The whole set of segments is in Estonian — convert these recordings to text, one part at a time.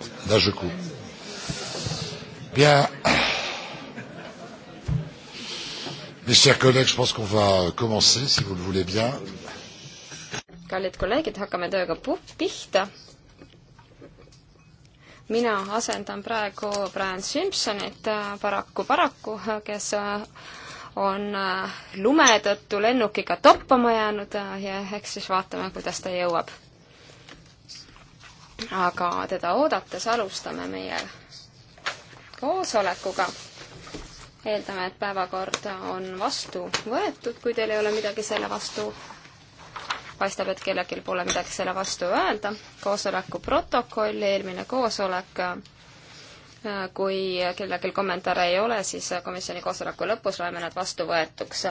D'un coup. Bien. Mes chers collègues, je pense qu'on va commencer, si vous le voulez bien. kallid kolleegid, hakkame tööga pihta. mina asendan praegu Brian Simsonit, äh, paraku, paraku, äh, kes äh, on lume tõttu lennukiga toppama jäänud ja eks siis vaatame, kuidas ta jõuab aga teda oodates alustame meie koosolekuga. eeldame, et päevakord on vastu võetud, kui teil ei ole midagi selle vastu. paistab, et kellelgi pole midagi selle vastu öelda. koosoleku protokoll, eelmine koosolek kui kellelgi kommentaare ei ole, siis komisjoni koosoleku lõpus loeme nad vastuvõetuks.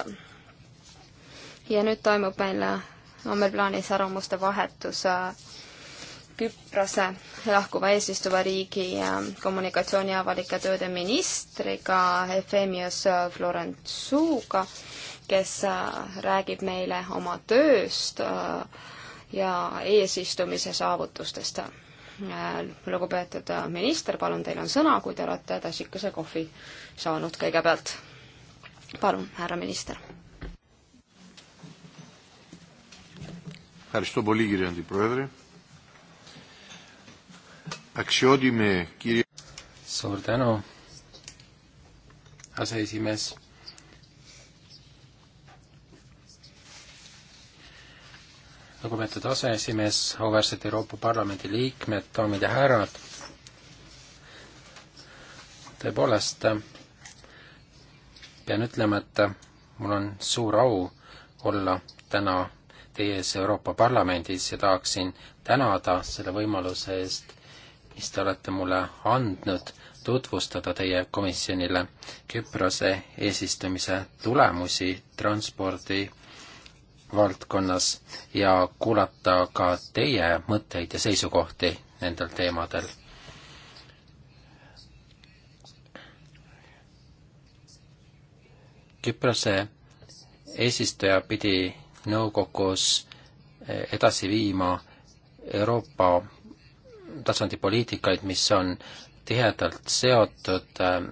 ja nüüd toimub meil, on meil plaanis arvamuste vahetus Küprose lahkuva eesistuva riigi äh, kommunikatsiooni avalike tööde ministriga Efemios Florentsuga, kes äh, räägib meile oma tööst äh, ja eesistumise saavutustest. lugupeetud minister, palun, teil on sõna, kui te olete tassikese kohvi saanud kõigepealt. palun, härra minister. Ευχαριστώ πολύ κύριε Αντιπρόεδρε suur tänu, aseesimees. lugupeetud aseesimees, auväärsed Euroopa Parlamendi liikmed, daamid ja härrad. tõepoolest pean ütlema, et mul on suur au olla täna teie ees Euroopa Parlamendis ja tahaksin tänada selle võimaluse eest mis te olete mulle andnud, tutvustada teie komisjonile Küprose eesistumise tulemusi transpordi valdkonnas ja kuulata ka teie mõtteid ja seisukohti nendel teemadel Küprose eesistuja pidi nõukogus edasi viima Euroopa tasandi poliitikaid, mis on tihedalt seotud ähm,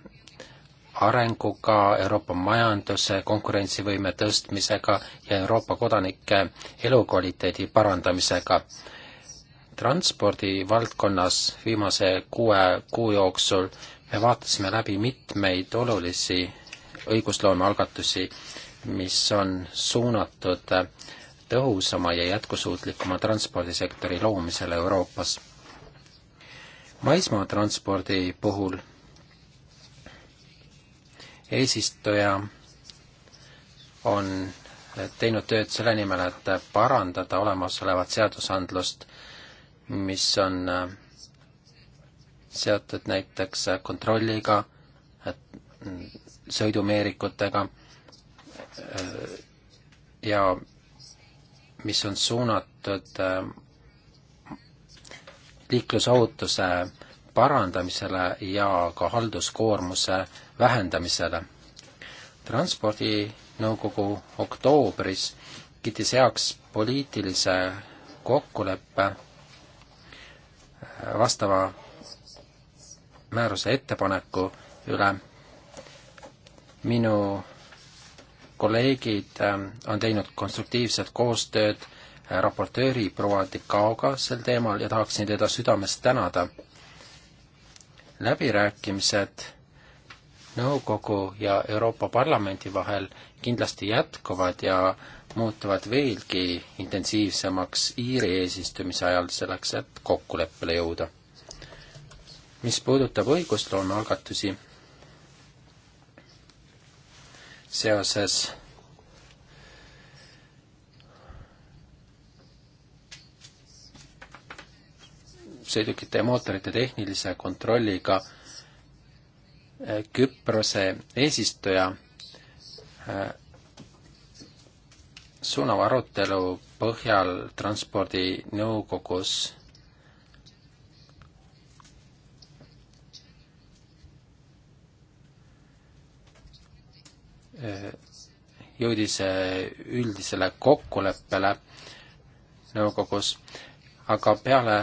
arenguga, Euroopa majanduse konkurentsivõime tõstmisega ja Euroopa kodanike elukvaliteedi parandamisega. transpordi valdkonnas viimase kuue kuu jooksul me vaatasime läbi mitmeid olulisi õigusloome algatusi, mis on suunatud tõhusama ja jätkusuutlikuma transpordisektori loomisele Euroopas maismaatranspordi puhul eesistuja on teinud tööd selle nimel, et parandada olemasolevat seadusandlust, mis on seotud näiteks kontrolliga, sõidumeerikutega ja mis on suunatud liiklusohutuse parandamisele ja ka halduskoormuse vähendamisele. transpordinõukogu oktoobris kiitis heaks poliitilise kokkuleppe vastava määruse ettepaneku üle. minu kolleegid ähm, on teinud konstruktiivset koostööd raportööri proua Dikaoga sel teemal ja tahaksin teda südamest tänada. läbirääkimised nõukogu ja Euroopa Parlamendi vahel kindlasti jätkuvad ja muutuvad veelgi intensiivsemaks Iiri eesistumise ajal selleks, et kokkuleppele jõuda. mis puudutab õigusloome algatusi seoses sõidukite ja mootorite tehnilise kontrolliga äh, Küprose eesistuja äh, suunav arutelu põhjal Transpordinõukogus jõudis äh, üldisele kokkuleppele nõukogus, aga peale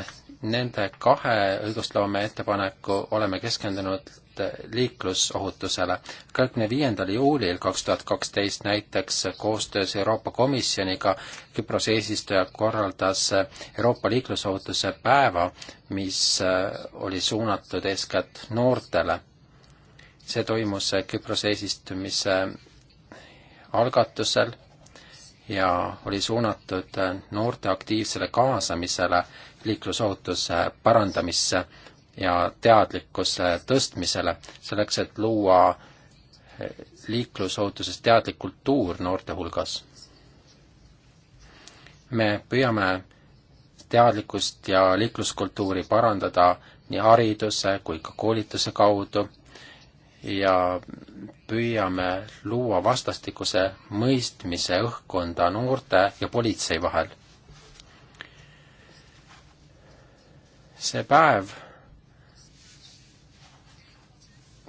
nende kahe õigustloome ettepaneku oleme keskendunud liiklusohutusele. kahekümne viiendal juulil kaks tuhat kaksteist näiteks koostöös Euroopa Komisjoniga Küprose eesistuja korraldas Euroopa liiklusohutuse päeva, mis oli suunatud eeskätt noortele. see toimus Küprose eesistumise algatusel ja oli suunatud noorte aktiivsele kaasamisele liiklusohutuse parandamisse ja teadlikkuse tõstmisele, selleks et luua eh, liiklusohutusest teadlik kultuur noorte hulgas. me püüame teadlikkust ja liikluskultuuri parandada nii hariduse kui ka koolituse kaudu ja püüame luua vastastikuse mõistmise õhkkonda noorte ja politsei vahel see päev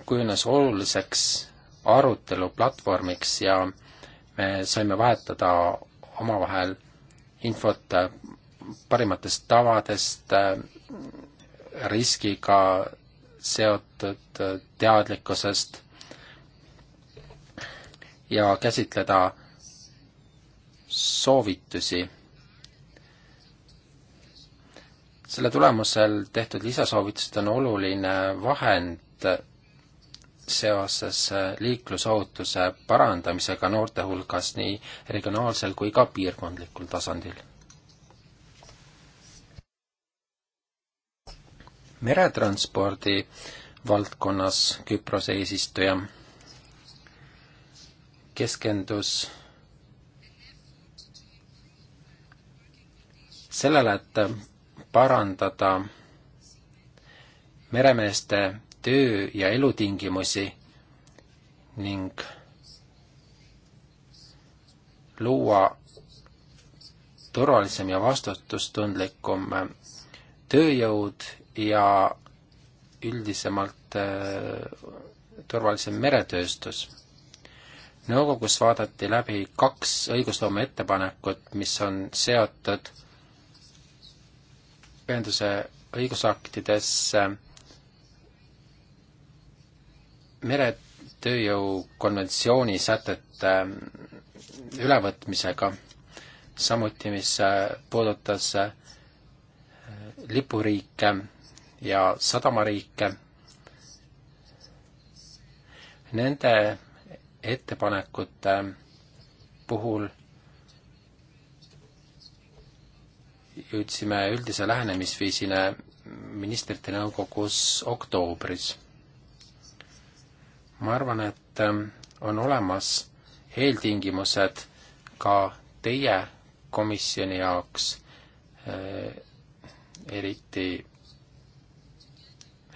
kujunes oluliseks aruteluplatvormiks ja me saime vahetada omavahel infot parimatest tavadest, riskiga seotud teadlikkusest ja käsitleda soovitusi selle tulemusel tehtud lisasoovitused on oluline vahend seoses äh, liiklusohutuse parandamisega noorte hulgas nii regionaalsel kui ka piirkondlikul tasandil. meretranspordi valdkonnas Küprose eesistuja keskendus sellele, et parandada meremeeste töö- ja elutingimusi ning luua turvalisem ja vastutustundlikum tööjõud ja üldisemalt äh, turvalisem meretööstus. nõukogus vaadati läbi kaks õigusloome ettepanekut, mis on seotud ühenduse õigusaktides meretööjõu konventsiooni sätete ähm, ülevõtmisega, samuti mis äh, puudutas äh, lipuriike ja sadamariike. Nende ettepanekute ähm, puhul jõudsime üldise lähenemisviisile ministrite nõukogus oktoobris. ma arvan, et ähm, on olemas eeltingimused ka teie komisjoni jaoks, äh, eriti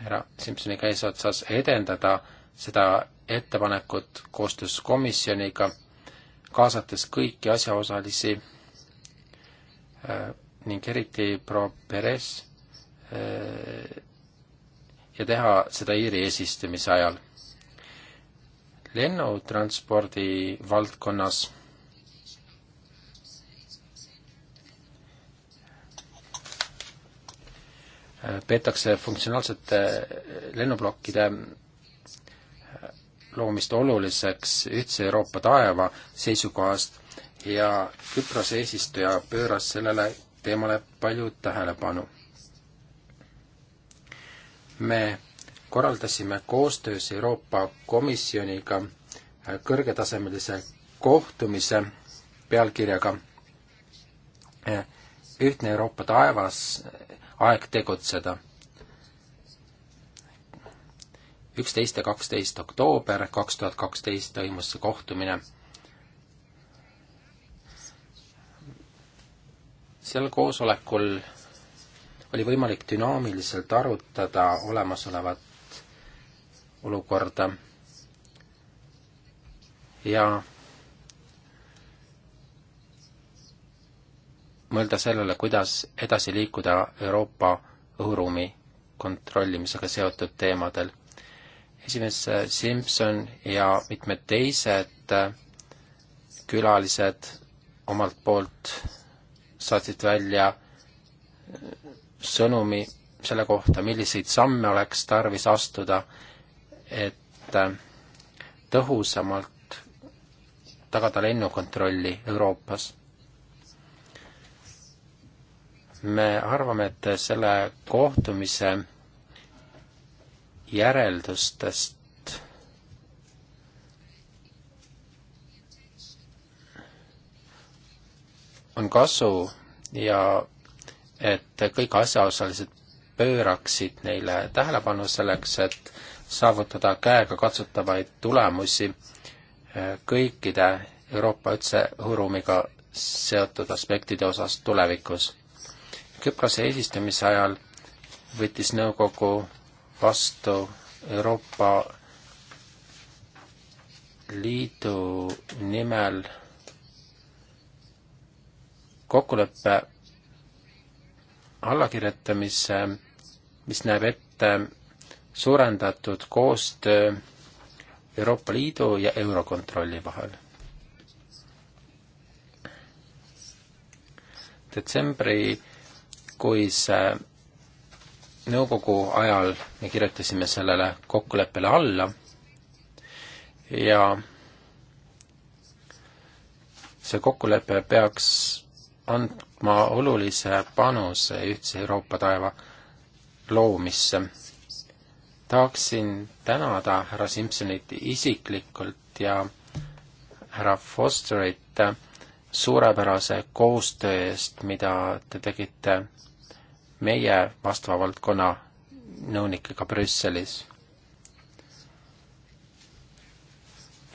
härra Simsoniga eesotsas, edendada seda ettepanekut koostöös komisjoniga, kaasates kõiki asjaosalisi äh, ning eriti proua Perez eh, ja teha seda Iiri eesistumise ajal. lennutranspordi valdkonnas eh, peetakse funktsionaalsete eh, lennuplokkide loomist oluliseks ühtse Euroopa taeva seisukohast ja Küprose eesistuja pööras sellele teemale palju tähelepanu. me korraldasime koostöös Euroopa Komisjoniga kõrgetasemelise kohtumise pealkirjaga e, Ühtne Euroopa taevas, aeg tegutseda. üksteist ja kaksteist oktoober kaks tuhat kaksteist toimus see kohtumine sel koosolekul oli võimalik dünaamiliselt arutada olemasolevat olukorda ja mõelda sellele, kuidas edasi liikuda Euroopa õhuruumi kontrollimisega seotud teemadel. esimees Simson ja mitmed teised külalised omalt poolt saatsid välja äh, sõnumi selle kohta, milliseid samme oleks tarvis astuda, et äh, tõhusamalt tagada lennukontrolli Euroopas. me arvame, et selle kohtumise järeldustest on kasu ja et kõik asjaosalised pööraksid neile tähelepanu selleks, et saavutada käegakatsutavaid tulemusi eh, kõikide Euroopa üldse õhuruumiga seotud aspektide osas tulevikus. Küprose eesistumise ajal võttis nõukogu vastu Euroopa Liidu nimel kokkuleppe allakirjutamise, mis näeb ette suurendatud koostöö Euroopa Liidu ja Eurokontrolli vahel. detsembrikuise äh, nõukogu ajal me kirjutasime sellele kokkuleppele alla ja see kokkulepe peaks andma olulise panuse ühtse Euroopa taeva loomisse. tahaksin tänada härra Simsonit isiklikult ja härra Fosterit suurepärase koostöö eest, mida te tegite meie vastava valdkonna nõunikega Brüsselis.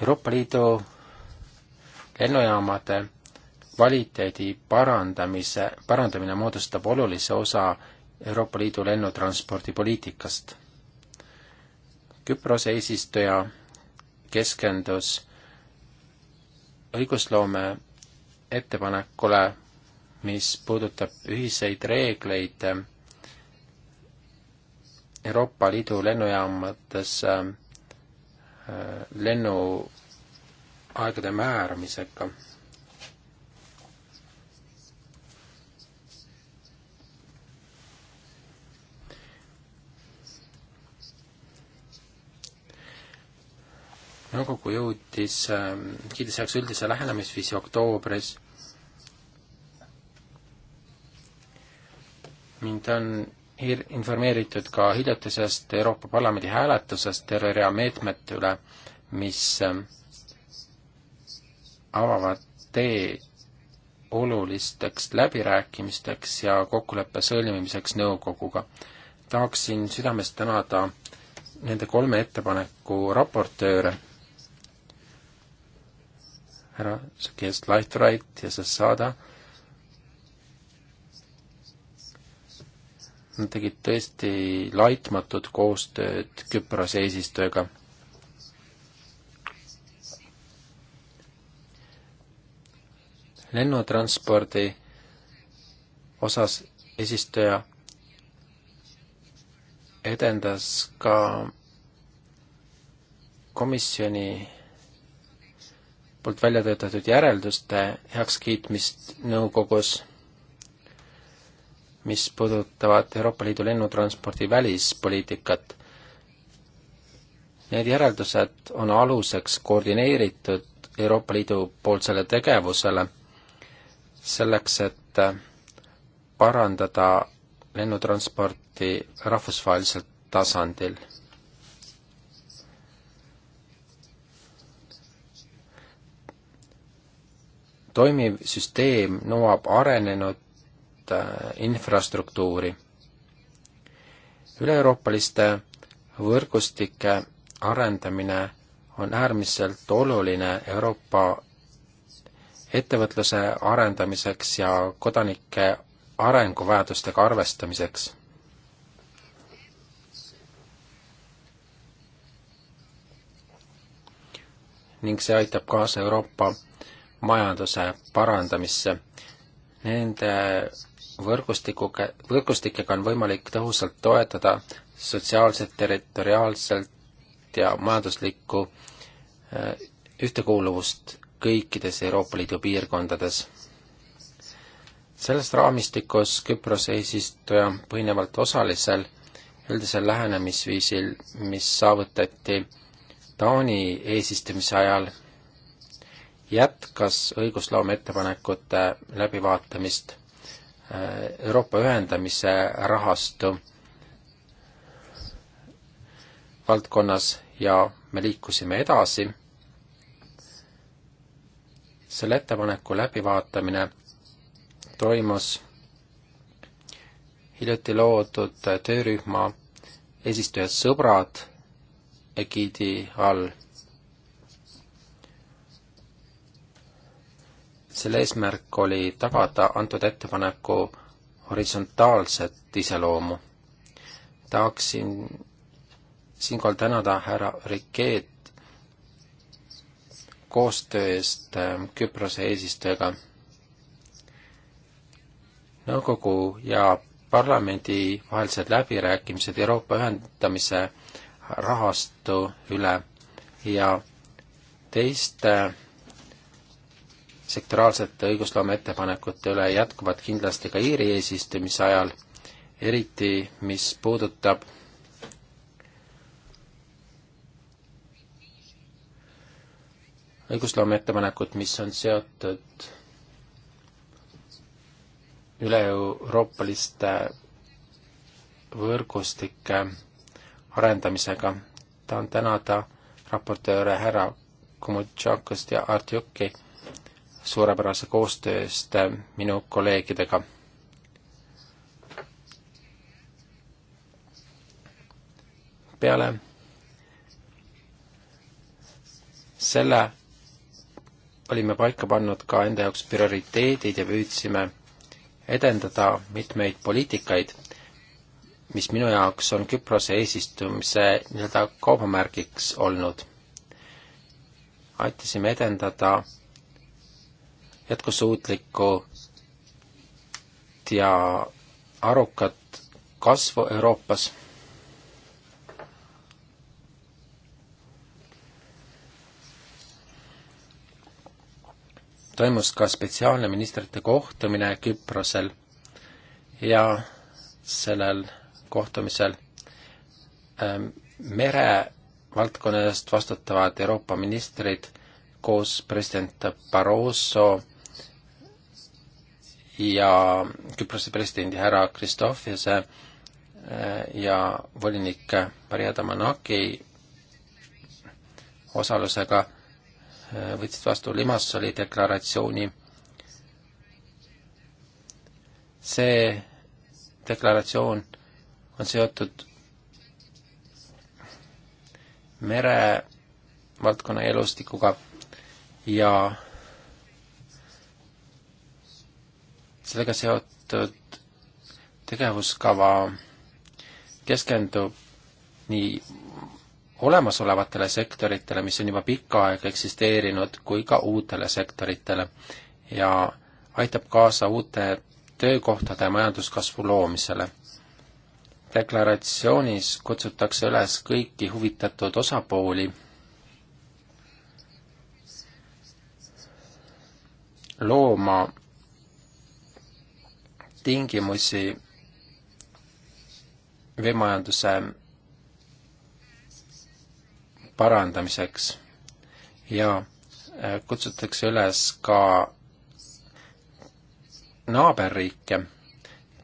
Euroopa Liidu lennujaamade kvaliteedi parandamise, parandamine moodustab olulise osa Euroopa Liidu lennutranspordipoliitikast. Küprose eesistuja keskendus õigusloome ettepanekule, mis puudutab ühiseid reegleid Euroopa Liidu lennujaamades äh, lennuaegade määramisega nõukogu jõudis, ähm, kiidis heaks üldise lähenemisviisi oktoobris mind on informeeritud ka hiljutisest Euroopa Parlamendi hääletusest terve rea meetmete üle, mis ähm, avavad tee olulisteks läbirääkimisteks ja kokkuleppe sõlmimiseks nõukoguga. tahaksin südamest tänada nende kolme ettepaneku raportööre härra Sakias Lightright ja Sassada. Nad tegid tõesti laitmatut koostööd Küprose eesistujaga. lennutranspordi osas eesistuja edendas ka komisjoni poolt välja töötatud järelduste heakskiitmist nõukogus, mis puudutavad Euroopa Liidu lennutranspordi välispoliitikat. Need järeldused on aluseks koordineeritud Euroopa Liidu poolsele tegevusele selleks, et parandada lennutransporti rahvusvahelisel tasandil toimiv süsteem nõuab arenenud äh, infrastruktuuri. üle-euroopaliste võrgustike arendamine on äärmiselt oluline Euroopa ettevõtluse arendamiseks ja kodanike arenguvajadustega arvestamiseks. ning see aitab kaasa Euroopa majanduse parandamisse. Nende võrgustikuga, võrgustikega on võimalik tõhusalt toetada sotsiaalset, territoriaalselt ja majanduslikku äh, ühtekuuluvust kõikides Euroopa Liidu piirkondades. selles raamistikus Küprose eesistuja põhinevalt osalisel üldisel lähenemisviisil, mis saavutati Taani eesistumise ajal jätkas õigusloome ettepanekute läbivaatamist äh, Euroopa ühendamise rahastu valdkonnas ja me liikusime edasi. selle ettepaneku läbivaatamine toimus hiljuti loodud töörühma eesistuja sõbrad egiidi all selle eesmärk oli tagada antud ettepaneku horisontaalset iseloomu. tahaksin siinkohal tänada härra Rikeet koostöö eest ähm, Küprose eesistujaga. nõukogu ja parlamendi vahelised läbirääkimised Euroopa ühendamise rahastu üle ja teiste sektoraalsete õigusloome ettepanekute üle jätkuvad kindlasti ka Iiri eesistumise ajal, eriti mis puudutab õigusloome ettepanekut, mis on seotud üle-euroopaliste võrgustike arendamisega. tahan tänada raportööre härra Komutšakost ja Artjuki suurepärase koostöö eest äh, minu kolleegidega. peale selle olime paika pannud ka enda jaoks prioriteedid ja püüdsime edendada mitmeid poliitikaid, mis minu jaoks on Küprose eesistumise nii-öelda kaubamärgiks olnud. aitasime edendada jätkusuutlikku ja arukat kasvu Euroopas. toimus ka spetsiaalne ministrite kohtumine Küprosel ja sellel kohtumisel ähm, merevaldkonna eest vastutavad Euroopa ministrid koos president Barroso ja Küprose presidendi härra Kristofjase äh, ja volinik Maria Damanaki osalusega äh, võtsid vastu Limassoli deklaratsiooni. see deklaratsioon on seotud merevaldkonna elustikuga ja sellega seotud tegevuskava keskendub nii olemasolevatele sektoritele, mis on juba pikka aega eksisteerinud, kui ka uutele sektoritele ja aitab kaasa uute töökohtade ja majanduskasvu loomisele. deklaratsioonis kutsutakse üles kõiki huvitatud osapooli looma tingimusi veemajanduse parandamiseks ja äh, kutsutakse üles ka naaberriike,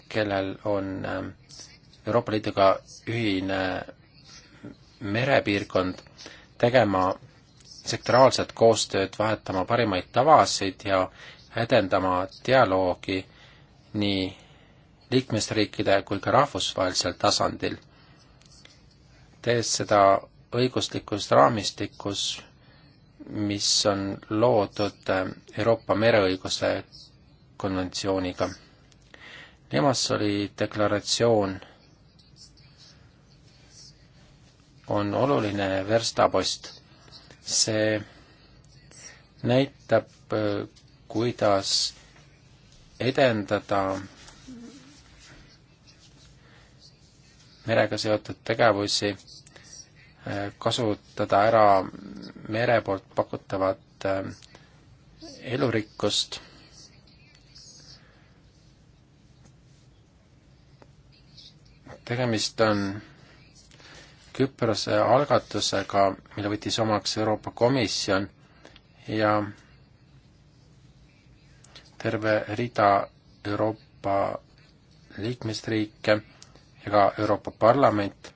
kellel on äh, Euroopa Liiduga ühine merepiirkond, tegema sektoraalset koostööd, vahetama parimaid tavasid ja edendama dialoogi nii liikmesriikide kui ka rahvusvahelisel tasandil, tehes seda õiguslikus raamistikus, mis on loodud Euroopa mereõiguse konventsiooniga. Lemas oli deklaratsioon, on oluline verstapost. see näitab, kuidas edendada merega seotud tegevusi, kasutada ära mere poolt pakutavat äh, elurikkust, tegemist on Küprose algatusega, mille võttis omaks Euroopa Komisjon ja terve rida Euroopa liikmesriike ja ka Euroopa Parlament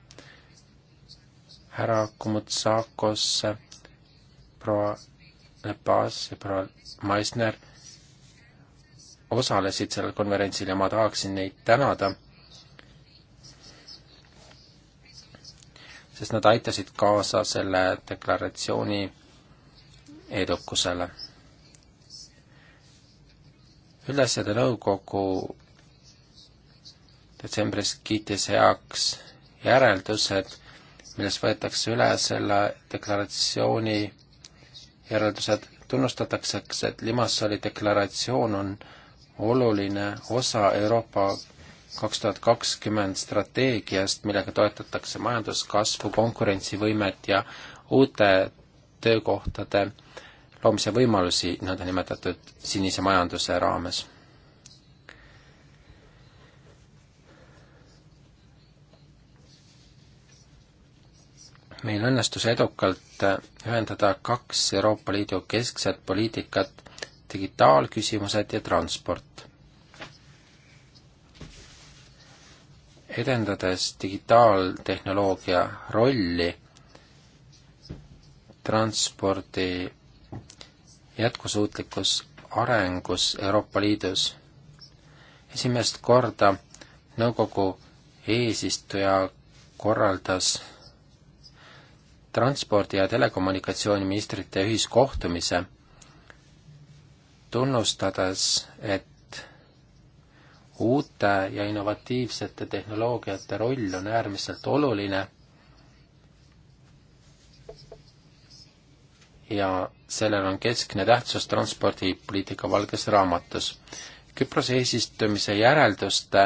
härra Kumutsakos, proua Lepas ja proua Meissner osalesid sellel konverentsil ja ma tahaksin neid tänada sest nad aitasid kaasa selle deklaratsiooni edukusele üldasjade nõukogu detsembris kiitis heaks järeldused, milles võetakse üle selle deklaratsiooni järeldused, tunnustatakse, et Limassoli deklaratsioon on oluline osa Euroopa kaks tuhat kakskümmend strateegiast, millega toetatakse majanduskasvu, konkurentsivõimet ja uute töökohtade äh, loomse võimalusi nõndanimetatud sinise majanduse raames. meil õnnestus edukalt ühendada kaks Euroopa Liidu keskset poliitikat, digitaalküsimused ja transport. edendades digitaaltehnoloogia rolli transpordi jätkusuutlikus arengus Euroopa Liidus. esimest korda nõukogu eesistuja korraldas transpordi- ja telekommunikatsiooniministrite ühiskohtumise, tunnustades, et uute ja innovatiivsete tehnoloogiate roll on äärmiselt oluline ja sellel on keskne tähtsus transpordipoliitika valges raamatus. Küprose eesistumise järelduste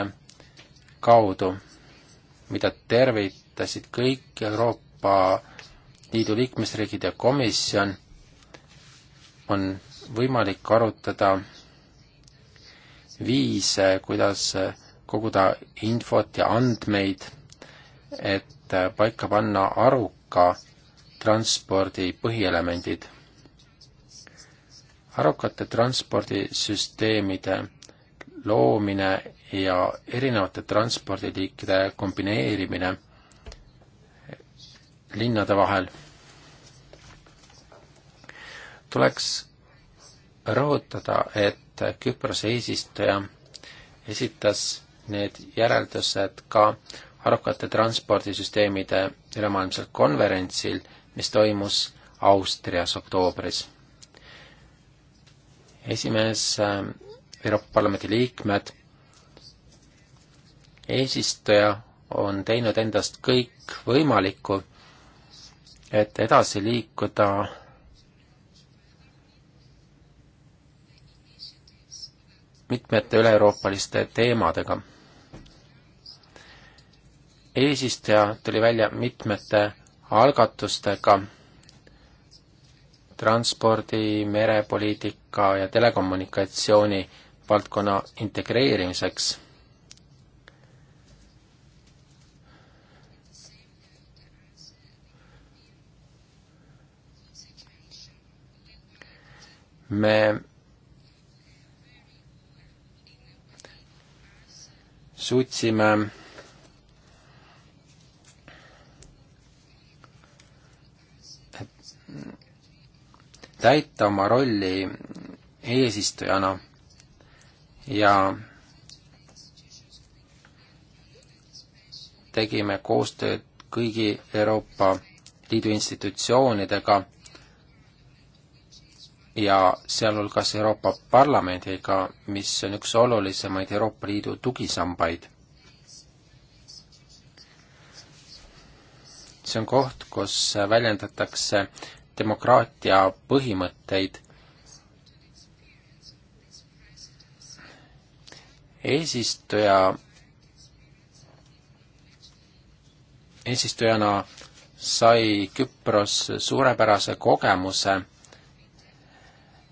kaudu, mida tervitasid kõik Euroopa Liidu liikmesriigid ja komisjon, on võimalik arutada viise, kuidas koguda infot ja andmeid, et paika panna aruka transpordi põhielemendid. arukate transpordisüsteemide loomine ja erinevate transpordiliikide kombineerimine linnade vahel tuleks rõhutada, et Küprose eesistuja esitas need järeldused ka arukate transpordisüsteemide ülemaailmsel konverentsil mis toimus Austrias oktoobris. esimees, äh, Euroopa Parlamendi liikmed, eesistuja on teinud endast kõik võimalikku, et edasi liikuda mitmete üle-euroopaliste teemadega. eesistuja tuli välja mitmete algatustega transpordi, merepoliitika ja telekommunikatsiooni valdkonna integreerimiseks. me suutsime täita oma rolli eesistujana ja tegime koostööd kõigi Euroopa Liidu institutsioonidega ja sealhulgas Euroopa Parlamendiga, mis on üks olulisemaid Euroopa Liidu tugisambaid. see on koht, kus väljendatakse demokraatia põhimõtteid. eesistuja, eesistujana sai Küpros suurepärase kogemuse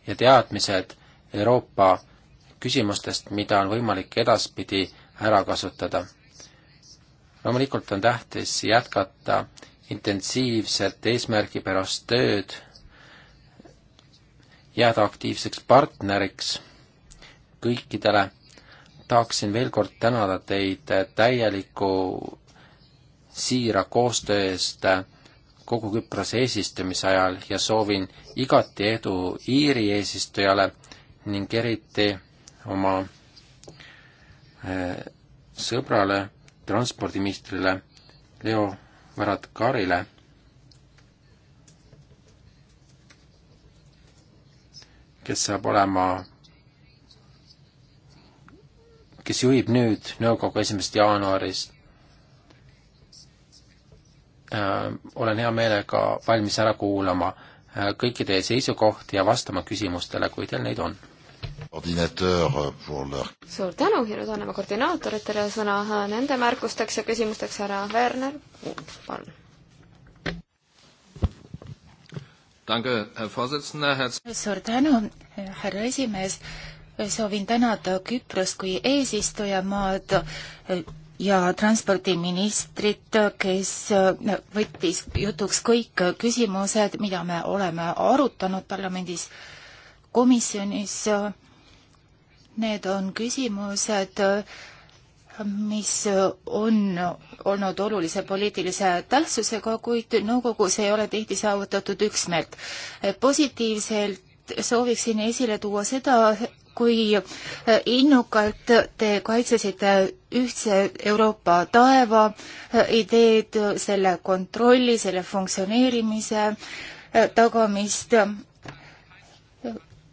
ja teadmised Euroopa küsimustest, mida on võimalik edaspidi ära kasutada. loomulikult on tähtis jätkata intensiivselt eesmärgipärast tööd, jääda aktiivseks partneriks kõikidele. tahaksin veel kord tänada teid täieliku siira koostöö eest kogu Küprose eesistumise ajal ja soovin igati edu Iiri eesistujale ning eriti oma eh, sõbrale, transpordiministrile Leo Võrad Kaarile. kes saab olema, kes juhib nüüd nõukogu esimesest jaanuarist äh,. olen hea meelega valmis ära kuulama äh, kõiki teie seisukohti ja vastama küsimustele, kui teil neid on Euh, suur tänu ja nüüd anname koordinaatoritele sõna äh, nende märkusteks ja küsimusteks, härra Werner, palun. suur tänu, härra esimees. soovin tänada Küprost kui eesistujamaad äh, ja transpordiministrit, kes äh, võttis jutuks kõik küsimused, mida me oleme arutanud parlamendis, komisjonis Need on küsimused, mis on olnud olulise poliitilise tähtsusega, kuid nõukogus ei ole tihti saavutatud üksmeelt. positiivselt sooviksin esile tuua seda, kui innukalt te kaitsesite ühtse Euroopa taeva ideed, selle kontrolli, selle funktsioneerimise tagamist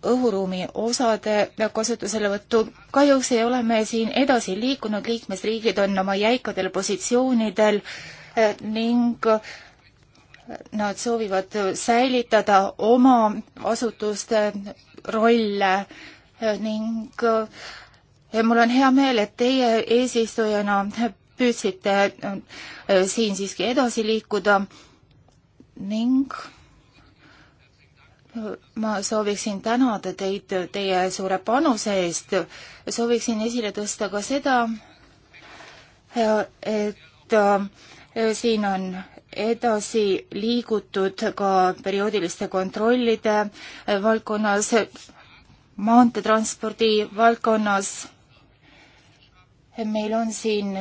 õhuruumi osade kasutuselevõttu. kahjuks ei ole me siin edasi liikunud, liikmesriigid on oma jäikadel positsioonidel eh, ning eh, nad soovivad säilitada oma asutuste rolle eh, ning mul on hea meel, et teie eesistujana püüdsite siin siiski edasi liikuda ning ma sooviksin tänada teid teie suure panuse eest. sooviksin esile tõsta ka seda, et äh, siin on edasi liigutud ka perioodiliste kontrollide äh, valdkonnas, maanteetranspordi valdkonnas. meil on siin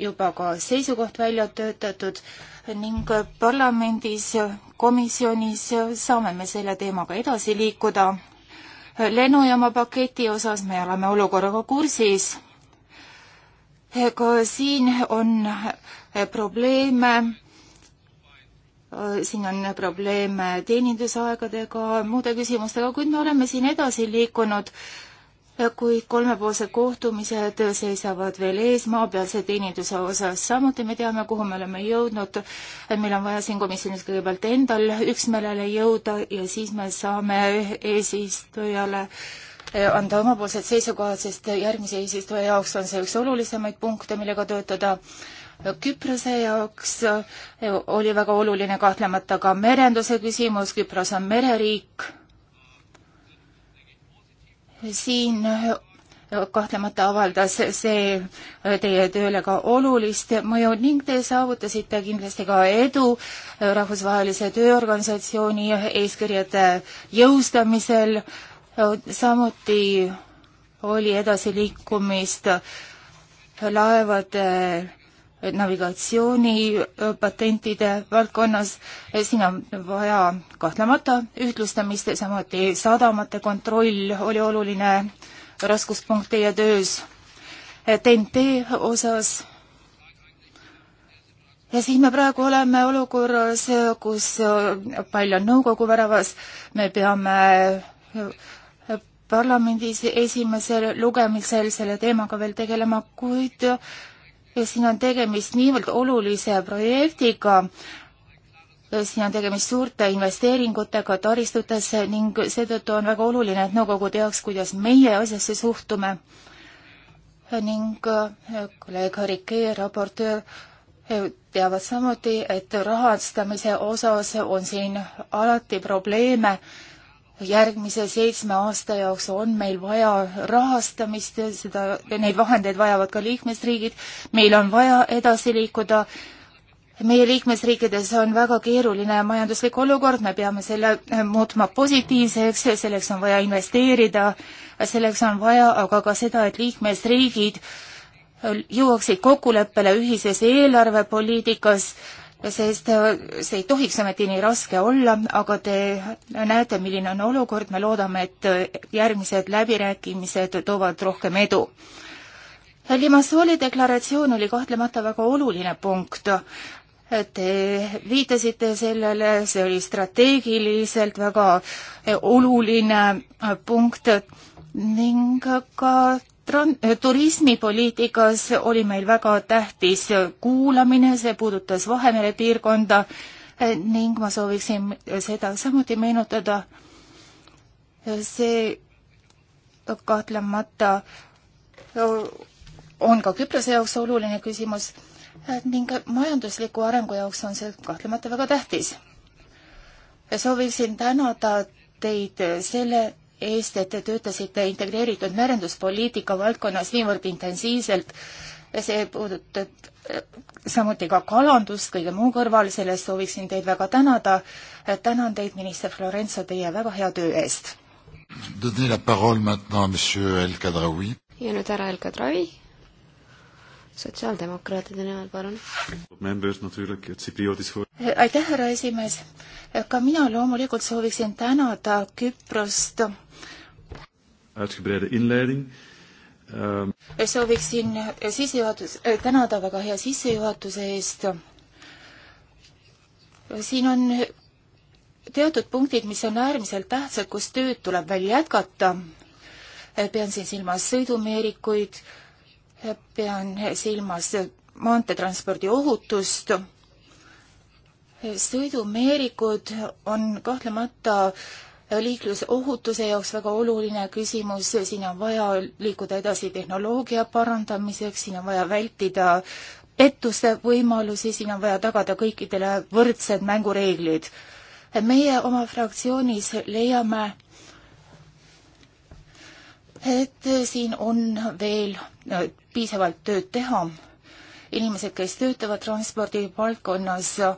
juba ka seisukoht välja töötatud ning parlamendis komisjonis saame me selle teemaga edasi liikuda. lennujaama paketi osas me oleme olukorraga kursis. ka siin on probleeme, siin on probleeme teenindusaegadega, muude küsimustega, kuid me oleme siin edasi liikunud kuid kolmepoolsed kohtumised seisavad veel ees maapealse teeninduse osas. samuti me teame, kuhu me oleme jõudnud. meil on vaja siin komisjonis kõigepealt endal üksmeelele jõuda ja siis me saame eesistujale eh, anda omapoolsed seisukohad, sest järgmise eesistuja jaoks on see üks olulisemaid punkte, millega töötada Küprose jaoks eh, oli väga oluline kahtlemata ka merenduse küsimus, Küpros on mereriik siin äh, kahtlemata avaldas see äh, teie tööle ka olulist mõju ning te saavutasite kindlasti ka edu äh, Rahvusvahelise Tööorganisatsiooni eeskirjade jõustamisel. samuti oli edasiliikumist laevade navigatsioonipatentide äh, valdkonnas, äh, siin on vaja kahtlemata ühtlustamist, samuti sadamate kontroll oli oluline raskuspunkt teie töös. TNT äh, osas ja siin me praegu oleme olukorras, kus pall on nõukogu väravas, me peame parlamendis esimesel lugemisel selle teemaga veel tegelema, kuid siin on tegemist niivõrd olulise projektiga, siin on tegemist suurte investeeringutega taristutesse ning seetõttu on väga oluline, et nõukogu teaks, kuidas meie asjasse suhtume. ning äh, kolleeg Harikee, raportöör, äh, teavad samuti, et rahastamise osas on siin alati probleeme järgmise seitsme aasta jaoks on meil vaja rahastamist, seda, neid vahendeid vajavad ka liikmesriigid, meil on vaja edasi liikuda, meie liikmesriikides on väga keeruline majanduslik olukord, me peame selle eh, muutma positiivseks, selleks on vaja investeerida, selleks on vaja aga ka seda, et liikmesriigid jõuaksid kokkuleppele ühises eelarvepoliitikas, sest äh, see ei tohiks ometi nii raske olla, aga te näete, milline on olukord, me loodame, et äh, järgmised läbirääkimised toovad rohkem edu. Limassooli deklaratsioon oli kahtlemata väga oluline punkt. Te viitasite sellele, see oli strateegiliselt väga äh, oluline punkt ning ka turismipoliitikas oli meil väga tähtis kuulamine, see puudutas Vahemere piirkonda eh, ning ma sooviksin seda samuti meenutada. see kahtlemata eh, on ka Küprose jaoks oluline küsimus eh, ning majandusliku arengu jaoks on see kahtlemata väga tähtis. sooviksin tänada teid selle eest, et te töötasite integreeritud merenduspoliitika valdkonnas niivõrd intensiivselt. see puudutab eh, samuti ka kalandust kõige muu kõrval, selle eest sooviksin teid väga tänada. tänan teid, minister Florenzo, teie väga hea töö eest. ja nüüd härra El Kadravi, sotsiaaldemokraatide nimel, palun. aitäh, härra esimees. ka mina loomulikult sooviksin tänada Küprost uitgebreide inleiding ähm.. sooviksin eh, sissejuhatus, eh, tänada väga hea sissejuhatuse eest. siin on teatud punktid, mis on äärmiselt tähtsad, kus tööd tuleb veel jätkata. pean siin silmas sõidumeerikuid, pean silmas maanteetranspordi ohutust. sõidumeerikud on kahtlemata äh, liiklusohutuse jaoks väga oluline küsimus, siin on vaja liikuda edasi tehnoloogia parandamiseks, siin on vaja vältida pettuste võimalusi, siin on vaja tagada kõikidele võrdsed mängureeglid. meie oma fraktsioonis leiame, et siin on veel no, äh, piisavalt tööd teha. inimesed, kes töötavad transpordivaldkonnas, äh,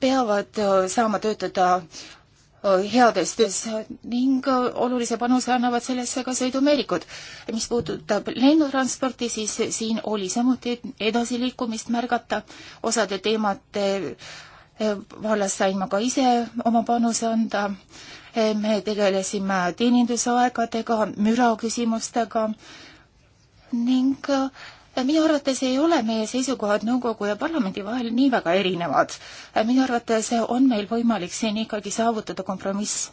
peavad äh, saama töötada Äh, headestes ning äh, olulise panuse annavad sellesse ka sõidumeerikud. mis puudutab lennutransporti, siis siin oli samuti edasiliikumist märgata, osade teemade äh, vallas sain ma ka ise oma panuse anda. me tegelesime teenindusaegadega, müra küsimustega ning minu arvates ei ole meie seisukohad nõukogu ja parlamendi vahel nii väga erinevad. minu arvates on meil võimalik siin ikkagi saavutada kompromiss.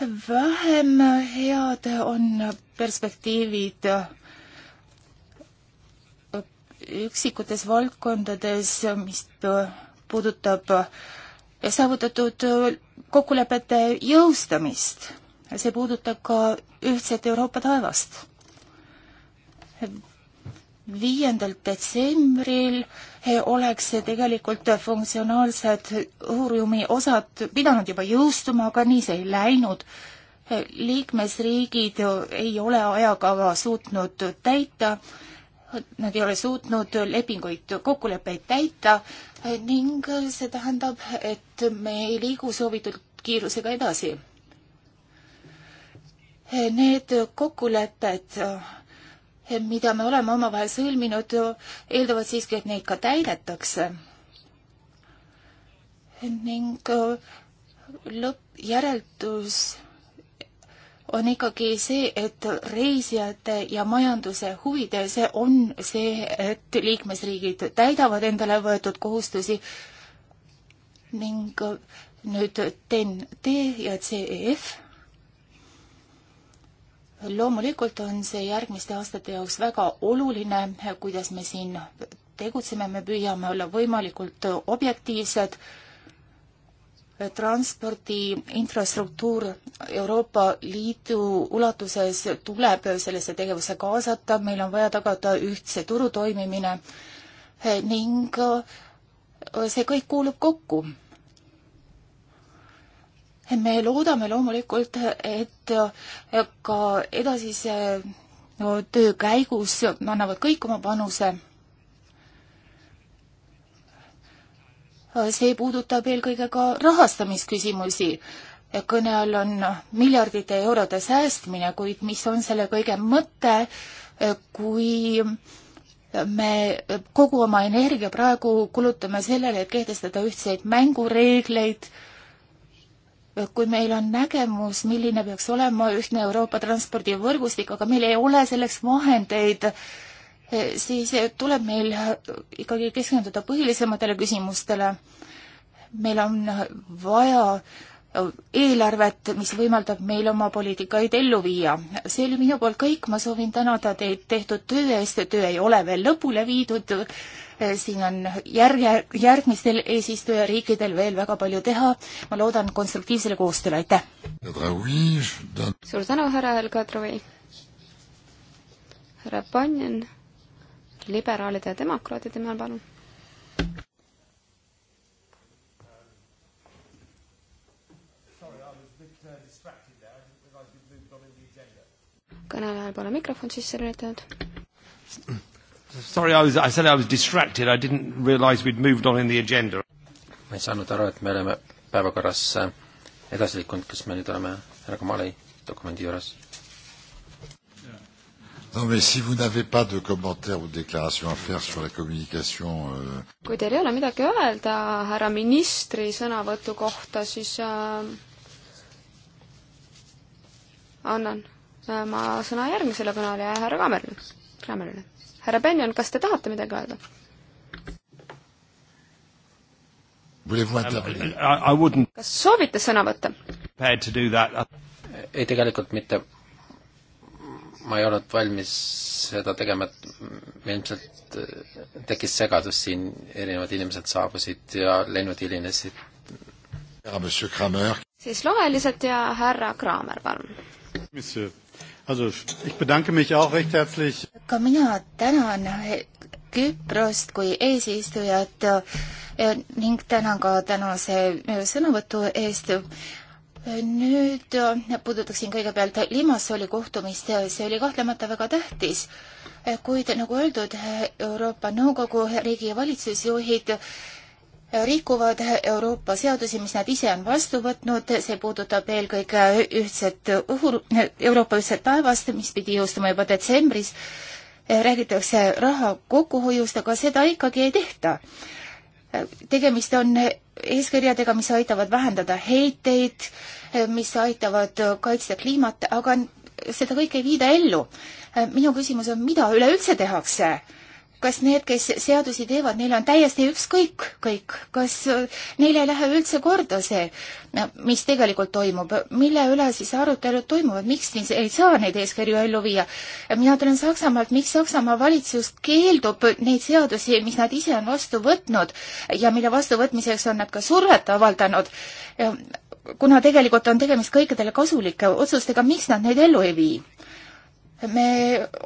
vähem head on perspektiivid üksikutes valdkondades, mis puudutab saavutatud kokkulepete jõustamist. see puudutab ka ühtset Euroopa taevast viiendal detsembril eh, oleks tegelikult funktsionaalsed õhurüumi osad pidanud juba jõustuma, aga nii see ei läinud. Eh, liikmesriigid ei ole ajakava suutnud täita, nad ei ole suutnud lepinguid, kokkuleppeid täita eh, ning see tähendab, et me ei liigu soovitud kiirusega edasi. Need kokkulepped mida me oleme omavahel sõlminud, eeldavad siiski, et neid ka täidetakse. ning äh, lõppjäreldus on ikkagi see, et reisijate ja majanduse huvides on see, et liikmesriigid täidavad endale võetud kohustusi ning äh, nüüd TEN-T ja CEF loomulikult on see järgmiste aastate jaoks väga oluline, kuidas me siin tegutseme, me püüame olla võimalikult objektiivsed. transpordi infrastruktuur Euroopa Liidu ulatuses tuleb sellesse tegevusse kaasata, meil on vaja tagada ühtse turu toimimine ning see kõik kuulub kokku me loodame loomulikult, et eh, ka edasise no, töö käigus annavad kõik oma panuse. see puudutab eelkõige ka rahastamisküsimusi. kõne all on miljardite eurode säästmine, kuid mis on selle kõige mõte, kui me kogu oma energia praegu kulutame sellele, et kehtestada ühtseid mängureegleid, kui meil on nägemus, milline peaks olema ühtne Euroopa transpordivõrgustik, aga meil ei ole selleks vahendeid, siis tuleb meil ikkagi keskenduda põhilisematele küsimustele. meil on vaja eelarvet, mis võimaldab meil oma poliitikaid ellu viia. see oli minu poolt kõik, ma soovin tänada teid tehtud töö eest, töö ei ole veel lõpule viidud, siin on järje, järgmistel eesistujariikidel veel väga palju teha, ma loodan konstruktiivsele koostööle, aitäh! suur tänu, härra Elgadrovi! härra Pannin, liberaalide ja demokraatide nimel, palun! kõnelejal pole mikrofon sisse lülitatud. Sorry, I was, I said I was distracted, I didn't realise we'd moved on in the agenda. ma ei saanud aru, et me oleme päevakorras äh, edasi liikunud, kas me nüüd oleme härra Kamali dokumendi juures? Non mais si vous n'avez pas de commentaires ou de déclarations à faire sur la communication euh... kui teil ei ole midagi öelda härra ministri sõnavõtu kohta, siis äh, annan äh, ma sõna järgmisele kõnele, härra Kammerile, Kammerile. härra Benjon, kas te tahate midagi öelda? Um, kas soovite sõna võtta? ei, tegelikult mitte. ma ei olnud valmis seda tegema, et ilmselt äh, tekkis segadus siin, erinevad inimesed saabusid ja lennud hilinesid. siis loeliselt ja härra Kraamer, palun ka mina tänan Küprost kui eesistujat eh, ning tänan ka tänase eh, sõnavõtu eest. nüüd eh, puudutaksin kõigepealt Limassoli kohtumist, see oli kahtlemata väga tähtis kuid nagu öeldud, Euroopa Nõukogu riigi ja valitsusjuhid rikuvad Euroopa seadusi, mis nad ise on vastu võtnud, see puudutab eelkõige ühtset õhu, Euroopa ühtset taevast, mis pidi jõustuma juba detsembris, räägitakse raha kokkuhoiust, aga seda ikkagi ei tehta. tegemist on eeskirjadega, mis aitavad vähendada heiteid, mis aitavad kaitsta kliimat, aga seda kõike ei viida ellu. minu küsimus on, mida üleüldse tehakse? kas need, kes seadusi teevad, neil on täiesti ükskõik kõik, kas äh, neile ei lähe üldse korda see, mis tegelikult toimub, mille üle siis arutelud toimuvad, miks siis ei saa neid eeskirju ellu viia? mina tulen Saksamaalt, miks Saksamaa valitsus keeldub neid seadusi, mis nad ise on vastu võtnud ja mille vastuvõtmiseks on nad ka survet avaldanud, äh, kuna tegelikult on tegemist kõikidele kasulike otsustega, miks nad neid ellu ei vii? me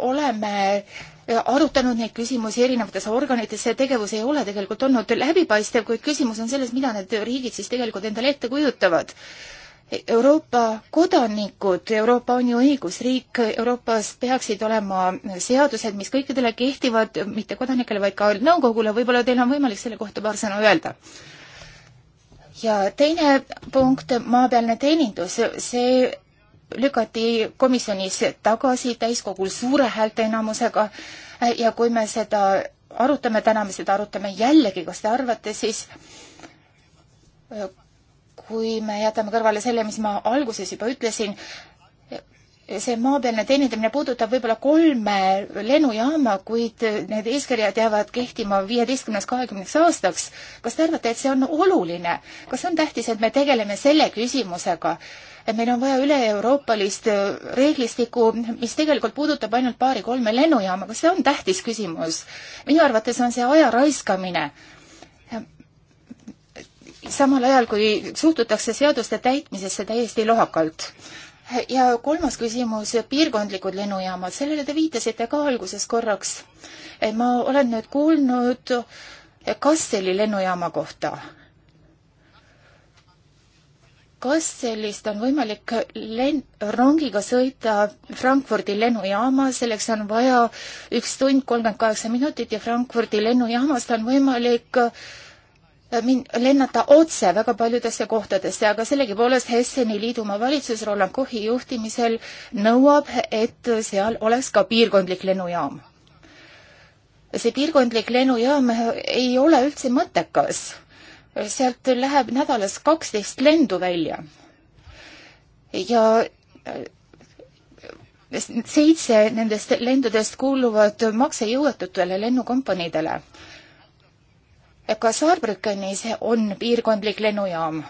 oleme äh, arutanud neid küsimusi erinevates organites, see tegevus ei ole tegelikult olnud läbipaistev, kuid küsimus on selles, mida need riigid siis tegelikult endale ette kujutavad. Euroopa kodanikud, Euroopa on ju õigusriik, Euroopas peaksid olema seadused, mis kõikidele kehtivad, mitte kodanikele, vaid ka nõukogule, võib-olla teil on võimalik selle kohta paar sõna öelda ja teine punkt, maapealne teenindus, see lükati komisjonis tagasi täiskogul suure häälteenamusega ja kui me seda arutame, täna me seda arutame jällegi, kas te arvate siis, äh, kui me jätame kõrvale selle, mis ma alguses juba ütlesin, see maapealne teenindamine puudutab võib-olla kolme lennujaama, kuid need eeskirjad jäävad kehtima viieteistkümneks, kahekümneks aastaks. kas te arvate, et see on oluline? kas on tähtis, et me tegeleme selle küsimusega? et meil on vaja üle-euroopalist äh, reeglistikku, mis tegelikult puudutab ainult paari-kolme lennujaama, kas see on tähtis küsimus? minu arvates on see aja raiskamine. samal ajal, kui suhtutakse seaduste täitmisesse täiesti lohakalt ja kolmas küsimus, piirkondlikud lennujaamad, sellele te viitasite ka alguses korraks. ma olen nüüd kuulnud Kasseli lennujaama kohta kas sellist on võimalik len-, rongiga sõita Frankfurdi lennujaama, selleks on vaja üks tund kolmkümmend kaheksa minutit ja Frankfurdi lennujaamast on võimalik äh, min-, lennata otse väga paljudesse kohtadesse, aga sellegipoolest Hesseni liidumaa valitsus Roland Kochi juhtimisel nõuab, et seal oleks ka piirkondlik lennujaam. see piirkondlik lennujaam ei ole üldse mõttekas sealt läheb nädalas kaksteist lendu välja. ja äh, seitse nendest lendudest kuuluvad maksejõuetutele lennukompaniidele. ka Saarbrückenis on piirkondlik lennujaam.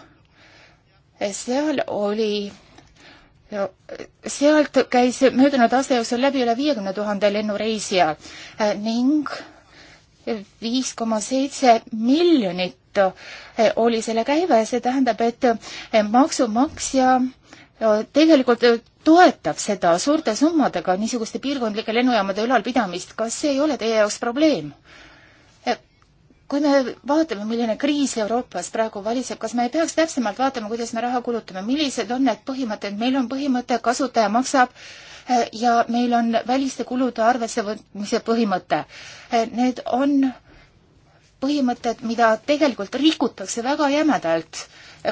seal oli ja sealt käis möödunud aasta jooksul läbi üle viiekümne tuhande lennureisija äh, ning viis koma seitse miljonit Eh, oli selle käive, see tähendab, et eh, maksumaksja eh, tegelikult toetab seda suurte summadega niisuguste piirkondlike lennujaamade ülalpidamist, kas see ei ole teie jaoks probleem? kui me vaatame, milline kriis Euroopas praegu valitseb, kas me ei peaks täpsemalt vaatama, kuidas me raha kulutame, millised on need põhimõtted, meil on põhimõte, kasutaja maksab ja meil on väliste kulude arvesse võtmise põhimõte. Need on põhimõtted, mida tegelikult rikutakse väga jämedalt.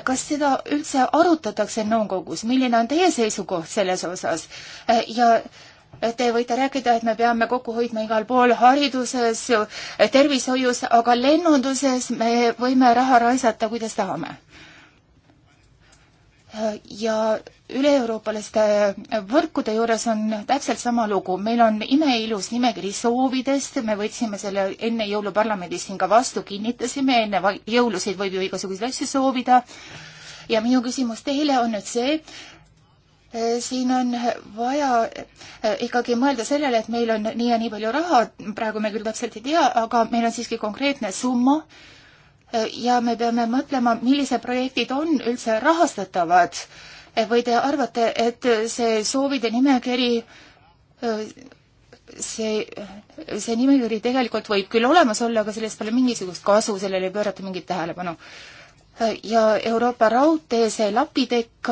kas seda üldse arutatakse nõukogus, milline on teie seisukoht selles osas ja Te võite rääkida, et me peame kokku hoidma igal pool hariduses, tervishoius, aga lennunduses me võime raha raisata, kuidas tahame ja üle-euroopaliste võrkude juures on täpselt sama lugu, meil on imeilus nimekiri soovidest, me võtsime selle enne jõuluparlamendis siin ka vastu, kinnitasime, enne jõulusid võib ju igasuguseid asju soovida. ja minu küsimus teile on nüüd see, eh, siin on vaja eh, ikkagi mõelda sellele, et meil on nii ja nii palju raha, praegu me küll täpselt ei tea, aga meil on siiski konkreetne summa ja me peame mõtlema, millised projektid on üldse rahastatavad või te arvate, et see soovide nimekiri, see, see nimekiri tegelikult võib küll olemas olla, aga sellest pole mingisugust kasu, sellele ei pöörata mingit tähelepanu. ja Euroopa raudtee, see lapitekk,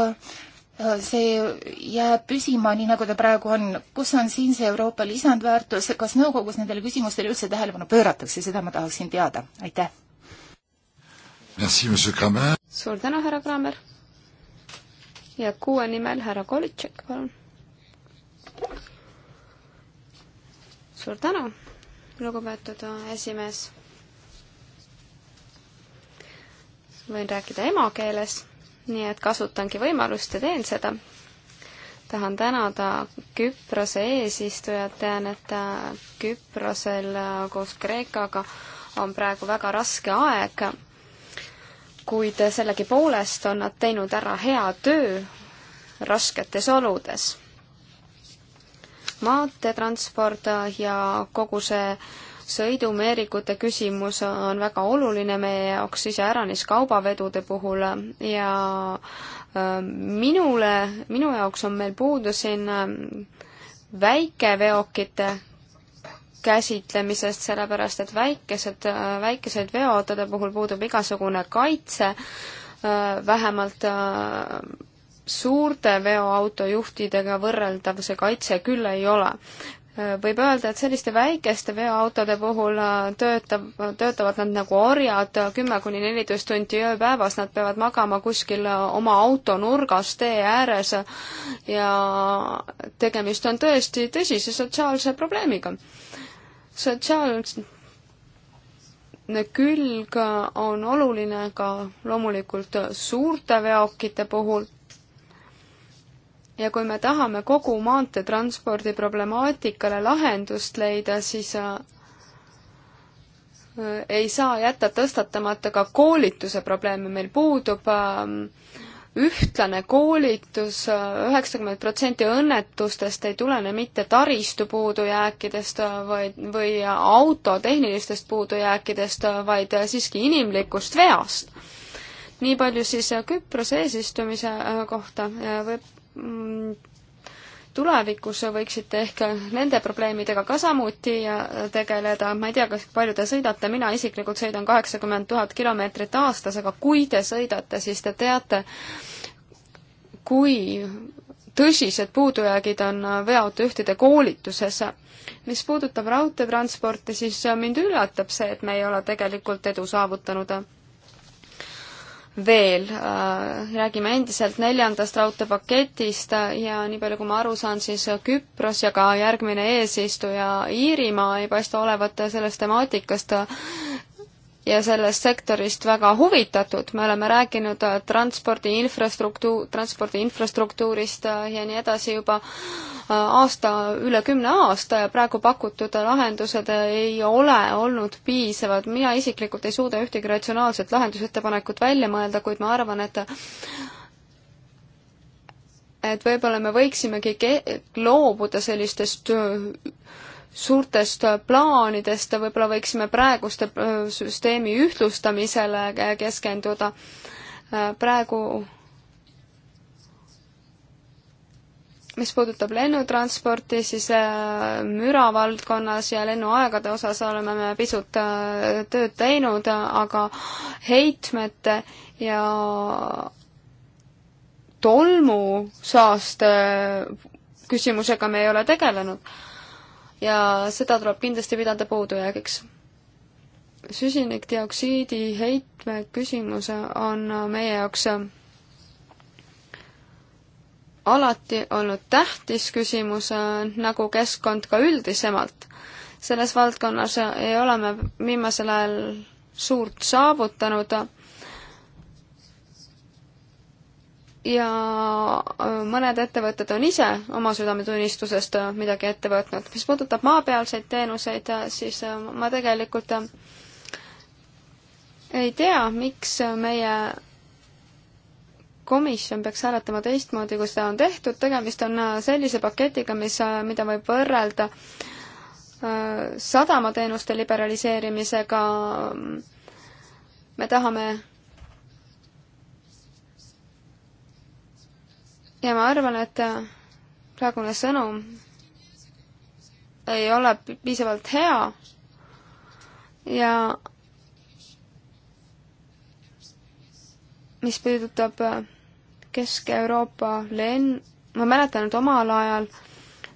see jääb püsima nii, nagu ta praegu on. kus on siin see Euroopa lisandväärtus, kas nõukogus nendele küsimustele üldse tähelepanu pööratakse, seda ma tahaksin teada, aitäh suur tänu, härra Kramer. ja kuue nimel härra Kolitšek, palun. suur tänu, lugupeetud esimees. võin rääkida emakeeles, nii et kasutangi võimalust ja teen seda tahan tänada Küprose eesistujat, tean, et Küprosel koos Kreekaga on praegu väga raske aeg kuid sellegipoolest on nad teinud ära hea töö rasketes oludes. maanteetransport ja kogu see sõidumeerikute küsimus on väga oluline meie jaoks iseäranis kaubavedude puhul ja äh, minule, minu jaoks on meil puudu siin äh, väikeveokite käsitlemisest, sellepärast et väikesed, väikeseid veoautode puhul puudub igasugune kaitse, vähemalt suurte veoautojuhtidega võrreldav see kaitse küll ei ole. võib öelda, et selliste väikeste veoautode puhul äh, töötab, töötavad nad nagu orjad kümme kuni neliteist tundi ööpäevas, nad peavad magama kuskil äh, oma auto nurgas tee ääres äh, ja tegemist on tõesti tõsise sotsiaalse probleemiga sotsiaalne külg on oluline ka loomulikult suurte veokite puhul ja kui me tahame kogu maanteetranspordi problemaatikale lahendust leida, siis äh, ei saa jätta tõstatamata ka koolituse probleemi, meil puudub ähm, ühtlane koolitus, üheksakümmend protsenti õnnetustest ei tulene mitte taristu puudujääkidest vaid, või auto tehnilistest puudujääkidest, vaid siiski inimlikust veast. nii palju siis Küprose eesistumise kohta võib tulevikus võiksite ehk nende probleemidega ka samuti äh, tegeleda, ma ei tea, kas palju te sõidate, mina isiklikult sõidan kaheksakümmend tuhat kilomeetrit aastas, aga kui te sõidate, siis te teate, kui tõsised puudujäägid on äh, veoautojuhtide koolituses. mis puudutab raudteetransporti, siis äh, mind üllatab see, et me ei ole tegelikult edu saavutanud veel. Äh, räägime endiselt neljandast raudteepaketist äh, ja nii palju, kui ma aru saan, siis äh, Küpros ja ka järgmine eesistuja Iirimaa ei paista olevat sellest temaatikast ja sellest sektorist väga huvitatud, me oleme rääkinud äh, transpordi infrastruktuur, transpordi infrastruktuurist äh, ja nii edasi juba äh, aasta, üle kümne aasta ja praegu pakutud lahendused ei ole olnud piisavad. mina isiklikult ei suuda ühtegi ratsionaalset lahendusettepanekut välja mõelda, kuid ma arvan, et et võib-olla me võiksimegi loobuda sellistest suurtest plaanidest, võib-olla võiksime praeguste äh, süsteemi ühtlustamisele keskenduda. Äh, praegu mis puudutab lennutransporti, siis äh, müra valdkonnas ja lennuaegade osas oleme me pisut tööd teinud, aga heitmete ja tolmusaaste küsimusega me ei ole tegelenud ja seda tuleb kindlasti pidada puudujäägiks. süsinikdioksiidi heitme küsimus on meie jaoks alati olnud tähtis küsimus, nagu keskkond ka üldisemalt. selles valdkonnas ei ole me viimasel ajal suurt saavutanud ja äh, mõned ettevõtted on ise oma südametunnistusest äh, midagi ette võtnud. mis puudutab maapealseid teenuseid, äh, siis ma tegelikult ei tea, miks meie komisjon peaks hääletama teistmoodi, kui seda on tehtud, tegemist on sellise paketiga, mis, mida võib võrrelda sadamateenuste liberaliseerimisega, me tahame ja ma arvan, et äh, praegune sõnum ei ole piisavalt hea ja mis puudutab äh, Kesk-Euroopa lenn, ma mäletan, et omal ajal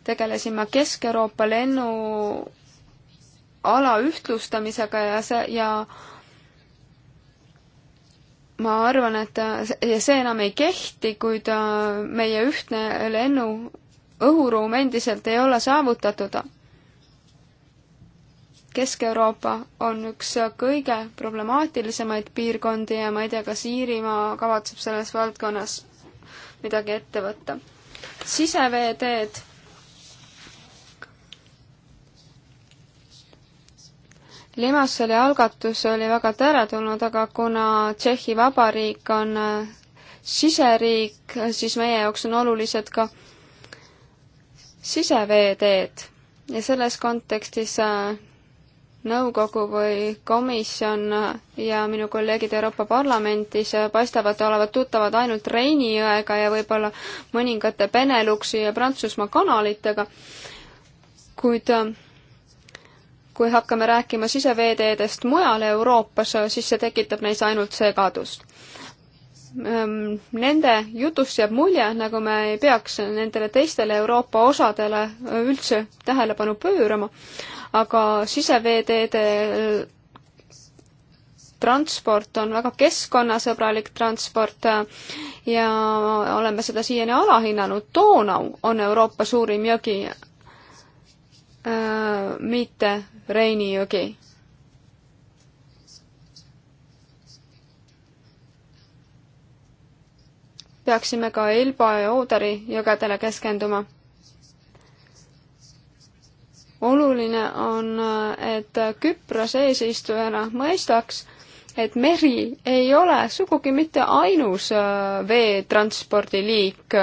tegelesin ma Kesk-Euroopa lennuala ühtlustamisega ja see, ja ma arvan, et ja see enam ei kehti, kuid äh, meie ühtne lennu õhuruum endiselt ei ole saavutatud. Kesk-Euroopa on üks kõige problemaatilisemaid piirkondi ja ma ei tea, kas Iirimaa kavatseb selles valdkonnas midagi ette võtta. siseveeteed Limassoli algatus oli väga teretulnud, aga kuna Tšehhi Vabariik on äh, siseriik, siis meie jaoks on olulised ka siseveeteed ja selles kontekstis äh, nõukogu või komisjon äh, ja minu kolleegid Euroopa Parlamendis paistavad olevat tuttavad ainult Reini jõega ja võib-olla mõningate Beneluxi ja Prantsusmaa kanalitega, kuid kui hakkame rääkima siseveeteedest mujal Euroopas, siis see tekitab neis ainult segadust. Ehm, nende jutust jääb mulje, nagu me ei peaks nendele teistele Euroopa osadele üldse tähelepanu pöörama, aga siseveeteede äh, transport on väga keskkonnasõbralik transport äh, ja oleme seda siiani alahinnanud. Donau on Euroopa suurim jõgi, äh, mitte Reini jõgi. peaksime ka Elba ja Oodari jõgedele keskenduma. oluline on, et Küpros eesistujana mõistaks, et meri ei ole sugugi mitte ainus äh, veetranspordiliik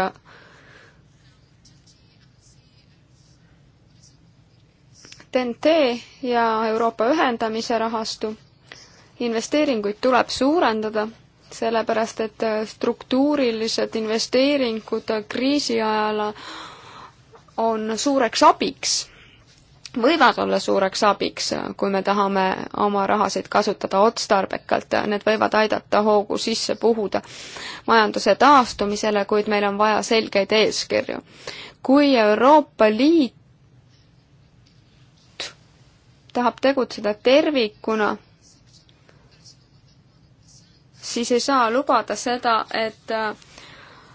TNT ja Euroopa ühendamise rahastu. investeeringuid tuleb suurendada, sellepärast et struktuurilised investeeringud kriisi ajal on suureks abiks võivad olla suureks abiks, kui me tahame oma rahasid kasutada otstarbekalt, need võivad aidata hoogu sisse puhuda majanduse taastumisele, kuid meil on vaja selgeid eeskirju. kui Euroopa Liit tahab tegutseda tervikuna, siis ei saa lubada seda, et äh,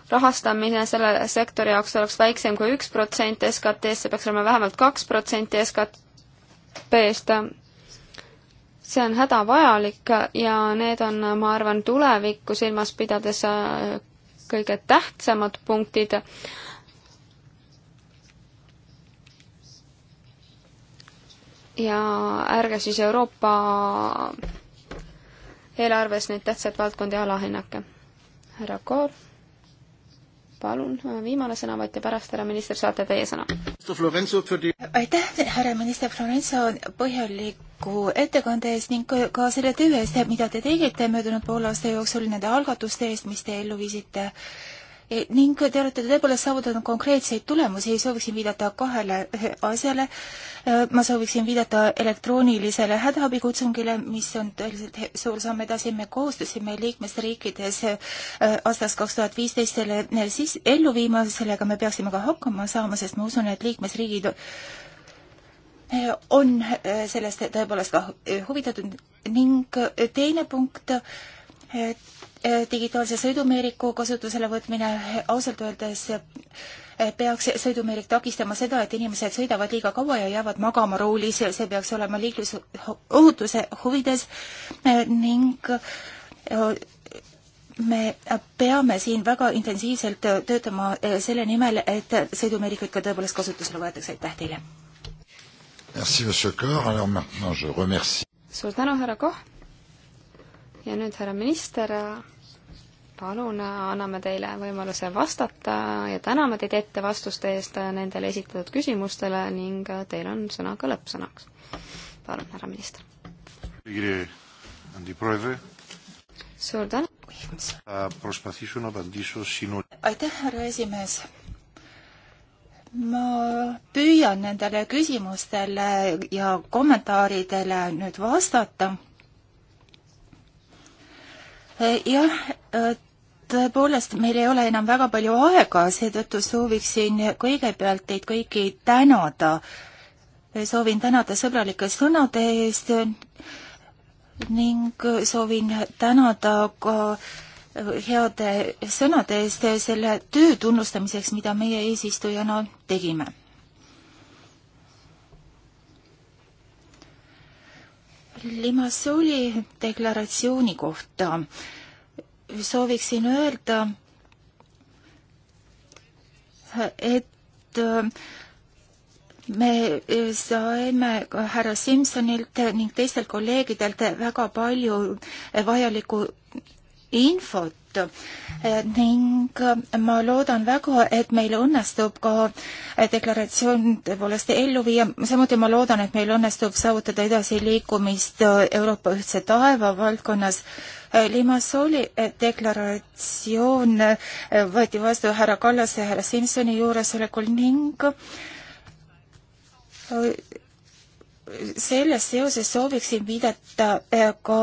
rahastamine selle sektori jaoks oleks väiksem kui üks protsent SKT-st, see peaks olema vähemalt kaks protsenti SKT-st. see on hädavajalik ja need on, ma arvan, tulevikku silmas pidades äh, kõige tähtsamad punktid ja ärge siis Euroopa eelarves neid tähtsaid valdkondi alahinnake. härra Koor, palun, viimane sõnavõtt ja pärast, härra minister, saate teie sõna. aitäh, härra minister Florenzo, põhjaliku ettekande eest ning ka selle töö eest, mida te tegite möödunud poole aasta jooksul, nende algatuste eest, mis te ellu viisite äh, Eh, ning te olete tõepoolest saavutanud konkreetseid tulemusi, sooviksin viidata kahele eh, asjale. Eh, ma sooviksin viidata elektroonilisele hädaabikutsungile, mis on tõeliselt suur samm edasi, me koostasime liikmesriikides aastast kaks tuhat viisteist selle siis ellu viima, sellega me peaksime ka hakkama saama, sest ma usun, et liikmesriigid on sellest tõepoolest ka huvitatud ning teine punkt, Eh, digitaalse sõidumeeriku kasutusele võtmine ausalt öeldes eh, peaks sõidumeerik takistama seda, et inimesed sõidavad liiga kaua ja jäävad magama roolis, see peaks olema liiklusohutuse huvides eh, ning me peame siin väga intensiivselt töötama selle nimel, et sõidumeerikud ka tõepoolest kasutusele võetakse, aitäh teile! suur tänu, härra Koh! ja nüüd, härra minister, palun anname teile võimaluse vastata ja täname teid ette vastuste eest nendele esitatud küsimustele ning teil on sõna ka lõppsõnaks. palun, härra minister. suur tänu. aitäh, härra esimees ma püüan nendele küsimustele ja kommentaaridele nüüd vastata jah, äh, tõepoolest, meil ei ole enam väga palju aega, seetõttu sooviksin kõigepealt teid kõiki tänada. soovin tänada sõbralike sõnade eest ning soovin tänada ka heade sõnade eest selle töö tunnustamiseks, mida meie eesistujana tegime Limassoli deklaratsiooni kohta sooviksin öelda, et äh, me äh, saime härra Simsonilt ning teistelt kolleegidelt väga palju vajalikku infot Liitu ning ma loodan väga, et meil õnnestub ka deklaratsioon tõepoolest ellu viia, samuti ma loodan, et meil õnnestub saavutada edasiliikumist Euroopa ühtse taeva valdkonnas. Limassoli deklaratsioon võeti vastu härra Kallase ja härra Simsoni juuresolekul ning selles seoses sooviksin viidata ka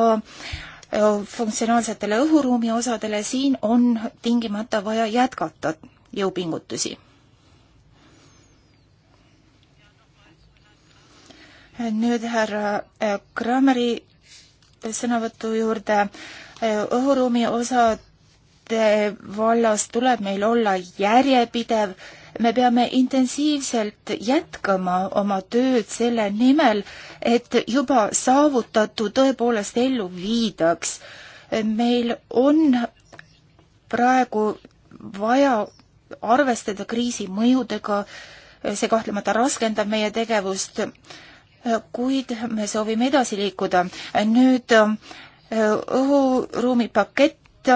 Äh, funktsionaalsetele õhuruumi osadele, siin on tingimata vaja jätkata jõupingutusi. nüüd härra äh, Krammeri sõnavõtu juurde. Äh, õhuruumi osade vallas tuleb meil olla järjepidev me peame intensiivselt jätkama oma tööd selle nimel, et juba saavutatu tõepoolest ellu viidaks. meil on praegu vaja arvestada kriisi mõjudega, see kahtlemata raskendab meie tegevust, kuid me soovime edasi liikuda. nüüd õhuruumi pakett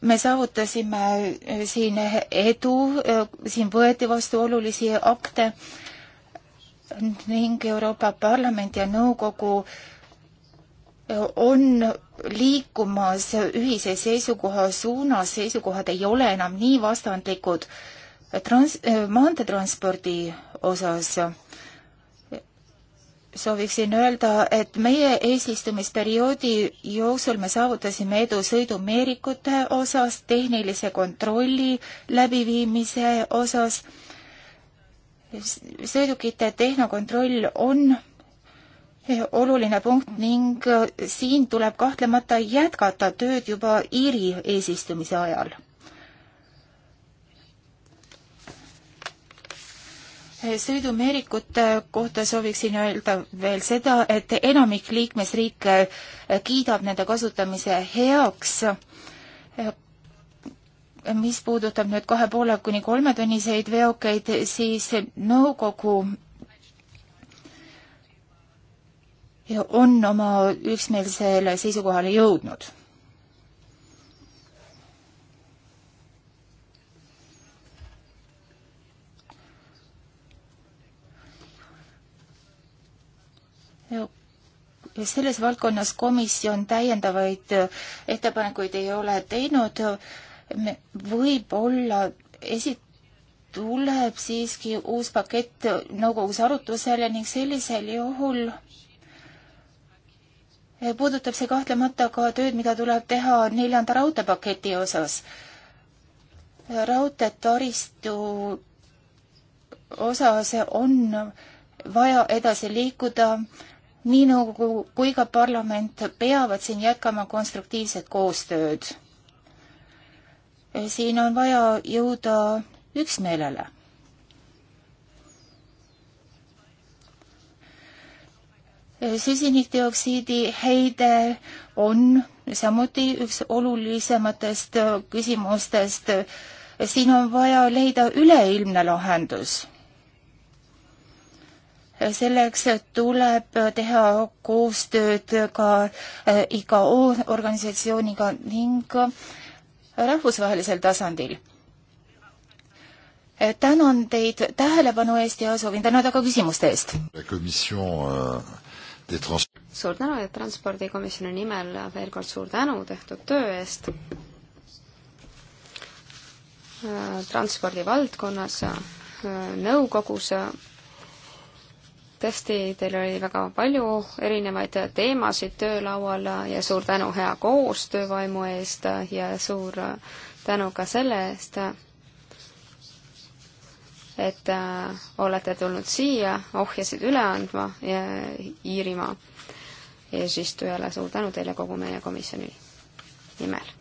me saavutasime siin edu, siin võeti vastu olulisi akte ning Euroopa Parlament ja Nõukogu on liikumas ühise seisukoha suunas, seisukohad ei ole enam nii vastandlikud trans-, maanteetranspordi osas sooviksin öelda, et meie eesistumisperioodi jooksul me saavutasime edu sõidumeerikute osas, tehnilise kontrolli läbiviimise osas. sõidukite tehnokontroll on oluline punkt ning siin tuleb kahtlemata jätkata tööd juba Iiri eesistumise ajal sõidumeerikute kohta sooviksin öelda veel seda, et enamik liikmesriike kiidab nende kasutamise heaks. mis puudutab nüüd kahe poole kuni kolmetonniseid veokeid, siis nõukogu on oma üksmeelsele seisukohale jõudnud selles valdkonnas komisjon täiendavaid äh, ettepanekuid ei ole teinud. võib-olla esi-, tuleb siiski uus pakett nõukogus arutusele ning sellisel juhul puudutab see kahtlemata ka tööd, mida tuleb teha neljanda raudteepaketi osas. raudteetaristu osas on vaja edasi liikuda nii nõukogu kui ka parlament peavad siin jätkama konstruktiivset koostööd. siin on vaja jõuda üksmeelele. süsinikdioksiidi heide on samuti üks olulisematest küsimustest. siin on vaja leida üleilmne lahendus selleks tuleb teha koostööd ka eh, IKO organisatsiooniga ning eh, rahvusvahelisel tasandil. Eh, tänan teid tähelepanu eest ja soovin tänada ka küsimuste eest. Euh, suur tänu ja transpordikomisjoni nimel veel kord suur tänu tehtud töö eest äh, transpordivaldkonnas äh, nõukogus äh, tõesti, teil oli väga palju erinevaid teemasid töölaual ja suur tänu hea koostöövaimu eest ja suur tänu ka selle eest, et äh, olete tulnud siia ohjasid üle andma ja Iirimaa eesistujale. suur tänu teile kogu meie komisjoni nimel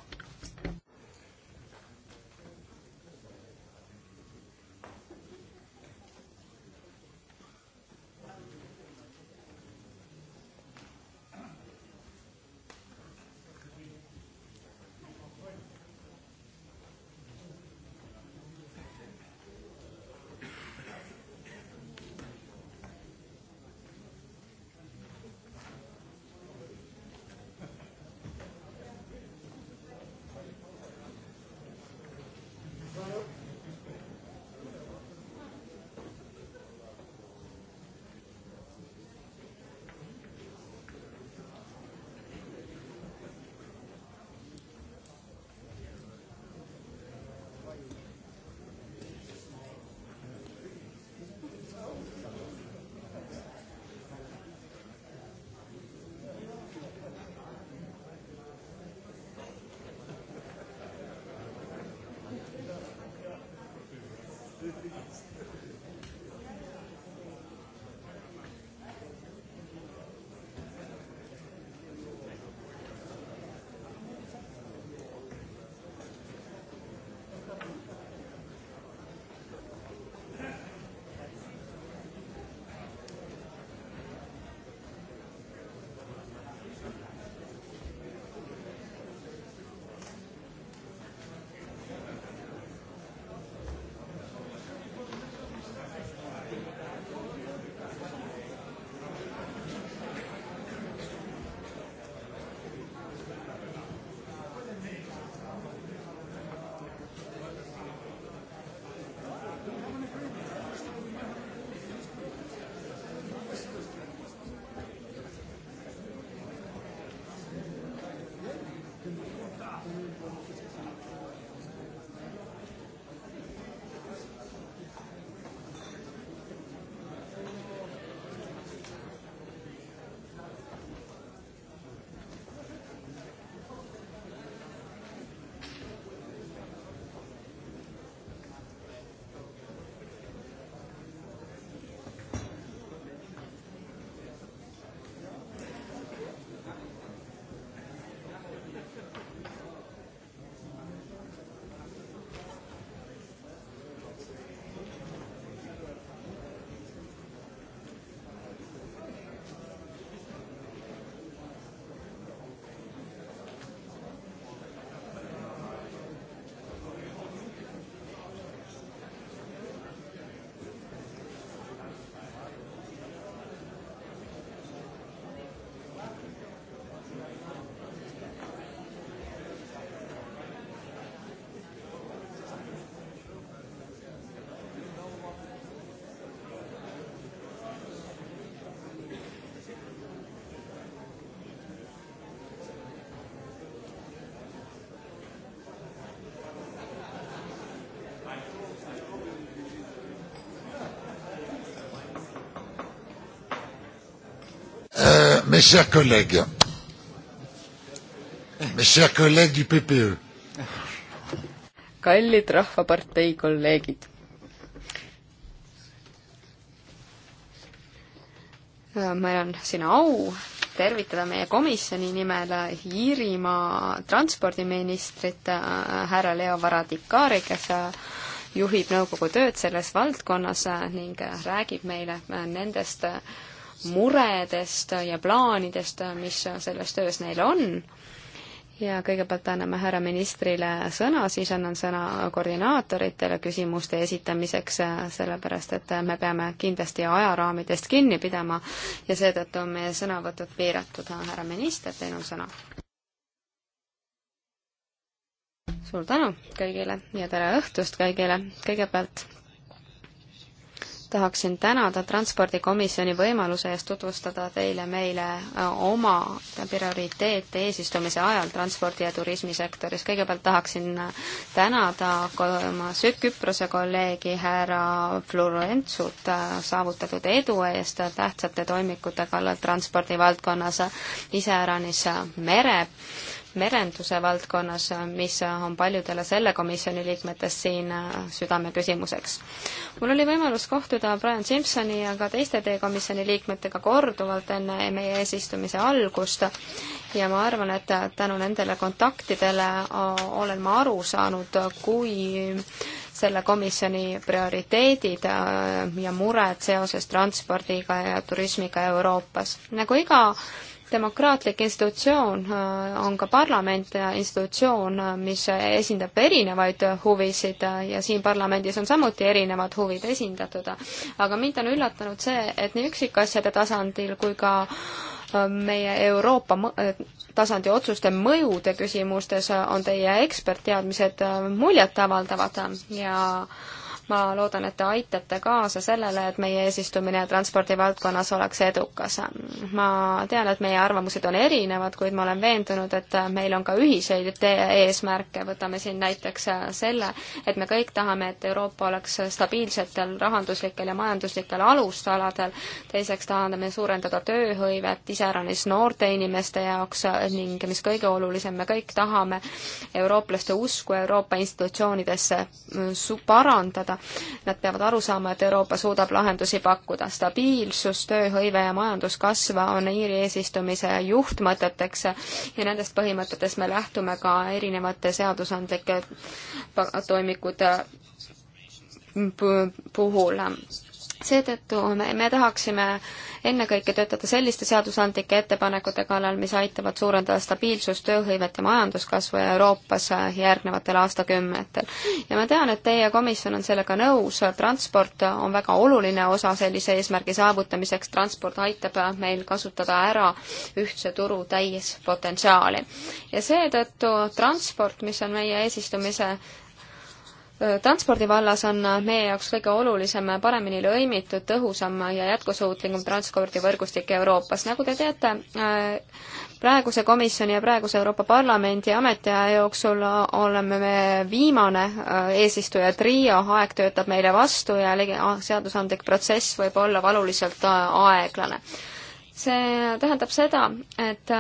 Mes chers collègues, mes chers collègues du PPE. kallid Rahvapartei kolleegid. meil on siin au tervitada meie komisjoni nimel Iirimaa transpordiministrit härra Leo Varadikari, kes juhib nõukogu tööd selles valdkonnas ning räägib meile nendest äh, muredest ja plaanidest, mis selles töös neil on. ja kõigepealt anname härra ministrile sõna, siis annan sõna koordinaatoritele küsimuste esitamiseks, sellepärast et me peame kindlasti ajaraamidest kinni pidama ja seetõttu on meie sõnavõtud piiratud. härra minister, teil on sõna suur tänu kõigile ja tere õhtust kõigile. kõigepealt tahaksin tänada Transpordikomisjoni võimaluse eest tutvustada teile meile äh, oma prioriteete eesistumise ajal transpordi- ja turismisektoris. kõigepealt tahaksin äh, tänada oma Küprose kolleegi härra Florentsut äh, saavutatud edu eest tähtsate toimikute kallal transpordivaldkonnas, iseäranis mere merenduse valdkonnas, mis on paljudele selle komisjoni liikmetest siin südameküsimuseks. mul oli võimalus kohtuda Brian Simpsoni ja ka teiste teie komisjoni liikmetega korduvalt enne meie eesistumise algust ja ma arvan, et tänu nendele kontaktidele olen ma aru saanud, kui selle komisjoni prioriteedid äh, ja mured seoses transpordiga ja turismiga Euroopas. nagu iga demokraatlik institutsioon äh, on ka parlament ja institutsioon, äh, mis esindab erinevaid huvisid äh, ja siin parlamendis on samuti erinevad huvid esindatud. aga mind on üllatanud see, et nii üksikasjade tasandil kui ka meie Euroopa tasandi otsuste mõjude küsimustes on teie ekspertteadmised muljetavaldavad ja äh, ma loodan, et te aitate kaasa sellele, et meie eesistumine transpordivaldkonnas oleks edukas. ma tean, et meie arvamused on erinevad, kuid ma olen veendunud, et meil on ka ühiseid eesmärke, võtame siin näiteks selle, et me kõik tahame, et Euroopa oleks stabiilsetel rahanduslikel ja majanduslikel alustaladel, teiseks tahame suurendada tööhõivet iseäranis noorte inimeste jaoks ning mis kõige olulisem, me kõik tahame eurooplaste usku Euroopa institutsioonidesse parandada, Nad peavad aru saama, et Euroopa suudab lahendusi pakkuda. stabiilsus, tööhõive ja majanduskasv on Iiri eesistumise juhtmõteteks ja nendest põhimõtetest me lähtume ka erinevate seadusandlike toimikute puhul seetõttu me, me tahaksime ennekõike töötada selliste seadusandlike ettepanekute kallal, mis aitavad suurendada stabiilsust, tööhõivet ja majanduskasvu Euroopas järgnevatel aastakümnetel. ja ma tean, et teie komisjon on sellega nõus, transport on väga oluline osa sellise eesmärgi saavutamiseks, transport aitab meil kasutada ära ühtse turu täispotentsiaali. ja seetõttu transport, mis on meie eesistumise Äh, transpordi vallas on äh, meie jaoks kõige olulisem äh, paremini lõimitud, tõhusam ja jätkusuutlikum transpordivõrgustik Euroopas. nagu te teate, praeguse komisjoni ja praeguse Euroopa Parlamendi ametiaja jooksul oleme me viimane eesistuja trio, aeg töötab meile vastu ja ah, seadusandlik protsess võib olla valuliselt aeglane. see tähendab seda, et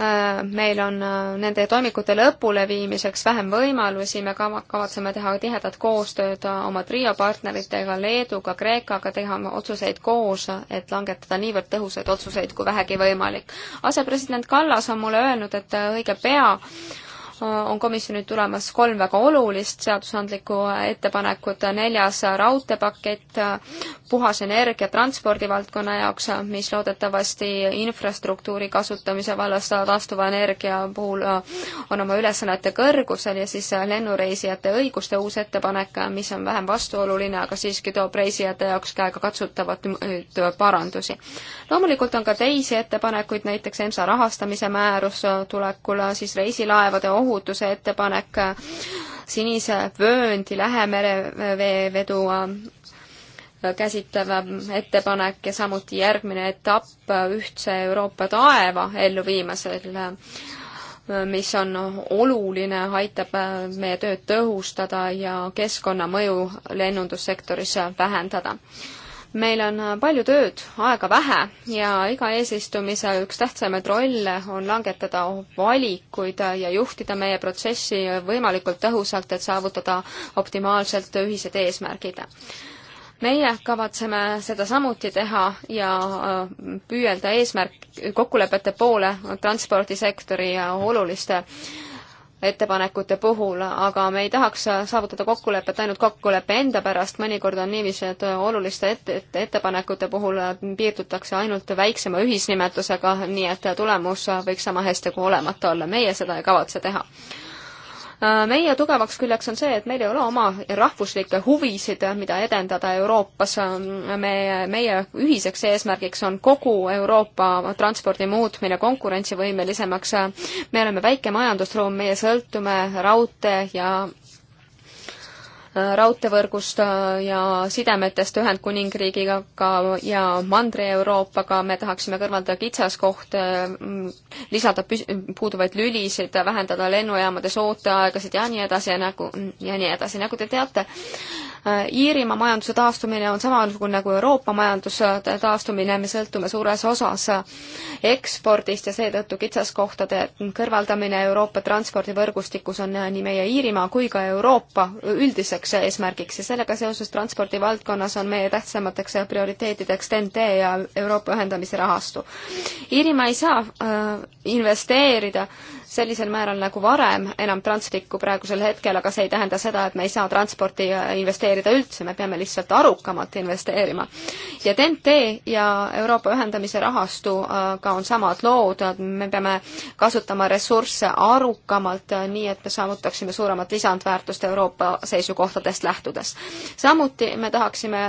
Äh, meil on äh, nende toimikute lõpuleviimiseks vähem võimalusi, me kavatseme teha tihedat koostööd äh, oma trio partneritega, Leeduga, Kreekaga, teha otsuseid koos, et langetada niivõrd tõhusaid otsuseid kui vähegi võimalik. asepresident Kallas on mulle öelnud, et õige pea on komisjonil tulemas kolm väga olulist seadusandlikku ettepanekut, neljas raudteepakett puhas energia transpordivaldkonna jaoks, mis loodetavasti infrastruktuuri kasutamise vallas taastuva energia puhul on oma ülesannete kõrgusel ja siis lennureisijate õiguste uus ettepanek, mis on vähem vastuoluline, aga siiski toob reisijate jaoks käegakatsutavat parandusi. loomulikult on ka teisi ettepanekuid, näiteks EMSA rahastamise määrus tulekul, siis reisilaevade ohutus, ohutuse ettepanek, sinise vööndi Lähemere veevedu käsitlev ettepanek ja samuti järgmine etapp ühtse Euroopa taeva elluviimisel, mis on oluline, aitab meie tööd tõhustada ja keskkonnamõju lennundussektoris vähendada meil on palju tööd, aega vähe ja iga eesistumise üks tähtsamaid rolle on langetada valikuid ja juhtida meie protsessi võimalikult tõhusalt, et saavutada optimaalselt ühised eesmärgid meie kavatseme seda samuti teha ja äh, püüelda eesmärk, kokkulepete poole transpordisektori oluliste ettepanekute puhul, aga me ei tahaks saavutada kokkulepet ainult kokkuleppe enda pärast, mõnikord on niiviisi, et oluliste ette, ette, ettepanekute puhul piirdutakse ainult väiksema ühisnimetusega, nii et tulemus võiks sama hästi kui olemata olla, meie seda ei kavatse teha Äh, meie tugevaks küljeks on see, et meil ei ole oma rahvuslikke huvisid, mida edendada Euroopas. Ähm, me, meie ühiseks eesmärgiks on kogu Euroopa transpordi muutmine konkurentsivõimelisemaks. Äh, me oleme väike majandusruum, meie sõltume raudtee ja Äh, raudteevõrgust äh, ja sidemetest Ühendkuningriigiga ka ja Mandri-Euroopaga, me tahaksime kõrvaldada kitsaskohti, mm, lisada püs-, puuduvaid lülisid, vähendada lennujaamades ooteaegasid ja nii edasi ja nagu, ja nii edasi, nagu te teate, Äh, Iirimaa majanduse taastumine on samasugune kui nagu Euroopa majanduse taastumine, me sõltume suures osas äh, ekspordist ja seetõttu kitsaskohtade kõrvaldamine Euroopa transpordivõrgustikus on äh, nii meie Iirimaa kui ka Euroopa üldiseks eesmärgiks ja sellega seoses transpordi valdkonnas on meie tähtsamateks prioriteetideks TEN-T ja Euroopa ühendamise rahastu. Iirimaa ei saa investeerida äh, sellisel määral nagu varem enam transpikku praegusel hetkel, aga see ei tähenda seda, et me ei saa transporti äh, investeerida üldse, me peame lihtsalt arukamalt investeerima. ja TNT ja Euroopa ühendamise rahastuga äh, on samad lood, me peame kasutama ressursse arukamalt, äh, nii et me saavutaksime suuremat lisandväärtust Euroopa seisukohtadest lähtudes. samuti me tahaksime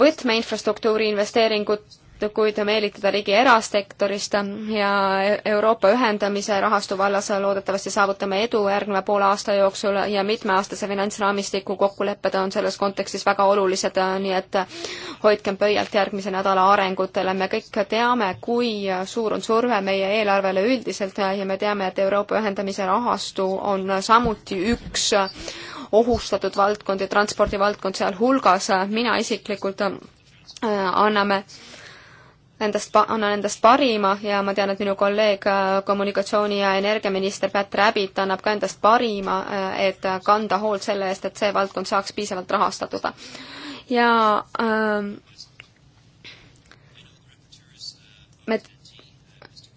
võtmeinfrastruktuuri investeeringut kuid meelitada ligi erasektorist ähm, ja e-, Euroopa ühendamise rahastu vallas loodetavasti saavutame edu järgneva poole aasta jooksul ja mitmeaastase finantsraamistiku kokkulepped on selles kontekstis väga olulised, äh, nii et äh, hoidkem pöialt järgmise nädala arengutele, me kõik teame, kui äh, suur on surve meie eelarvele üldiselt ja me teame, et Euroopa ühendamise rahastu on samuti üks ohustatud valdkond ja transpordivaldkond sealhulgas, mina isiklikult anname äh, endast, annan endast parima ja ma tean, et minu kolleeg äh, kommunikatsiooni- ja energiaminister Pätt Räbit annab ka endast parima, äh, et äh, kanda hoolt selle eest, et see valdkond saaks piisavalt rahastatud. ja ähm,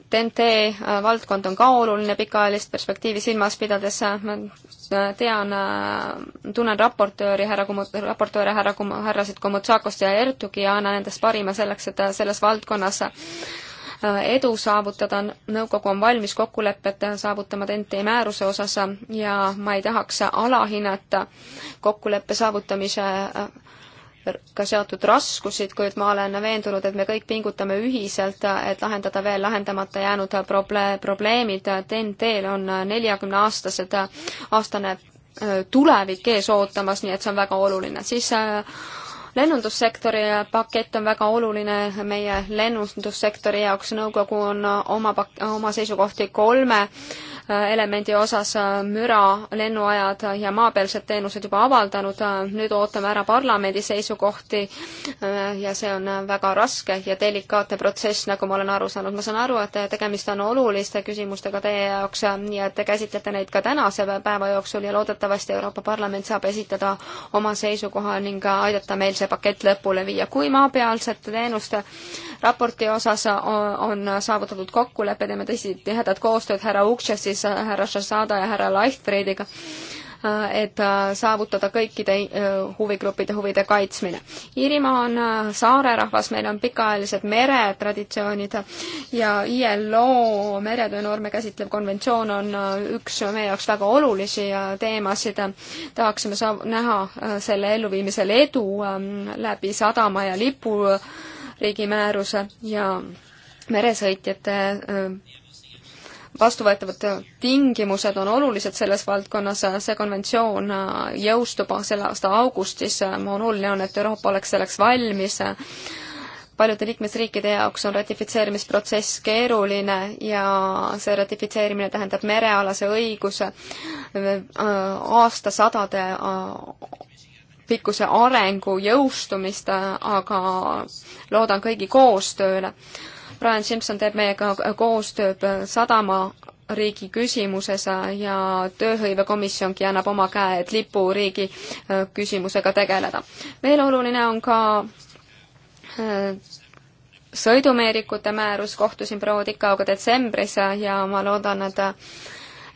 TNT äh, valdkond on ka oluline pikaajalist perspektiivi silmas pidades, ma äh, tean, äh, tunnen raportööri härra Kumu-, raportööre härra Kumu-, härrasid Komutsakost ja Ertugi ja annan endast parima selleks, et selles valdkonnas edu saavutada, nõukogu on valmis kokkulepet saavutama TNT määruse osas ja ma ei tahaks alahinnata kokkuleppe saavutamise ka seotud raskusid, kuid ma olen veendunud, et me kõik pingutame ühiselt, et lahendada veel lahendamata jäänud proble-, probleemid. TNT-l on neljakümneaastased, aastane tulevik ees ootamas, nii et see on väga oluline. siis lennundussektori pakett on väga oluline meie lennundussektori jaoks, nõukogu on oma pak-, oma seisukohti kolme äh, elemendi osas äh, müra, lennuajad ja maapealsed teenused juba avaldanud, äh, nüüd ootame ära parlamendi seisukohti äh, ja see on väga raske ja delikaatne protsess, nagu ma olen aru saanud. ma saan aru, et tegemist on oluliste küsimustega teie jaoks ja te käsitlete neid ka tänase päeva jooksul ja loodetavasti Euroopa Parlament saab esitada oma seisukoha ning aidata meil see pakett lõpule viia. kui maapealsete teenuste raporti osas on, on saavutatud kokkulepe, teeme tõsi tihedat koostööd härra Ukšesis, härra Šašada ja härra Leichtfriediga äh, et äh, saavutada kõikide äh, huvigruppide huvide kaitsmine. Iirimaa on saarerahvas, meil on pikaajalised meretraditsioonid ja ILO meretöönorme käsitlev konventsioon on üks meie jaoks väga olulisi teemasid. tahaksime näha selle elluviimisel edu ähm, läbi sadama ja lipu riigimääruse ja meresõitjate äh, vastuvõetavad tingimused on olulised selles valdkonnas, see konventsioon äh, jõustub selle aasta augustis, oluline on, et Euroopa oleks selleks valmis. paljude liikmesriikide jaoks on ratifitseerimisprotsess keeruline ja see ratifitseerimine tähendab merealase õiguse äh, aastasadade pikkuse arengu jõustumist, aga loodan kõigi koostööle. Brian Simson teeb meiega koostööd sadama riigi küsimuses ja tööhõivekomisjongi annab oma käe, et lipuriigi äh, küsimusega tegeleda. veel oluline on ka äh, sõidumeerikute määrus, kohtusin proua Tikaoga detsembris ja ma loodan, et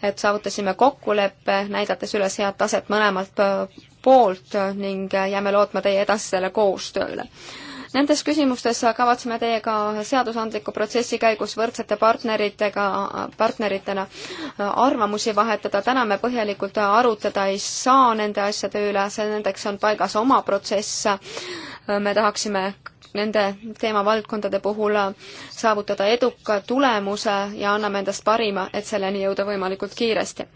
et saavutasime kokkuleppe, näidates üles head taset mõlemalt äh, poolt ning jääme lootma teie edasisele koostööle. Nendes küsimustes kavatseme teiega seadusandliku protsessi käigus võrdsete partneritega, partneritena arvamusi vahetada. täna me põhjalikult arutada ei saa nende asjade üle, see nendeks on paigas oma protsess. me tahaksime nende teemavaldkondade puhul saavutada eduka tulemuse ja anname endast parima, et selleni jõuda võimalikult kiiresti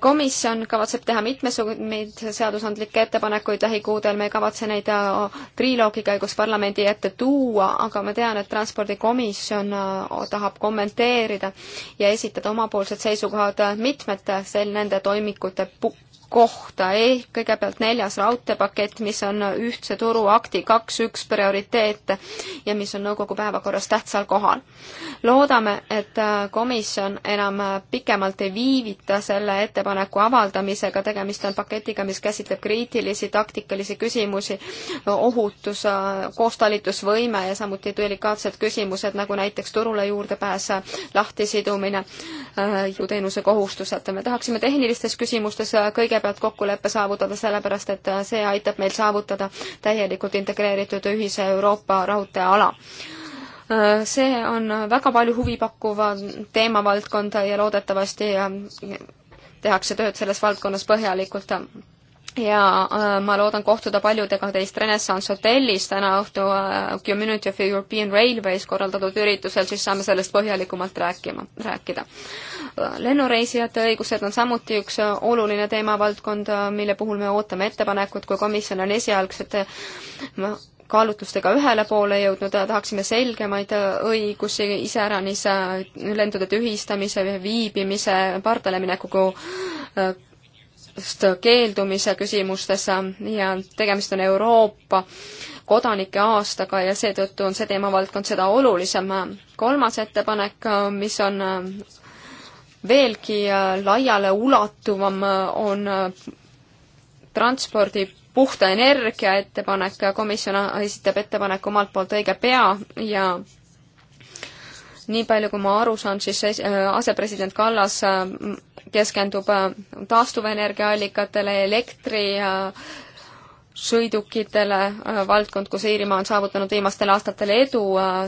komisjon kavatseb teha mitmesuguseid seadusandlikke ettepanekuid lähikuudel, me ei kavatse neid äh, triloogi käigus parlamendi ette tuua, aga ma tean, et transpordikomisjon äh, tahab kommenteerida ja esitada omapoolsed seisukohad äh, mitmete sel-, nende toimikute pu-, kohta, ehk kõigepealt neljas raudteepakett, mis on ühtse turu akti kaks üks prioriteet ja mis on nõukogu päevakorras tähtsal kohal. loodame, et äh, komisjon enam äh, pikemalt ei viivita selle ettepaneku avaldamisega, tegemist on paketiga, mis käsitleb kriitilisi taktikalisi küsimusi, ohutus, äh, koostalitusvõime ja samuti delikaatsed küsimused, nagu näiteks turule juurdepääs, lahtisidumine, ju teenuse kohustused. me tahaksime tehnilistes küsimustes kõige kõigepealt kokkulepe saavutada, sellepärast et see aitab meil saavutada täielikult integreeritud ühise Euroopa raudteeala see on väga palju huvipakkuv teemavaldkond ja loodetavasti tehakse tööd selles valdkonnas põhjalikult ja äh, ma loodan kohtuda paljudega teist Renaissance hotellis täna õhtu Community äh, of European Railways korraldatud üritusel, siis saame sellest põhjalikumalt rääkima, rääkida. Äh, lennureisijate õigused on samuti üks oluline teemavaldkond, mille puhul me ootame ettepanekut, kui komisjon on esialgsete kaalutlustega ühele poole jõudnud, tahaksime selgemaid õigusi, iseäranis lendude tühistamise, viibimise, pardale mineku keeldumise küsimustes ja tegemist on Euroopa kodanike aastaga ja seetõttu on see teemavaldkond seda olulisem. kolmas ettepanek, mis on veelgi laiale ulatuvam, on transpordi puhta energia ettepanek, komisjon esitab ettepaneku omalt poolt õige pea ja nii palju, kui ma aru saan, siis äh, asepresident Kallas äh, keskendub äh, taastuvenergiaallikatele, elektri sõidukitele, valdkond, kus Iirimaa on saavutanud viimastel aastatel edu,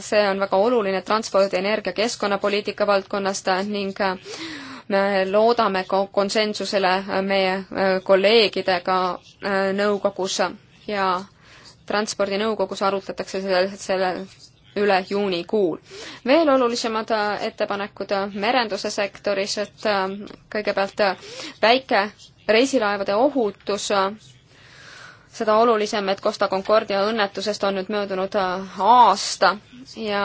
see on väga oluline transpordi, energia, keskkonnapoliitika valdkonnast ning me loodame ka konsensusele meie kolleegidega nõukogus ja transpordinõukogus arutatakse selle, selle üle juunikuul. veel olulisemad äh, ettepanekud äh, merenduse sektoris, et äh, kõigepealt väike reisilaevade ohutus, seda olulisem, et Costa Concordia õnnetusest on nüüd möödunud aasta ja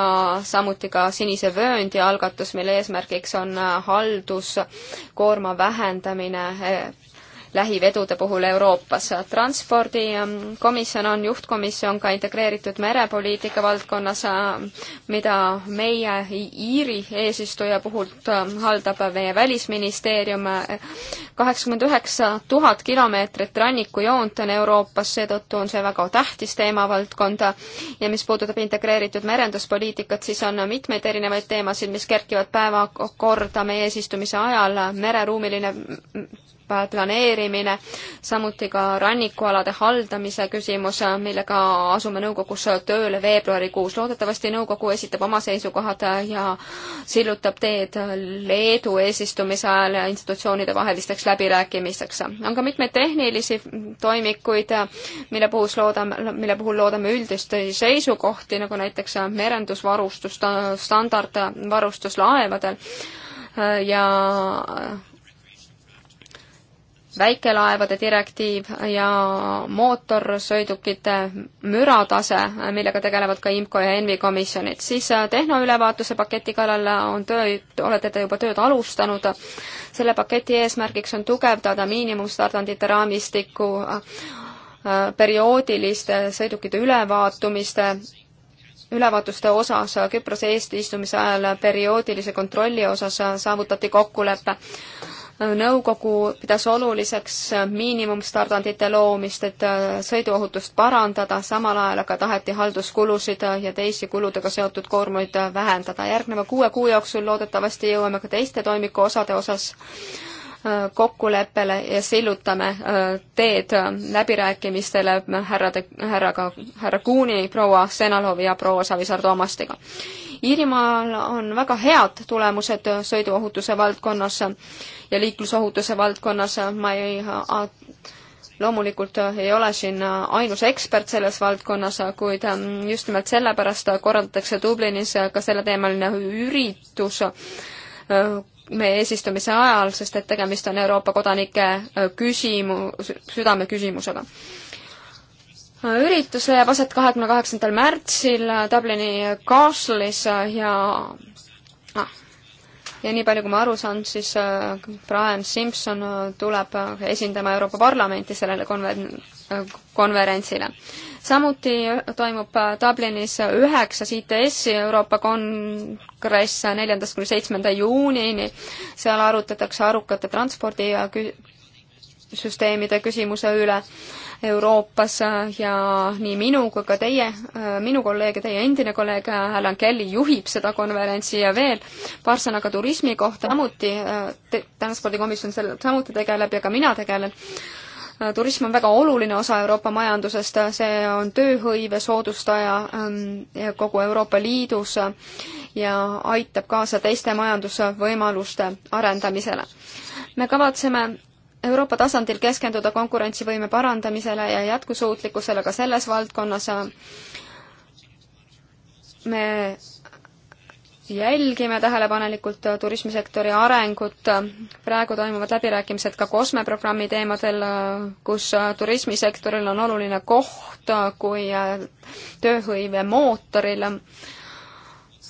samuti ka Sinise vööndi algatus, mille eesmärgiks on halduskoorma vähendamine lähivedude puhul Euroopas. transpordikomisjon ähm, on juhtkomisjon ka integreeritud merepoliitika valdkonnas, äh, mida meie Iiri eesistuja puhul äh, haldab meie välisministeerium. kaheksakümmend üheksa tuhat kilomeetrit rannikujoont on Euroopas, seetõttu on see väga tähtis teemavaldkond ja mis puudutab integreeritud merenduspoliitikat, siis on mitmeid erinevaid teemasid, mis kerkivad päevakorda meie eesistumise ajal, mereruumiline planeerimine, samuti ka rannikualade haldamise küsimus, millega asume nõukogus tööle veebruarikuus. loodetavasti nõukogu esitab oma seisukohad ja sillutab teed Leedu eesistumise ajal institutsioonide vahelisteks läbirääkimisteks. on ka mitmeid tehnilisi toimikuid, mille puhul loodame, mille puhul loodame üldist seisukohti, nagu näiteks merendusvarustus, standardvarustus laevadel ja väikelaevade direktiiv ja mootorsõidukite müratase, millega tegelevad ka IMCO ja ENVI komisjonid. siis äh, tehnoülevaatuse paketi kallal äh, on töö, olete te juba tööd alustanud. selle paketi eesmärgiks on tugevdada miinimumstandardite raamistikku, äh, perioodiliste sõidukite ülevaatumiste ülevaatuste osas Küprose eestistumise ajal perioodilise kontrolli osas saavutati kokkulepe nõukogu pidas oluliseks miinimumstandardite loomist, et äh, sõiduohutust parandada, samal ajal aga taheti halduskulusid äh, ja teisi kuludega seotud koormaid äh, vähendada. järgneva kuue kuu jooksul loodetavasti jõuame ka teiste toimiku osade osas kokkuleppele ja sillutame äh, teed äh, läbirääkimistele härrade, härraga, härra Kuuni, proua Senalovi ja proua Savisaar Toomastega. Iirimaal on väga head tulemused sõiduohutuse valdkonnas ja liiklusohutuse valdkonnas, ma ei äh, loomulikult ei ole siin ainus ekspert selles valdkonnas, kuid just nimelt sellepärast korraldatakse Dublinis ka selleteemaline üritus, meie eesistumise ajal, sest et tegemist on Euroopa kodanike äh, küsimu-, südameküsimusega. üritus leiab aset kahekümne kaheksandal märtsil Dublini Castle'is ja ah, ja nii palju, kui ma aru saan, siis äh, Brian Simpson äh, tuleb esindama Euroopa Parlamenti sellele konver-, konverentsile samuti toimub äh, Dublinis üheksas ITS-i Euroopa kongress neljandast kuni seitsmenda juunini. seal arutatakse arukate transpordi ja kü-, süsteemide küsimuse üle Euroopas äh, ja nii minu kui ka teie, äh, minu kolleeg ja teie endine kolleeg Alan Kelly juhib seda konverentsi ja veel paar sõna ka turismi kohta, samuti transpordikomisjon selle, samuti tegeleb ja ka mina tegelen Äh, turism on väga oluline osa Euroopa majandusest, see on tööhõive soodustaja ähm, kogu Euroopa Liidus äh, ja aitab kaasa teiste majandusvõimaluste arendamisele. me kavatseme Euroopa tasandil keskenduda konkurentsivõime parandamisele ja jätkusuutlikkusele ka selles valdkonnas. Äh, me jälgime tähelepanelikult turismisektori arengut. praegu toimuvad läbirääkimised ka COSME programmi teemadel, kus turismisektoril on oluline koht kui tööhõive mootoril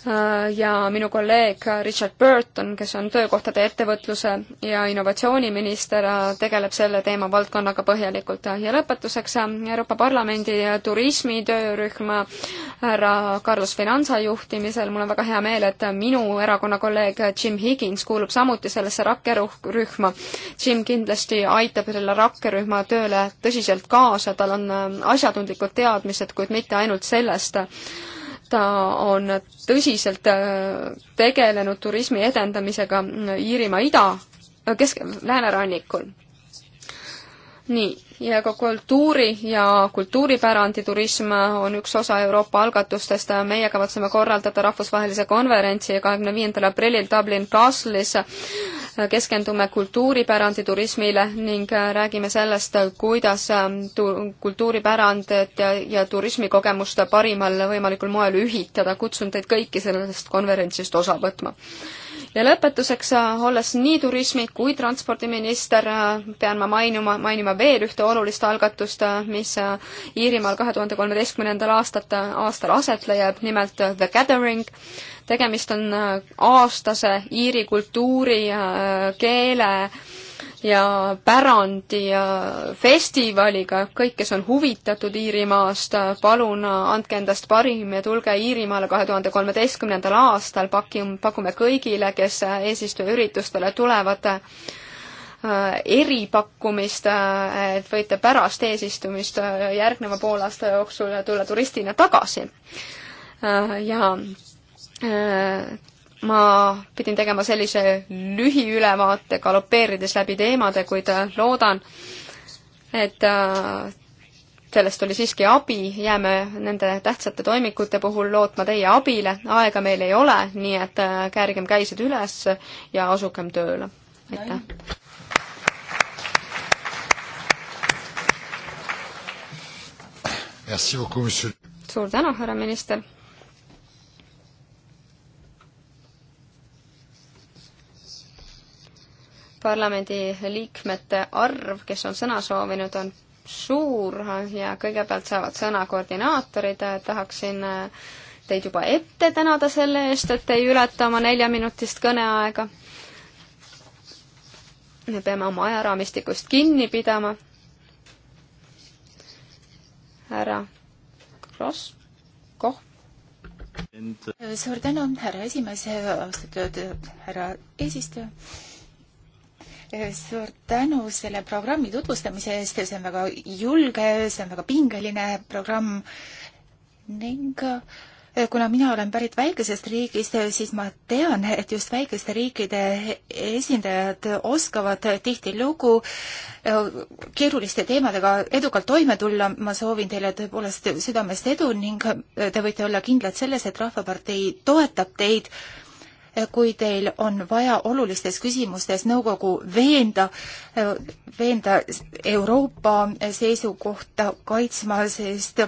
Äh, ja minu kolleeg Richard Burton, kes on töökohtade ettevõtluse ja innovatsiooniminister, äh, tegeleb selle teema valdkonnaga põhjalikult. ja lõpetuseks äh, Euroopa Parlamendi turismitöörühm härra Carlos Finanza juhtimisel, mul on väga hea meel, et minu erakonna kolleeg Jim Higgins kuulub samuti sellesse rakkerühma. Jim kindlasti aitab selle rakkerühma tööle tõsiselt kaasa, tal on asjatundlikud teadmised, kuid mitte ainult sellest, ta on tõsiselt äh, tegelenud turismi edendamisega Iirimaa ida, äh, kesk, läänerannikul nii, ja ka kultuuri ja kultuuripärandi turism on üks osa Euroopa algatustest, meie kavatseme korraldada rahvusvahelise konverentsi kahekümne viiendal aprillil Dublin Castle'is, keskendume kultuuripärandi turismile ning räägime sellest, kuidas tu-, kultuuripärandit ja, ja turismikogemust parimal võimalikul moel ühitada, kutsun teid kõiki sellest konverentsist osa võtma ja lõpetuseks, äh, olles nii turismi- kui transpordiminister, äh, pean ma mainima, mainima veel ühte olulist algatust, äh, mis Iirimaal kahe tuhande kolmeteistkümnendal aastat, aastal aset leiab, nimelt The Gathering. tegemist on aastase Iiri kultuuri, keele ja pärandi ja festivaliga, kõik, kes on huvitatud Iirimaast, palun andke endast parim ja tulge Iirimaale kahe tuhande kolmeteistkümnendal aastal, paki-, pakume kõigile, kes eesistuja üritustele tulevad, äh, eripakkumist, äh, et võite pärast eesistumist äh, järgneva poolaasta jooksul tulla turistina tagasi. ja ma pidin tegema sellise lühiülevaate, galopeerides läbi teemade, kuid äh, loodan, et äh, sellest oli siiski abi, jääme nende tähtsate toimikute puhul lootma teie abile, aega meil ei ole, nii et äh, käärigem käised üles ja asugem tööle. aitäh! suur tänu, härra minister! parlamendi liikmete arv, kes on sõna soovinud, on suur ja kõigepealt saavad sõna koordinaatorid, tahaksin eh, teid juba ette tänada selle eest, et ei ületa oma neljaminutist kõneaega. me peame oma ajaraamistikust kinni pidama. härra Kross, Koh. suur tänu, härra esimees, austatud härra eesistuja suur tänu selle programmi tutvustamise eest, see on väga julge, see on väga pingeline programm ning eh, kuna mina olen pärit väikesest riigist, eh, siis ma tean, et just väikeste riikide esindajad oskavad tihtilugu eh, keeruliste teemadega edukalt toime tulla. ma soovin teile tõepoolest südamest edu ning te võite olla kindlad selles, et Rahvapartei toetab teid kui teil on vaja olulistes küsimustes nõukogu veenda, veenda Euroopa seisukohta kaitsma, sest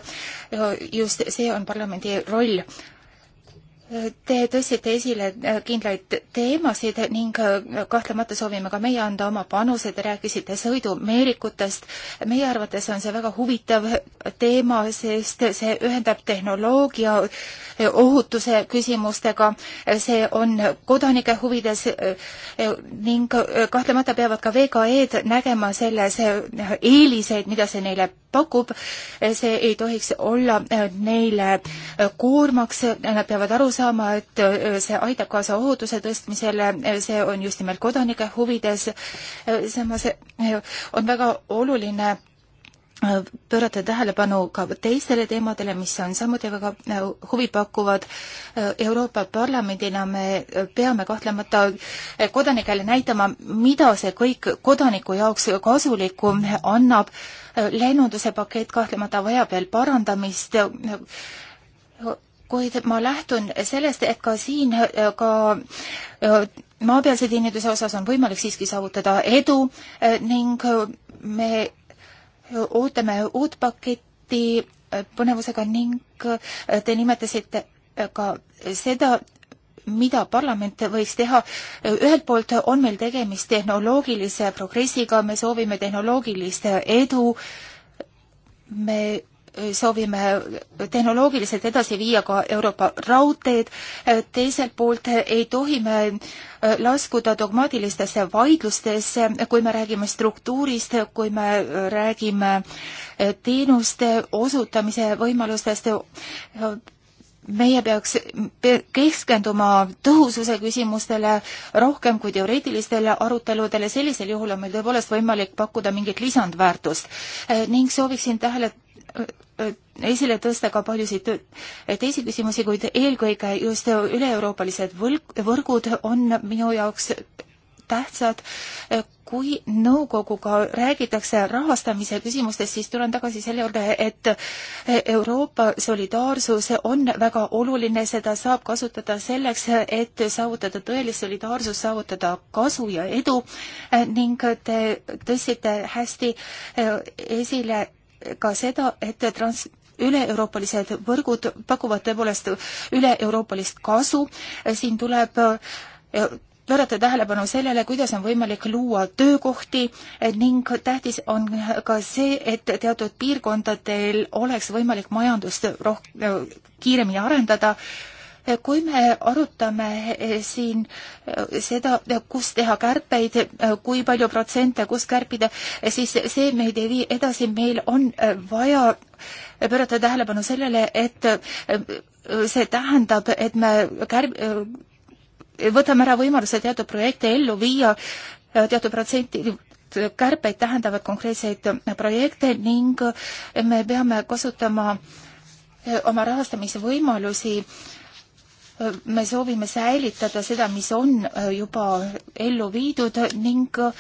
just see on parlamendi roll Te tõstsite esile äh, kindlaid teemasid ning äh, kahtlemata soovime ka meie anda oma panuse, te rääkisite sõidumeerikutest. meie arvates on see väga huvitav teema, sest see ühendab tehnoloogia äh, ohutuse küsimustega, see on kodanike huvides ning kahtlemata peavad ka VKE-d nägema selles eeliseid, mida see neile pakub, eh, see ei tohiks olla eh, neile eh, koormaks, nad peavad aru saama, et see aitab kaasa ohutuse tõstmisele, see on just nimelt kodanike huvides, samas on väga oluline pöörata tähelepanu ka teistele teemadele, mis on samuti väga huvipakkuvad. Euroopa Parlamendina me peame kahtlemata kodanikele näitama, mida see kõik kodaniku jaoks kasulikku annab lennunduse pakett kahtlemata vajab veel parandamist, kuid ma lähtun sellest, et ka siin ka e, maapealse teeninduse osas on võimalik siiski saavutada edu ning me ootame uut paketti põnevusega ning te nimetasite ka seda, mida parlament võiks teha. ühelt poolt on meil tegemist tehnoloogilise progressiga, me soovime tehnoloogilist edu, me soovime tehnoloogiliselt edasi viia ka Euroopa raudteed, teiselt poolt ei tohi me laskuda dogmaatilistesse vaidlustesse, kui me räägime struktuurist, kui me räägime teenuste osutamise võimalustest, meie peaks keskenduma tõhususe küsimustele rohkem kui teoreetilistele aruteludele, sellisel juhul on meil tõepoolest võimalik pakkuda mingit lisandväärtust äh, ning sooviksin tähele äh, äh, esile tõsta ka paljusid teisi küsimusi, kuid eelkõige just üle-euroopalised võlg, võrgud on minu jaoks tähtsad. kui nõukoguga räägitakse rahastamise küsimustest, siis tulen tagasi selle juurde, et Euroopa solidaarsus on väga oluline, seda saab kasutada selleks, et saavutada tõelist solidaarsust, saavutada kasu ja edu ning te tõstsite hästi e, esile ka seda, et trans-, üle-euroopalised võrgud pakuvad tõepoolest üle-euroopalist kasu, siin tuleb e, pöörata tähelepanu sellele, kuidas on võimalik luua töökohti eh, ning tähtis on ka see, et teatud piirkondadel oleks võimalik majandust roh-, eh, kiiremini arendada, eh, kui me arutame siin seda, kus teha kärpeid, kui palju protsente, kus kärpida, siis see meid ei vii edasi, meil on vaja pöörata tähelepanu sellele, et see tähendab, et me kärb-, võtame ära võimaluse teatud projekte ellu viia äh, teatud protsenti kärpeid tähendavad konkreetseid projekte ning me peame kasutama äh, oma rahastamise võimalusi äh, me soovime säilitada seda, mis on äh, juba ellu viidud ning äh,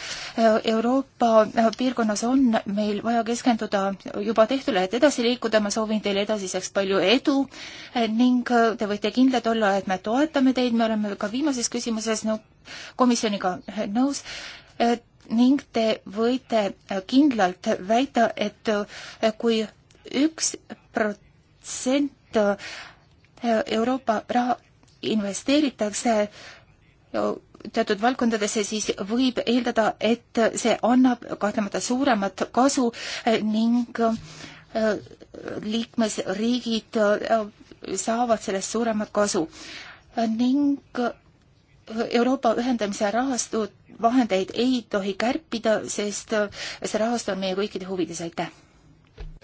Euroopa äh, piirkonnas on meil vaja keskenduda juba tehtule, et edasi liikuda. ma soovin teile edasiseks palju edu ning te võite kindlad olla, et me toetame teid, me oleme ka viimases küsimuses no, komisjoniga nõus ning te võite kindlalt väita, et kui üks protsent Euroopa raha investeeritakse teatud valdkondadesse, siis võib eeldada, et see annab kahtlemata suuremat kasu ning äh, liikmesriigid äh, saavad sellest suuremat kasu ning äh, Euroopa ühendamise rahastu vahendeid ei tohi kärpida, sest see rahastu on meie kõikide huvides, aitäh!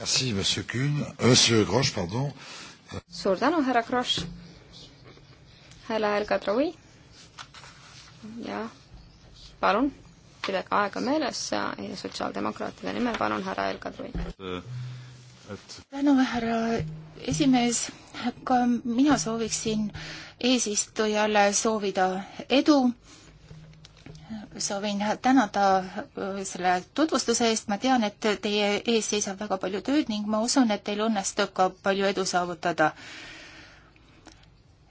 Merci, monsieur Kuhn, euh, monsieur Grosch, pardon suur tänu, härra Kross. härra Helga Trovi. ja palun, pidage aega meeles ja sotsiaaldemokraatide nimel palun, härra Helga Trovi. tänu, härra esimees. ka mina sooviksin eesistujale soovida edu soovin tänada äh, selle tutvustuse eest, ma tean, et teie ees seisab väga palju tööd ning ma usun, et teil õnnestub ka palju edu saavutada.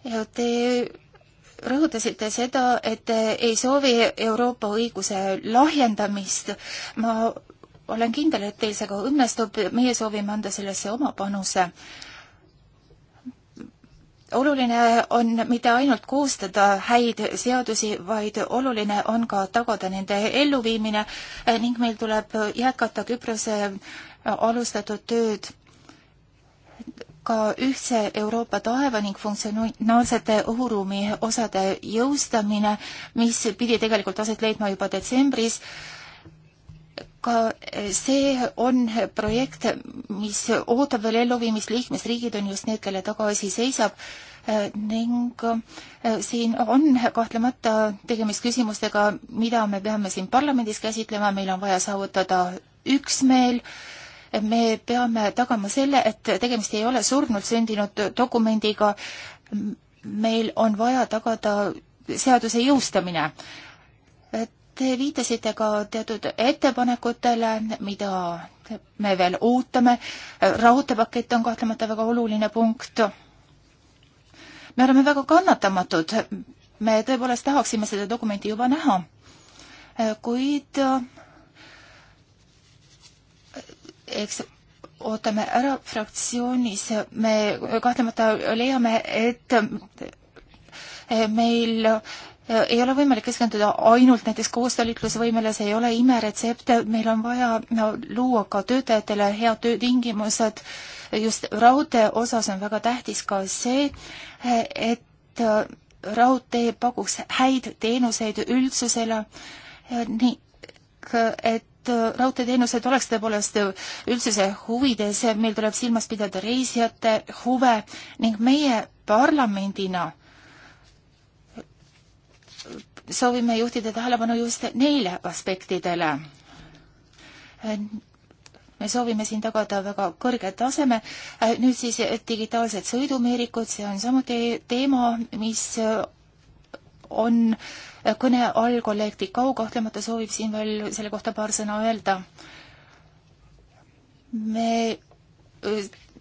ja te rõhutasite seda, et te ei soovi Euroopa õiguse lahjendamist. ma olen kindel, et teil see ka õnnestub, meie soovime anda sellesse oma panuse oluline on mitte ainult koostada häid seadusi, vaid oluline on ka tagada nende elluviimine eh, ning meil tuleb jätkata Küprose eh, alustatud tööd ka ühtse Euroopa taeva ning funktsionaalsete õhuruumi osade jõustamine, mis pidi tegelikult aset leidma juba detsembris ka eh, see on projekt, mis ootab veel elluviimist, liikmesriigid on just need, kelle taga asi seisab eh, ning eh, siin on kahtlemata tegemist küsimustega, mida me peame siin parlamendis käsitlema, meil on vaja saavutada üksmeel, me peame tagama selle, et tegemist ei ole surnult sündinud dokumendiga, meil on vaja tagada seaduse jõustamine Te viitasite ka teatud ettepanekutele, mida me veel ootame. raudteepakett on kahtlemata väga oluline punkt. me oleme väga kannatamatud. me tõepoolest tahaksime seda dokumenti juba näha. kuid eks ootame ära fraktsioonis, me kahtlemata leiame, et meil ei ole võimalik keskenduda ainult näiteks koostalitlusvõimele, see ei ole imeretsept, meil on vaja no, luua ka töötajatele head töötingimused. just raudtee osas on väga tähtis ka see, et raudtee pakuks häid teenuseid üldsusele, nii et raudteeteenused oleks tõepoolest üldsuse huvides, meil tuleb silmas pidada reisijate huve ning meie parlamendina soovime juhtida tähelepanu just neile aspektidele. me soovime siin tagada väga kõrge taseme. nüüd siis digitaalsed sõidumeerikud, see on samuti teema, mis on kõne all, kolleeg Tikau kahtlemata soovib siin veel selle kohta paar sõna öelda. me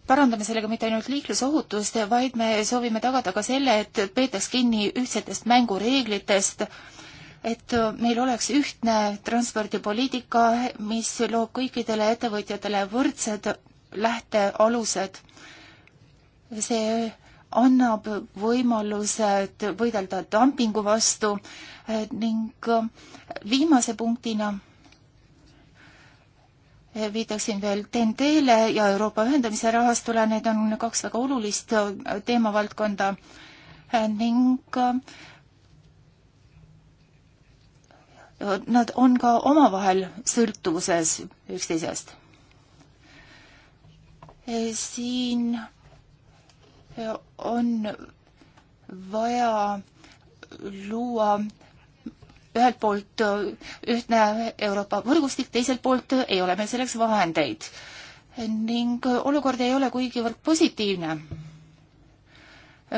parandame sellega mitte ainult liiklusohutust, vaid me soovime tagada ka selle, et peetaks kinni ühtsetest mängureeglitest, et meil oleks ühtne transpordipoliitika, mis loob kõikidele ettevõtjatele võrdsed lähtealused. see annab võimalused võidelda dumpingu vastu ning viimase punktina viitaksin veel TNT-le ja Euroopa ühendamise rahastule, need on kaks väga olulist äh, teemavaldkonda äh, ning äh, nad on ka omavahel sõltuvuses üksteisest. siin on vaja luua ühelt poolt äh, ühtne Euroopa võrgustik, teiselt poolt äh, ei ole meil selleks vahendeid. ning äh, olukord ei ole kuigivõrd positiivne.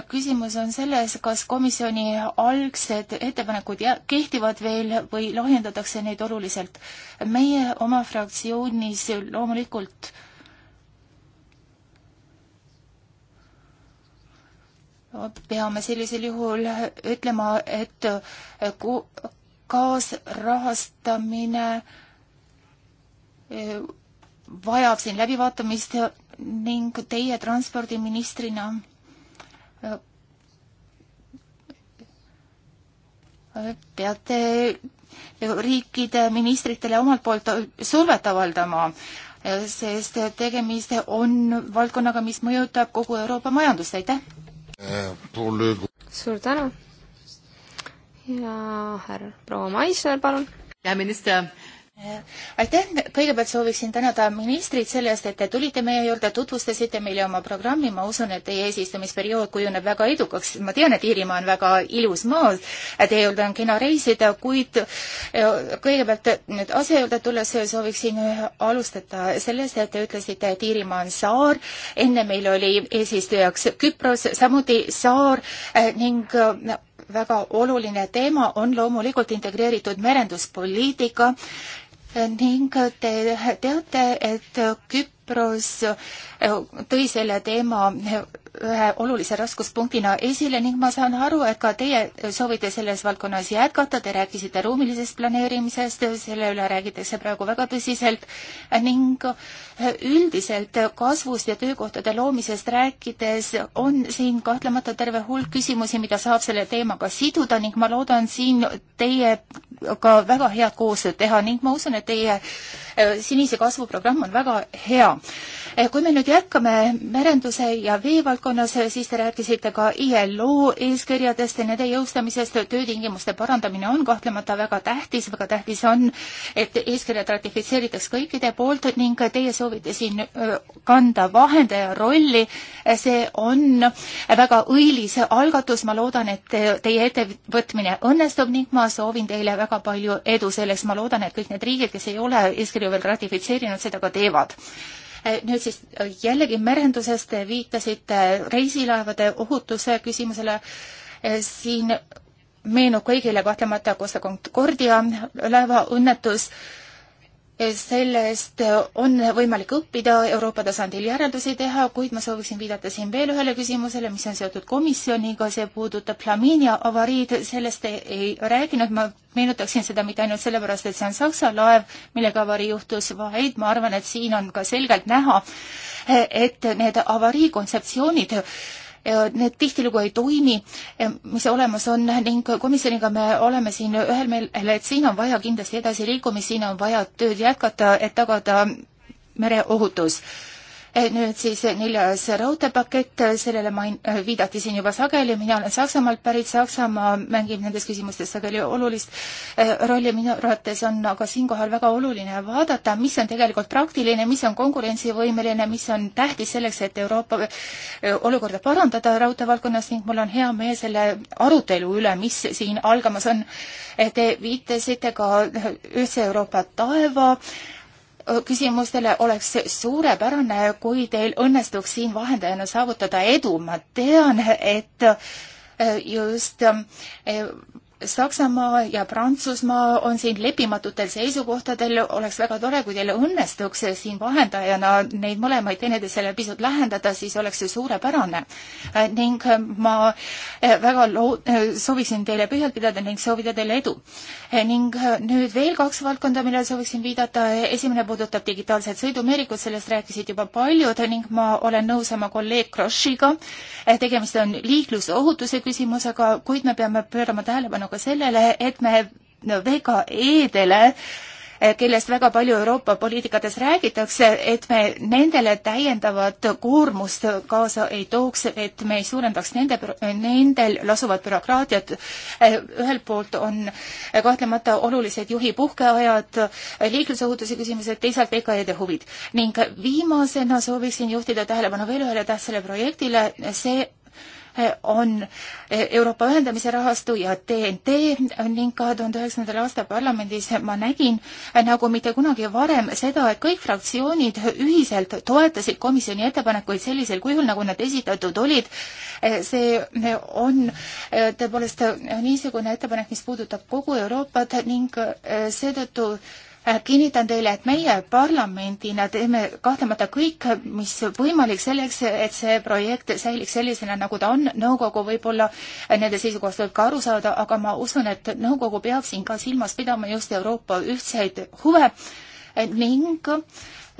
küsimus on selles, kas komisjoni algsed ettepanekud kehtivad veel või lahjendatakse neid oluliselt. meie oma fraktsioonis loomulikult peame sellisel juhul ütlema, et kaasrahastamine eh, vajab siin läbivaatamist ning teie transpordiministrina eh, peate riikide ministritele omalt poolt survet avaldama, eh, sest tegemist on valdkonnaga, mis mõjutab kogu Euroopa majandust, aitäh! suur tänu! ja härra proua Maisner, palun. hea minister aitäh, kõigepealt sooviksin tänada ministrit selle eest, et te tulite meie juurde, tutvustasite meile oma programmi, ma usun, et teie eesistumisperiood kujuneb väga edukaks, ma tean, et Iirimaa on väga ilus maa, teie juurde on kena reisida, kuid eh, kõigepealt nüüd asja juurde tulles sooviksin alustada sellest, et te ütlesite, et Iirimaa on saar, enne meil oli eesistujaks Küpros, samuti saar eh, ning väga oluline teema on loomulikult integreeritud merenduspoliitika ning te teate, et Küpros eh, tõi selle teema ühe olulise raskuspunktina esile ning ma saan aru, et ka teie soovite selles valdkonnas jätkata, te rääkisite ruumilisest planeerimisest, selle üle räägitakse praegu väga tõsiselt ning üldiselt kasvust ja töökohtade loomisest rääkides on siin kahtlemata terve hulk küsimusi, mida saab selle teemaga siduda ning ma loodan siin teiega väga head koostööd teha ning ma usun, et teie Äh, sinise kasvu programm on väga hea. Äh, kui me nüüd jätkame merenduse ja vee valdkonnas, äh, siis te rääkisite ka ILO eeskirjadest ja nende jõustamisest, töötingimuste parandamine on kahtlemata väga tähtis, väga tähtis on, et eeskirjad ratifitseeritaks kõikide poolt ning teie soovite siin kanda vahendaja rolli. see on väga õilis algatus, ma loodan, et teie ettevõtmine õnnestub ning ma soovin teile väga palju edu selleks, ma loodan, et kõik need riigid, kes ei ole eeskirjad allkirju veel ratifitseerinud, seda ka teevad eh, nüüd siis eh, jällegi merendusest viitasite reisilaevade ohutuse küsimusele. Eh, siin meenub kõigile kahtlemata Costa Concordia laevaõnnetus sellest on võimalik õppida, Euroopa tasandil järeldusi teha, kuid ma sooviksin viidata siin veel ühele küsimusele, mis on seotud komisjoniga, see puudutab Flaminia avariid, sellest ei, ei rääkinud, ma meenutaksin seda mitte ainult sellepärast, et see on Saksa laev, millega avarii juhtus, vaid ma arvan, et siin on ka selgelt näha, et need avarii kontseptsioonid äh, Äh, need tihtilugu ei toimi, äh, mis olemas on ning komisjoniga me oleme siin ühel meelel, et siin on vaja kindlasti edasiliikumist, siin on vaja tööd jätkata, et tagada mereohutus Eh, nüüd siis neljas raudteepakett, sellele main-, eh, viidati siin juba sageli, mina olen Saksamaalt pärit, Saksamaa mängib nendes küsimustes sageli olulist eh, rolli, minu arvates on aga siinkohal väga oluline vaadata, mis on tegelikult praktiline, mis on konkurentsivõimeline, mis on tähtis selleks, et Euroopa olukorda parandada raudteevaldkonnas ning mul on hea meel selle arutelu üle, mis siin algamas on. Te viitasite ka Ühtse Euroopa taeva küsimustele oleks suurepärane, kui teil õnnestuks siin vahendajana saavutada edu. ma tean, et äh, just äh, Saksamaa ja Prantsusmaa on siin lepimatutel seisukohtadel, oleks väga tore, kui teil õnnestuks siin vahendajana neid mõlemaid teineteisele pisut lähendada, siis oleks see suurepärane. Äh, ning ma väga loo-, sooviksin teile pühjalt pidada ning soovida teile edu. Eh, ning eh, nüüd veel kaks valdkonda, millele sooviksin viidata. esimene puudutab digitaalset sõidumeerikut, sellest rääkisid juba paljud ning ma olen nõus oma kolleeg Krossiga. tegemist on liiklusohutuse küsimusega, kuid me peame pöörama tähelepanu ka sellele, et me no, VKE-dele äh, Eh, kellest väga palju Euroopa poliitikates räägitakse, et me nendele täiendavat koormust kaasa ei tooks, et me ei suurendaks nende, nendel lasuvat bürokraatiat. Eh, ühelt poolt on eh, kahtlemata olulised juhi puhkeajad, liiklusohutuse küsimused, teisalt VKE-de huvid. ning viimasena sooviksin juhtida tähelepanu veel ühele tähtsale projektile, see on Euroopa ühendamise rahastu ja TNT ning kahe tuhande üheksandal aastal parlamendis ma nägin nagu mitte kunagi varem seda, et kõik fraktsioonid ühiselt toetasid komisjoni ettepanekuid sellisel kujul, nagu nad esitatud olid. see on eh, tõepoolest niisugune ettepanek, mis puudutab kogu Euroopat ning eh, seetõttu Äh, kinnitan teile, et meie parlamendina teeme kahtlemata kõik, mis võimalik selleks, et see projekt säiliks sellisena, nagu ta on. nõukogu võib-olla äh, nende seisukohast võib ka aru saada, aga ma usun, et nõukogu peab siin ka silmas pidama just Euroopa ühtseid huve äh, ning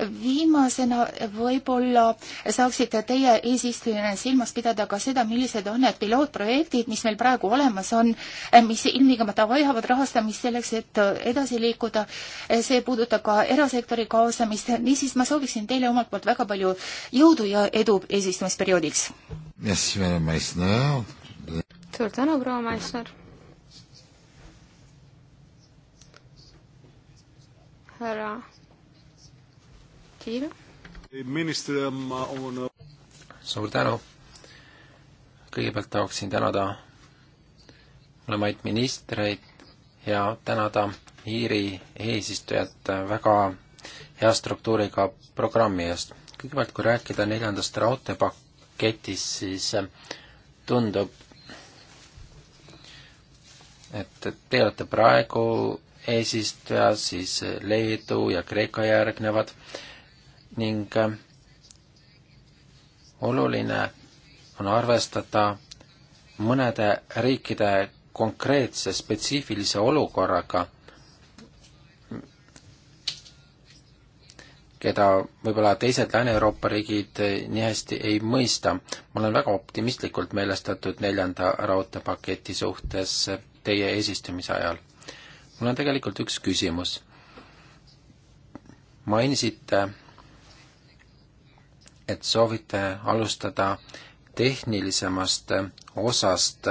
viimasena võib-olla saaksite teie eesistujana silmas pidada ka seda, millised on need pilootprojektid, mis meil praegu olemas on, mis ilmtingimata vajavad rahastamist selleks, et edasi liikuda. see puudutab ka erasektori kaasamist, niisiis ma sooviksin teile omalt poolt väga palju jõudu ja edu eesistumisperioodiks. suur tänu, proua Maisner härra Kiire. suur tänu. kõigepealt tahaksin tänada mõlemaid ministreid ja tänada Iiri eesistujat väga hea struktuuriga programmi eest. kõigepealt, kui rääkida neljandast raudteepaketist, siis tundub, et te olete praegu eesistuja, siis Leedu ja Kreeka järgnevad ning äh, oluline on arvestada mõnede riikide konkreetse spetsiifilise olukorraga, keda võib-olla teised Lääne-Euroopa riigid nii hästi ei mõista. ma olen väga optimistlikult meelestatud neljanda raudteepaketi suhtes teie eesistumise ajal. mul on tegelikult üks küsimus. mainisite et soovite alustada tehnilisemast osast,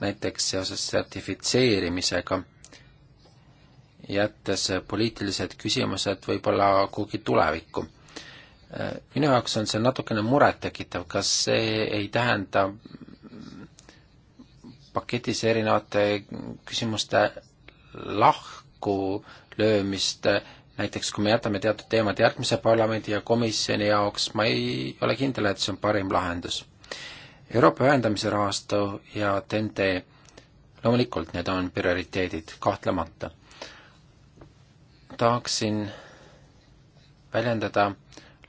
näiteks seoses sertifitseerimisega, jättes poliitilised küsimused võib-olla kuhugi tulevikku. minu jaoks on see natukene murettekitav, kas see ei tähenda paketis erinevate küsimuste lahkulöömist näiteks kui me jätame teatud teemad järgmise parlamendi ja komisjoni jaoks, ma ei ole kindel, et see on parim lahendus. Euroopa ühendamise rahastu ja TNT, loomulikult need on prioriteedid, kahtlemata. tahaksin väljendada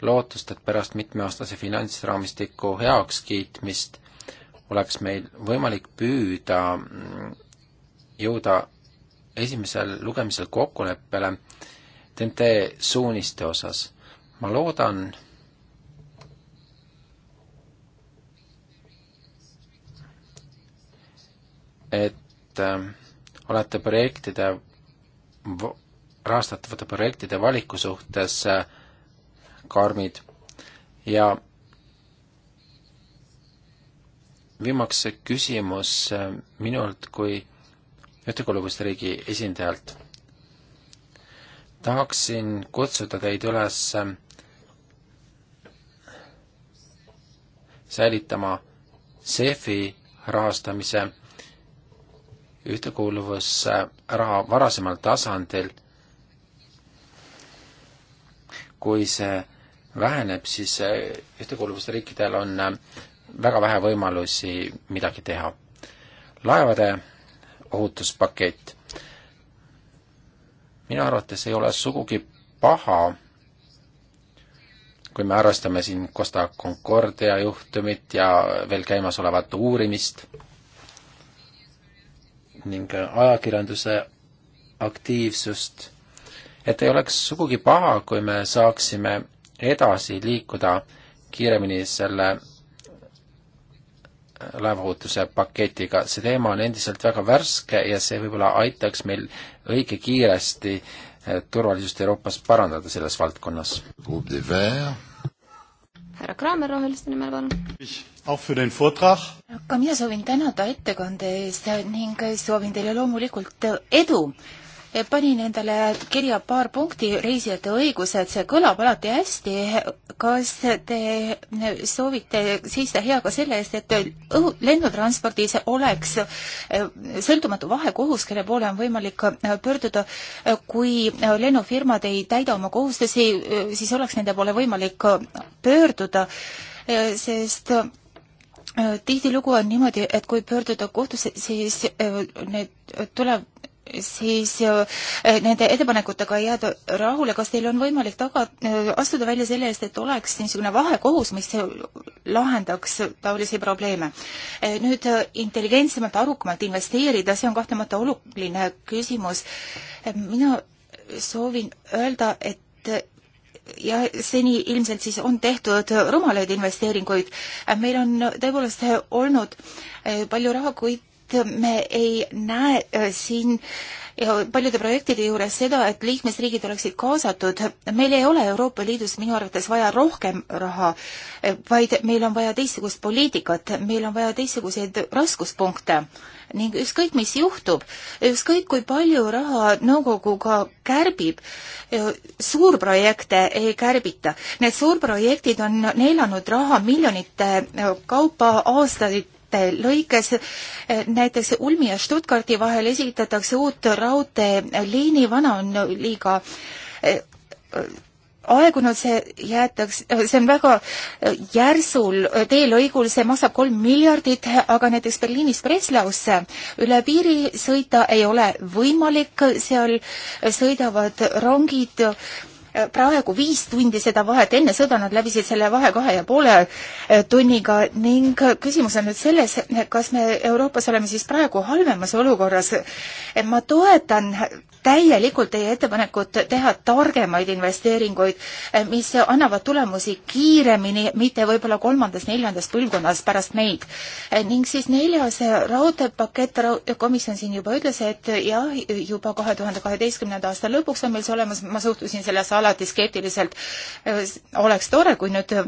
lootust, et pärast mitmeaastase finantsraamistiku heakskiitmist oleks meil võimalik püüda mm, jõuda esimesel lugemisel kokkuleppele äh, TNT suuniste osas. ma loodan, et äh, olete projektide, rahastatavate projektide valiku suhtes äh, karmid ja viimaks küsimus äh, minult kui ühtekuuluvusriigi esindajalt tahaksin kutsuda teid üles ähm, säilitama CEF-i rahastamise ühtekuuluvusraha varasemal tasandil. kui see väheneb, siis äh, ühtekuuluvusriikidel on ähm, väga vähe võimalusi midagi teha. laevade ohutuspakett minu arvates ei ole sugugi paha, kui me arvestame siin Costa Concordia juhtumit ja veel käimasolevat uurimist ning ajakirjanduse aktiivsust, et ei oleks sugugi paha, kui me saaksime edasi liikuda kiiremini selle laevaohutuse paketiga, see teema on endiselt väga värske ja see võib-olla aitaks meil õige kiiresti eh, turvalisust Euroopas parandada selles valdkonnas. härra Kraamer roheliste nimel, palun. ka mina soovin tänada ettekande eest ning soovin teile loomulikult edu Eh, panin endale kirja paar punkti, reisijate õigused, see kõlab alati hästi. kas te eh, soovite seista hea ka selle eest, et eh, õhu, lennutranspordis oleks sõltumatu vahekohus, kelle poole on võimalik pöörduda, kui lennufirmad ei täida oma kohustusi, siis oleks nende poole võimalik pöörduda, sest tihtilugu on niimoodi, et kui pöörduda kohtusse, siis need tulevad siis äh, nende ettepanekutega ei jääda rahule, kas teil on võimalik taga, äh, astuda välja selle eest, et oleks niisugune vahekohus, mis lahendaks taolisi probleeme? Äh, nüüd intelligentsemalt, arukamalt investeerida, see on kahtlemata oluline küsimus. mina soovin öelda, et ja seni ilmselt siis on tehtud rumalaid investeeringuid. meil on tõepoolest olnud palju raha, kuid et me ei näe äh, siin ja äh, paljude projektide juures seda, et liikmesriigid oleksid kaasatud. meil ei ole Euroopa Liidus minu arvates vaja rohkem raha, äh, vaid meil on vaja teistsugust poliitikat, meil on vaja teistsuguseid raskuspunkte ning ükskõik, mis juhtub, ükskõik kui palju raha nõukogu ka kärbib, suurprojekte ei kärbita. Need suurprojektid on neelanud raha miljonite kaupa aastaid lõikes, näiteks Ulmi ja Stuttgardi vahel esitatakse uut raudteeliini, vana on liiga e, aegunud see jäetakse, see on väga järsul teelõigul, see maksab kolm miljardit, aga näiteks Berliinist Breslausse üle piiri sõita ei ole võimalik, seal sõidavad rongid praegu viis tundi seda vahet, enne sõda nad läbisid selle vahe kahe ja poole äh, tunniga ning küsimus on nüüd selles, kas me Euroopas oleme siis praegu halvemas olukorras. ma toetan täielikult teie ettepanekut teha targemaid investeeringuid, äh, mis annavad tulemusi kiiremini, mitte võib-olla kolmandas-neljandas põlvkonnas pärast meid. Äh, ning siis neljas raudteepakett, komisjon siin juba ütles, et jah, juba kahe tuhande kaheteistkümnenda aasta lõpuks on meil see olemas, ma suhtusin sellesse alati skeptiliselt. oleks tore, kui nüüd äh,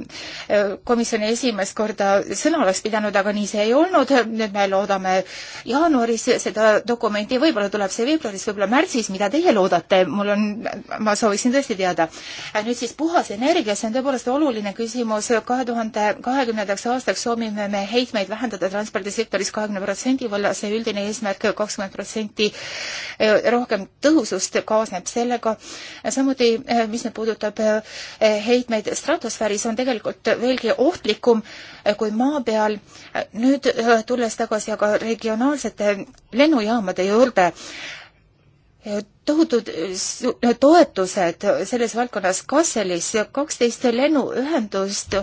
komisjoni esimest korda sõna oleks pidanud, aga nii see ei olnud. nüüd me loodame jaanuaris seda dokumenti, võib-olla tuleb see veebruaris, võib-olla märtsis, mida teie loodate, mul on, ma sooviksin tõesti teada. Äh, nüüd siis puhas energia, see on tõepoolest oluline küsimus. kahe tuhande kahekümnendaks aastaks soovime me heitmeid vähendada transpordisektoris kahekümne protsendi võrra, see üldine eesmärk kakskümmend protsenti äh, rohkem tõhusust kaasneb sellega. samuti mis nüüd puudutab eh, heitmeid stratosfääris, on tegelikult veelgi ohtlikum eh, kui maa peal. nüüd eh, tulles tagasi aga regionaalsete lennujaamade juurde, tohutud toetused selles valdkonnas Kasselis, kaksteist lennuühendust,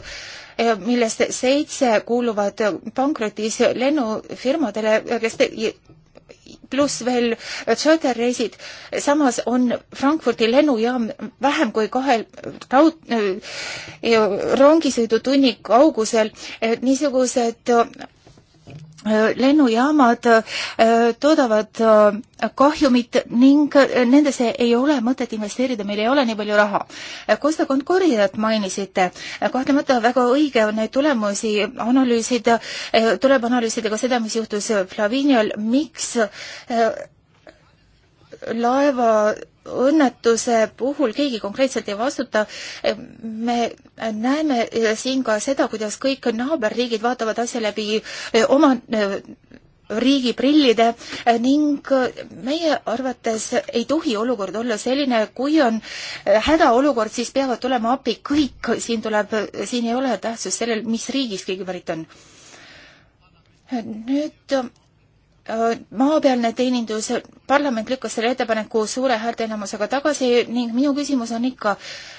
millest seitse kuuluvad pankrotis lennufirmadele, kes pluss veel charterreisid. samas on Frankfurdi lennujaam vähem kui kahel raud-, äh, rongisõidutunni kaugusel. niisugused Äh, lennujaamad äh, toodavad äh, kahjumit ning nendesse ei ole mõtet investeerida, meil ei ole nii palju raha. Costa Concordiat mainisite, kahtlemata väga õige on neid tulemusi analüüsida, tuleb analüüsida ka seda, mis juhtus Flavinial, miks laeva õnnetuse puhul keegi konkreetselt ei vastuta. me näeme siin ka seda, kuidas kõik naaberriigid vaatavad asja läbi oma riigi prillide ning meie arvates ei tohi olukord olla selline, kui on hädaolukord, siis peavad tulema appi kõik, siin tuleb, siin ei ole tähtsust sellel, mis riigist keegi pärit on. nüüd Äh, maapealne teenindus, parlament lükkas selle ettepaneku suure häälteenamusega tagasi ning minu küsimus on ikka,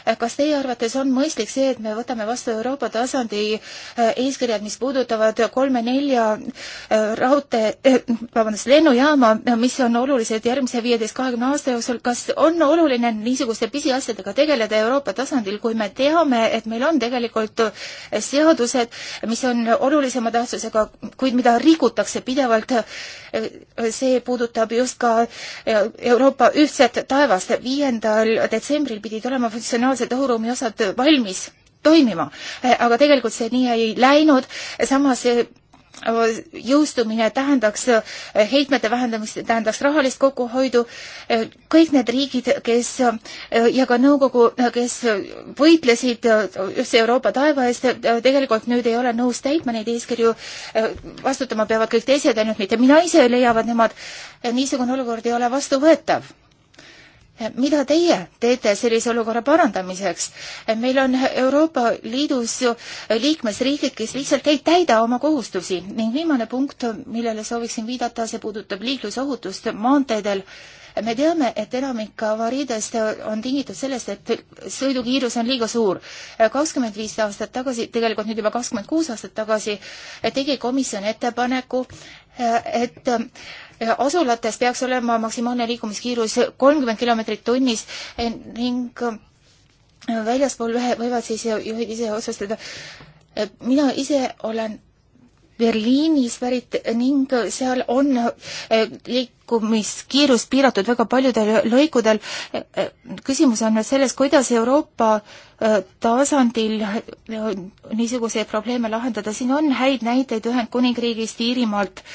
äh, kas teie arvates on mõistlik see, et me võtame vastu Euroopa tasandi äh, eeskirjad, mis puudutavad kolme-nelja raudtee eh,, vabandust, lennujaama, mis on olulised järgmise viieteist-kahekümne aasta jooksul, kas on oluline niisuguste pisiasjadega tegeleda Euroopa tasandil, kui me teame, et meil on tegelikult seadused, mis on olulisema tähtsusega, kuid mida rikutakse pidevalt Äh, see puudutab just ka äh, Euroopa ühtset taevast. viiendal detsembril pidid olema funktsionaalsed õhuruumi osad valmis toimima, äh, aga tegelikult see nii ei läinud, samas jõustumine tähendaks eh, heitmete vähendamist, tähendaks rahalist kokkuhoidu. Eh, kõik need riigid, kes eh, ja ka nõukogu, kes võitlesid ühtse Euroopa taeva eest, tegelikult nüüd ei ole nõus täitma neid eeskirju. vastutama peavad kõik teised, ainult mitte mina ise, leiavad nemad. niisugune olukord ei ole vastuvõetav mida teie teete sellise olukorra parandamiseks? meil on Euroopa Liidus liikmesriigid, kes lihtsalt ei täida oma kohustusi ning viimane punkt, millele sooviksin viidata, see puudutab liiklusohutust maanteedel. me teame, et enamik avariidest on tingitud sellest, et sõidukiirus on liiga suur. kakskümmend viis aastat tagasi, tegelikult nüüd juba kakskümmend kuus aastat tagasi, tegi komisjon ettepaneku, et Äh, asulates peaks olema maksimaalne liikumiskiirus kolmkümmend kilomeetrit tunnis eh, ning äh, väljaspool ühe võivad siis juhid ise otsustada. Äh, mina ise olen Berliinis pärit ning seal on liikumiskiirus piiratud väga paljudel lõikudel. küsimus on nüüd selles, kuidas Euroopa tasandil niisuguseid probleeme lahendada. siin on häid näiteid Ühendkuningriigist, Iirimaalt äh,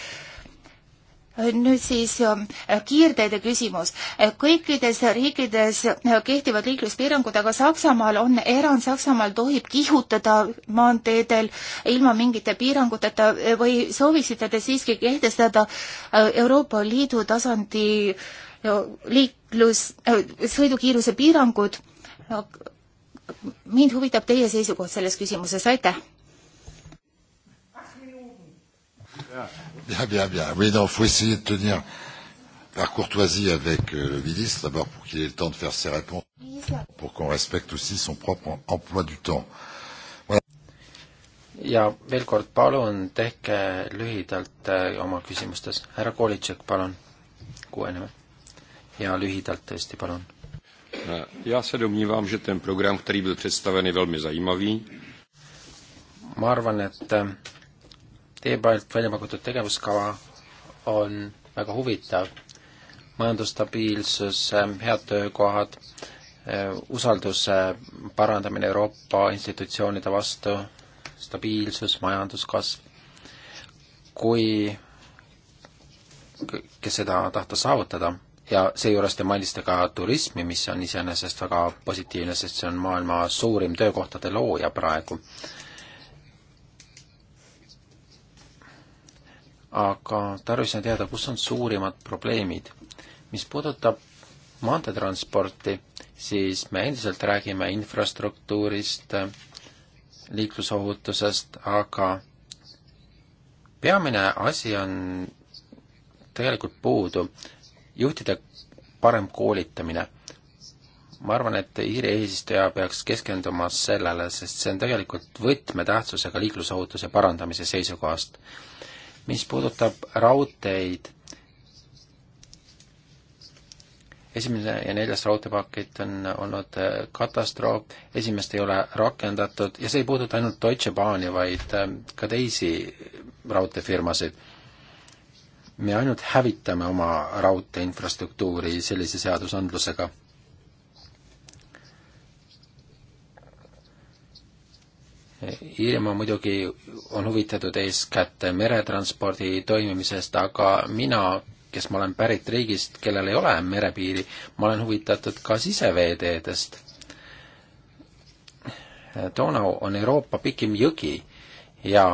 nüüd siis äh, kiirteede küsimus. Äh, kõikides riikides äh, kehtivad liikluspiirangud, aga Saksamaal on erand, Saksamaal tohib kihutada maanteedel ilma mingite piiranguteta või sooviksite te siiski kehtestada Euroopa Liidu tasandi liiklus, sõidukiiruse piirangud. mind huvitab teie seisukoht selles küsimuses, aitäh! Bien, bien, bien. Oui, non, il faut essayer de tenir la courtoisie avec euh, le ministre, d'abord pour qu'il ait le temps de faire ses réponses, pour qu'on respecte aussi son propre emploi du temps. Voilà. ja veel kord, palun tehke lühidalt äh, oma küsimustes. härra Kolitšek, palun, kuueneme. ja lühidalt tõesti, palun. Äh, Já se domnívám, že ten program, který byl představen, je velmi zajímavý. Ma arvan, et äh, Teie poolt välja pakutud tegevuskava on väga huvitav. majandusstabiilsus, head töökohad, eh, usalduse parandamine Euroopa institutsioonide vastu, stabiilsus, majanduskasv. kui, kes seda tahta saavutada ja seejuures te mainisite ka turismi, mis on iseenesest väga positiivne, sest see on maailma suurim töökohtade looja praegu aga tarvis on teada, kus on suurimad probleemid. mis puudutab maanteetransporti, siis me endiselt räägime infrastruktuurist, liiklusohutusest, aga peamine asi on tegelikult puudu, juhtide parem koolitamine. ma arvan, et Iiri eesistuja peaks keskenduma sellele, sest see on tegelikult võtmetähtsusega liiklusohutuse parandamise seisukohast mis puudutab raudteid, esimene ja neljas raudteepakett on olnud äh, katastroof, esimest ei ole rakendatud ja see ei puuduta ainult Deutsche Bahni, vaid ähm, ka teisi raudteefirmasid. me ainult hävitame oma raudteeinfrastruktuuri sellise seadusandlusega Iirimaa muidugi on huvitatud eeskätt meretranspordi toimimisest, aga mina, kes ma olen pärit riigist, kellel ei ole merepiiri, ma olen huvitatud ka siseveeteedest. Donau on Euroopa pikim jõgi ja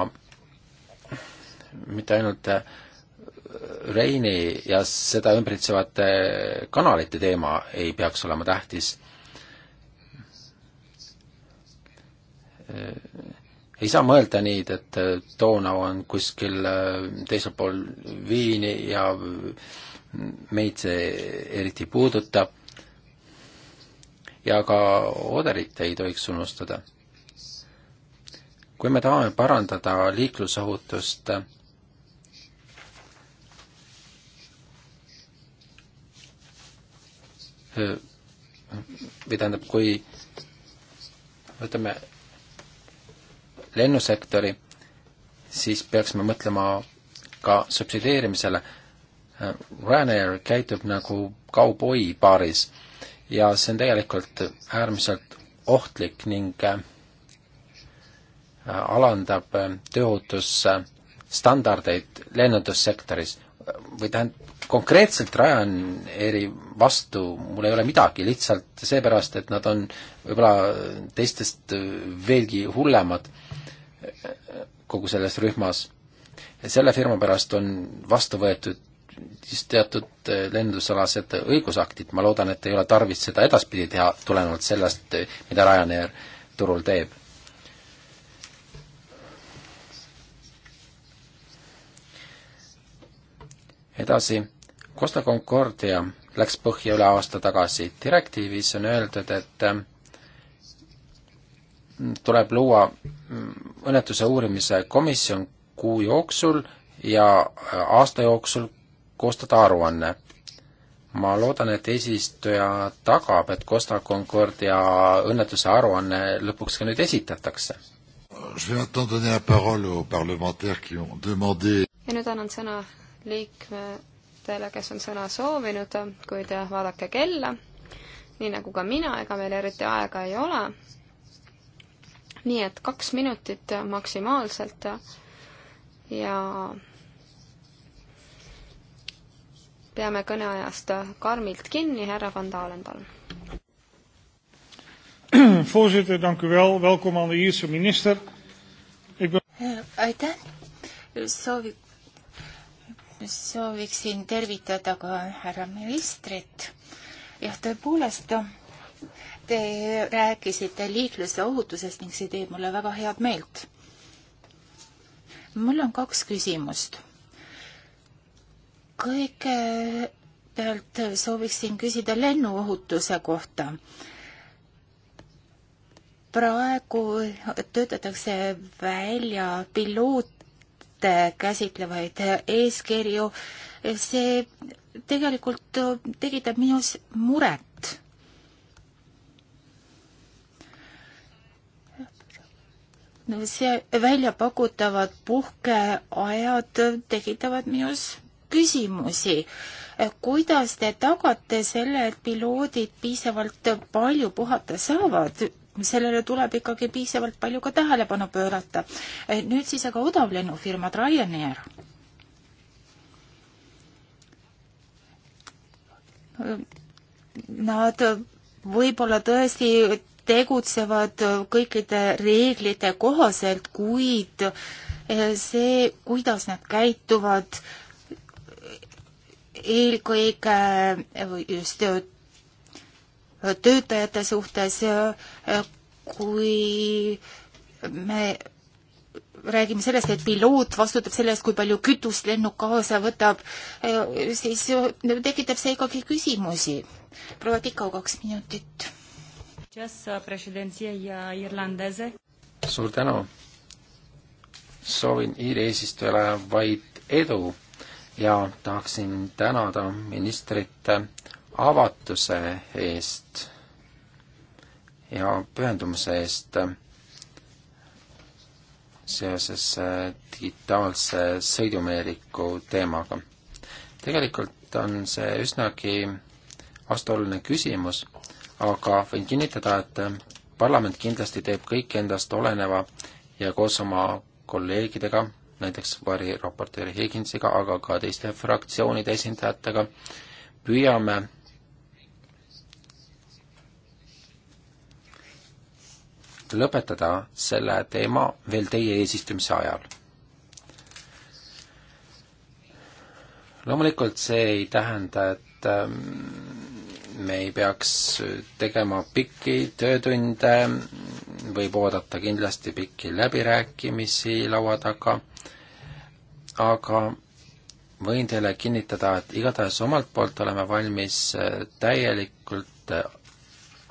mitte ainult Reini ja seda ümbritsevate kanalite teema ei peaks olema tähtis Äh, ei saa mõelda nii, et Donau äh, on kuskil äh, teisel pool Viini ja meid see eriti ei puuduta. ja ka Oderit ei tohiks unustada. kui me tahame parandada liiklusohutust, või tähendab, kui võtame lennusektori, siis peaksime mõtlema ka subsideerimisele. Ryanair käitub nagu kauboi baaris ja see on tegelikult äärmiselt ohtlik ning äh, alandab äh, tööohutusstandardeid lennundussektoris või tähendab, konkreetselt Ryanairi vastu mul ei ole midagi, lihtsalt seepärast, et nad on võib-olla teistest veelgi hullemad kogu selles rühmas. selle firma pärast on vastu võetud siis teatud eh, lendusalased õigusaktid, ma loodan, et ei ole tarvis seda edaspidi teha, tulenevalt sellest, eh, mida Ryanair turul teeb. edasi, Costa Concordia läks põhja üle aasta tagasi, direktiivis on öeldud, et eh, tuleb luua õnnetuse uurimise komisjon kuu jooksul ja äh, aasta jooksul koostada aruanne. ma loodan, et eesistuja tagab, et Costa Concordia õnnetuse aruanne lõpuks ka nüüd esitatakse. ja nüüd annan sõna liikmetele, kes on sõna soovinud, kuid vaadake kella, nii nagu ka mina, ega meil eriti aega ei ole nii et kaks minutit maksimaalselt ja peame kõneajast karmilt kinni, härra Van Dalen, palun. Voorzitter, dank u wel. Welkom aan de Ierse minister. Ik ben... Eh, aitäh. Soovi... Sooviksin tervitada ka härra ministrit. Jah, tõepoolest Te rääkisite liikluse ohutusest ning see teeb mulle väga head meelt. mul on kaks küsimust. kõigepealt sooviksin küsida lennuohutuse kohta. praegu töötatakse välja piloote käsitlevaid eeskirju. see tegelikult tekitab minus muret see välja pakutavad puhkeajad tekitavad minus küsimusi. kuidas te tagate selle, et piloodid piisavalt palju puhata saavad? sellele tuleb ikkagi piisavalt palju ka tähelepanu pöörata. nüüd siis aga odavlennufirmad Ryanair. Nad võib-olla tõesti tegutsevad kõikide reeglite kohaselt, kuid eh, see, kuidas nad käituvad, eelkõige eh, just eh, töötajate suhtes, kui me räägime sellest, et piloot vastutab selle eest, kui palju kütust lennuk kaasa võtab, siis tekitab see ikkagi küsimusi. proua Tikau, kaks minutit succes președinției irlandeze! suur tänu! soovin Iiri eesistujale vaid edu ja tahaksin tänada ministrit avatuse eest ja pühendumuse eest seoses äh, digitaalse sõidumeeriku teemaga. tegelikult on see üsnagi vastuoluline küsimus, aga võin kinnitada, et parlament kindlasti teeb kõik endast oleneva ja koos oma kolleegidega, näiteks variraportööri Higginsiga, aga ka teiste fraktsioonide esindajatega, püüame lõpetada selle teema veel teie eesistumise ajal. loomulikult see ei tähenda, et ähm, me ei peaks tegema pikki töötunde, võib oodata kindlasti pikki läbirääkimisi laua taga, aga võin teile kinnitada, et igatahes omalt poolt oleme valmis täielikult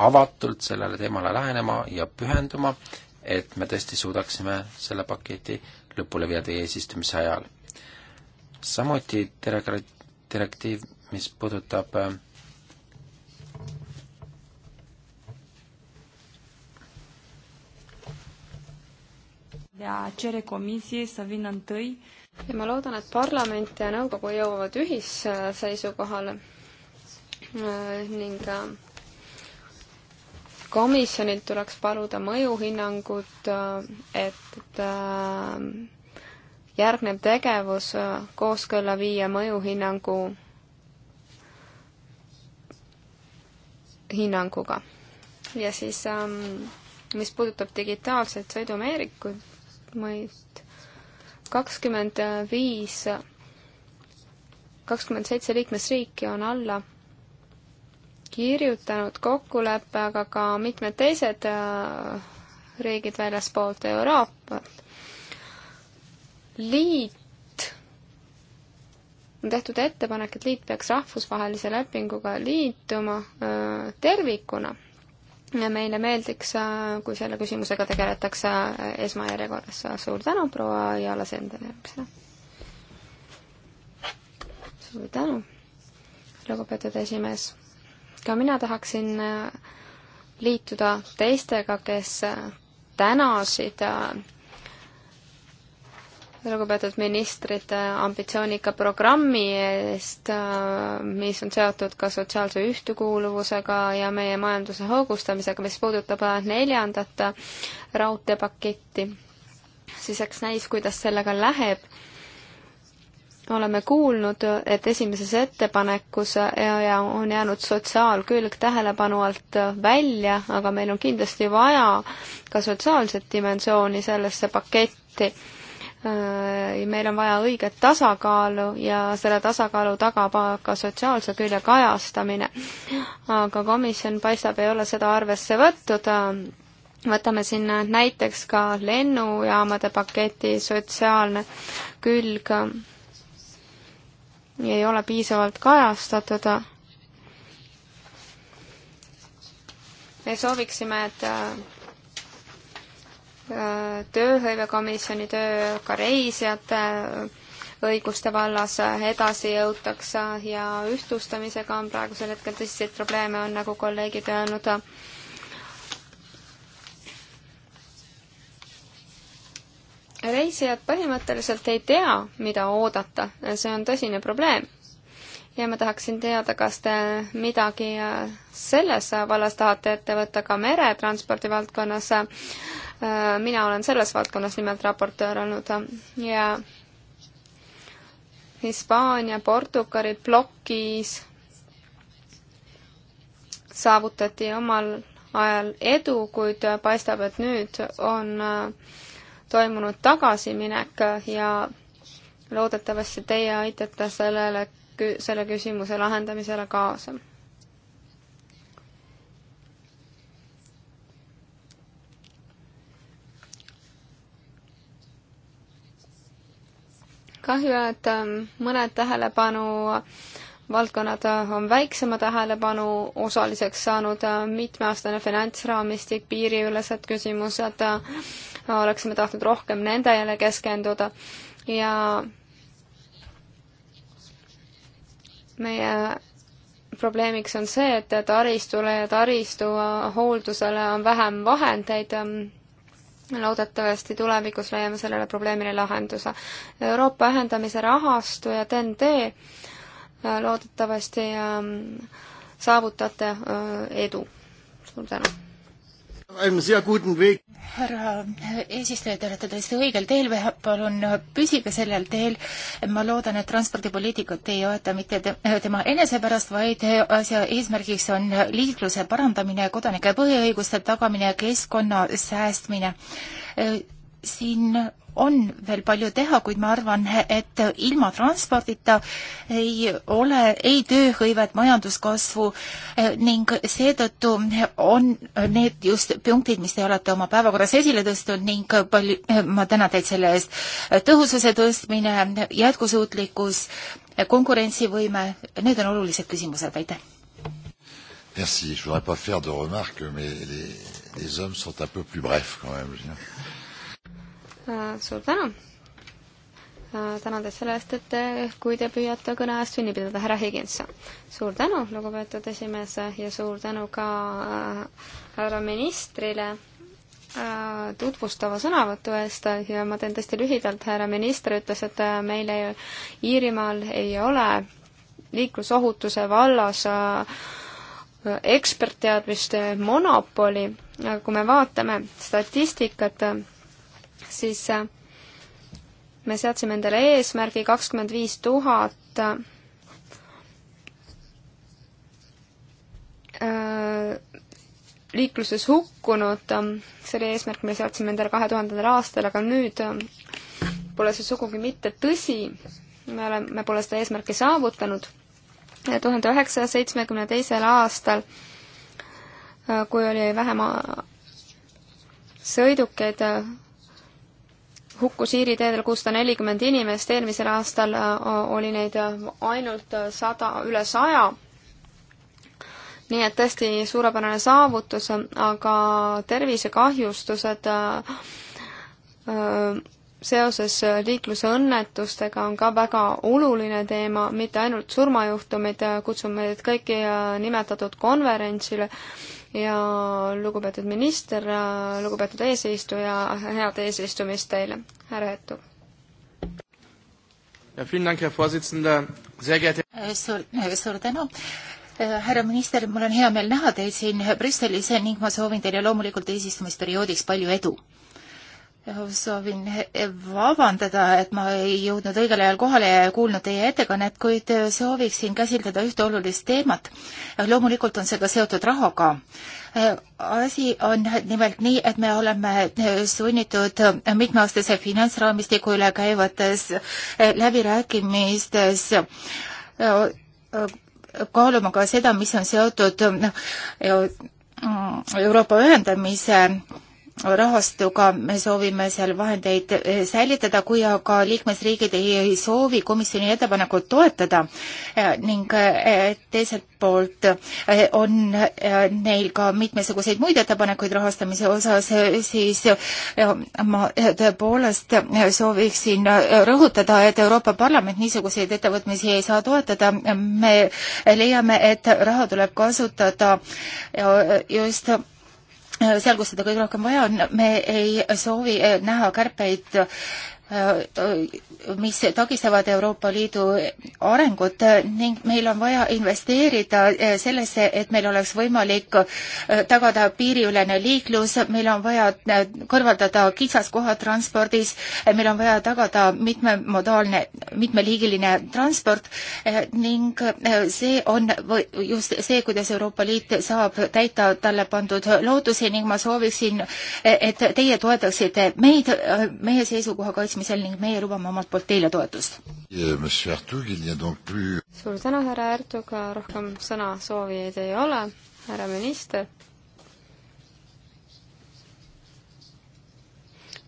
avatult sellele teemale lähenema ja pühenduma, et me tõesti suudaksime selle paketi lõpule viia teie eesistumise ajal. samuti direktiiv, mis puudutab äh, ja cere komisjoni să vină întâi. ja ma loodan, et parlament ja nõukogu jõuavad ühisseisukohale äh, ning äh, komisjonilt tuleks paluda mõjuhinnangut, äh, et järgnev tegevus kooskõlla viia mõjuhinnangu hinnanguga. ja siis, ähm, mis puudutab digitaalseid sõidumeerikuid, mõist kakskümmend viis, kakskümmend seitse liikmesriiki on alla kirjutanud kokkuleppe, aga ka mitmed teised äh, riigid väljaspoolt Euroopat. liit, on tehtud ettepanek, et liit peaks rahvusvahelise lepinguga liituma öö, äh, tervikuna ja meile meeldiks, äh, kui selle küsimusega tegeletakse äh, esmajärjekorras. Äh, suur tänu, proua Jaala Sender, järgmisena. suur tänu, lugupeetud esimees. ka mina tahaksin liituda teistega, kes tänasid lugupeetud ministrid, äh, ambitsioonika programmi eest, äh, mis on seotud ka sotsiaalse ühtekuuluvusega ja meie majanduse hoogustamisega, mis puudutab äh, neljandat raudteepaketti, siis eks näis, kuidas sellega läheb oleme kuulnud, et esimeses ettepanekus ja on jäänud sotsiaalkülg tähelepanu alt välja, aga meil on kindlasti vaja ka sotsiaalset dimensiooni sellesse paketti. Äh, meil on vaja õiget tasakaalu ja selle tasakaalu tagab ka sotsiaalse külje kajastamine. aga komisjon paistab, ei ole seda arvesse võtnud. võtame sinna näiteks ka lennujaamade paketi sotsiaalne külg. ei ole piisavalt kajastatud. me sooviksime, et äh, tööhõivekomisjoni töö, ka reisijate õiguste vallas edasi jõutakse ja ühtlustamisega on praegusel hetkel tõsiseid probleeme, on nagu kolleegid öelnud. reisijad põhimõtteliselt ei tea, mida oodata, see on tõsine probleem. ja ma tahaksin teada, kas te midagi selles vallas tahate ette võtta ka meretranspordi valdkonnas Äh, mina olen selles valdkonnas nimelt raportöör olnud ja Hispaania, Portugali plokis saavutati omal ajal edu, kuid paistab, et nüüd on äh, toimunud tagasiminek ja loodetavasti teie aitate sellele, selle küsimuse lahendamisele kaasa kahju, et ähm, mõned tähelepanu valdkonnad äh, on väiksema tähelepanu osaliseks saanud, äh, mitmeaastane finantsraamistik, piiriülesed küsimused, äh, oleksime tahtnud rohkem nendele keskenduda ja meie probleemiks on see, et taristule ja taristu hooldusele on vähem vahendeid ähm, loodetavasti tulevikus leiame sellele probleemile lahenduse. Euroopa ühendamise rahastu ja TNT loodetavasti ähm, saavutate äh, edu. suur tänu! härra eesistuja, te olete tõesti õigel teel, palun püsige sellel teel. ma loodan, et transpordipoliitikat ei aeta mitte tema enese pärast, vaid asja eesmärgiks on liikluse parandamine, kodanike põhiõiguste tagamine, keskkonna säästmine. siin on veel palju teha, kuid ma arvan, et ilma transpordita ei ole ei tööhõivet, majanduskasvu eh, ning seetõttu on need just punktid, mis te olete oma päevakorras esile tõstnud ning palju, eh, ma tänan teid selle eest, tõhususe tõstmine, jätkusuutlikkus, konkurentsivõime, need on olulised küsimused, aitäh! Merci, je voudrais pas faire de remarques, mais les, les hommes sont un peu plus brefs quand même. Äh, suur tänu! Äh, tänan teid selle eest, et te, kui te püüate kõne ajast kinni pidada, härra Higginson. suur tänu, lugupeetud esimees, ja suur tänu ka äh, härra ministrile tutvustava sõnavõtu eest ja ma teen tõesti lühidalt, härra minister ütles, et meil ei, Iirimaal ei ole liiklusohutuse vallas ekspertteadmiste monopoli, aga kui me vaatame statistikat, siis äh, me seadsime endale eesmärgi kakskümmend viis tuhat äh, liikluses hukkunud, see oli eesmärk, mille seadsime endale kahe tuhandendal aastal, aga nüüd äh, pole see sugugi mitte tõsi, me oleme, me pole seda eesmärki saavutanud. tuhande üheksasaja seitsmekümne teisel aastal, kui oli vähem sõidukeid hukkus Iiri teedel kuussada nelikümmend inimest, eelmisel aastal äh, oli neid äh, ainult äh, sada, üle saja. nii et tõesti suurepärane saavutus, aga tervisekahjustused seoses liiklusõnnetustega on ka väga oluline teema, mitte ainult surmajuhtumid, kutsume teid kõiki nimetatud konverentsile ja lugupeetud minister, lugupeetud eesistuja, head eesistumist teile, härra Etu. Äh, suur, äh, suur tänu äh, härra minister, mul on hea meel näha teid siin Brüsselis ning ma soovin teile loomulikult eesistumisperioodiks palju edu soovin vabandada, et ma ei jõudnud õigel ajal kohale ja ei kuulnud teie ettekannet, kuid äh, sooviksin käsitleda ühte olulist teemat. loomulikult on see ka seotud rahaga. Äh, asi on nimelt nii, et me oleme äh, sunnitud mitmeaastase finantsraamistiku üle käivates läbirääkimistes kaaluma ka seda, mis on seotud noh, Euroopa ühendamise rahastuga me soovime seal vahendeid eh, säilitada, kui aga liikmesriigid ei soovi komisjoni ettepanekut toetada eh, ning eh, teiselt poolt on neil ka mitmesuguseid muid ettepanekuid rahastamise osas, siis ma tõepoolest sooviksin rõhutada, et Euroopa Parlament niisuguseid ettevõtmisi ei saa toetada, me leiame, et raha tuleb kasutada just Äh, seal, kus seda kõige rohkem vaja on, me ei soovi äh, näha kärpeid Äh, mis takistavad Euroopa Liidu arengut ning meil on vaja investeerida äh, sellesse, et meil oleks võimalik äh, tagada piiriülene liiklus, meil on vaja kõrvaldada kitsaskohad transpordis, meil on vaja tagada mitmemodaalne, mitmeliigiline transport ning see on just see, kuidas Euroopa Liit saab täita talle pandud lootusi ning ma sooviksin, et teie toetaksite meid, meie seisukoha kaitsmisel kaitsmisel ning meie lubame omalt poolt teile toetust. suur tänu, härra Ertug, rohkem sõnasoovijaid ei ole, härra minister.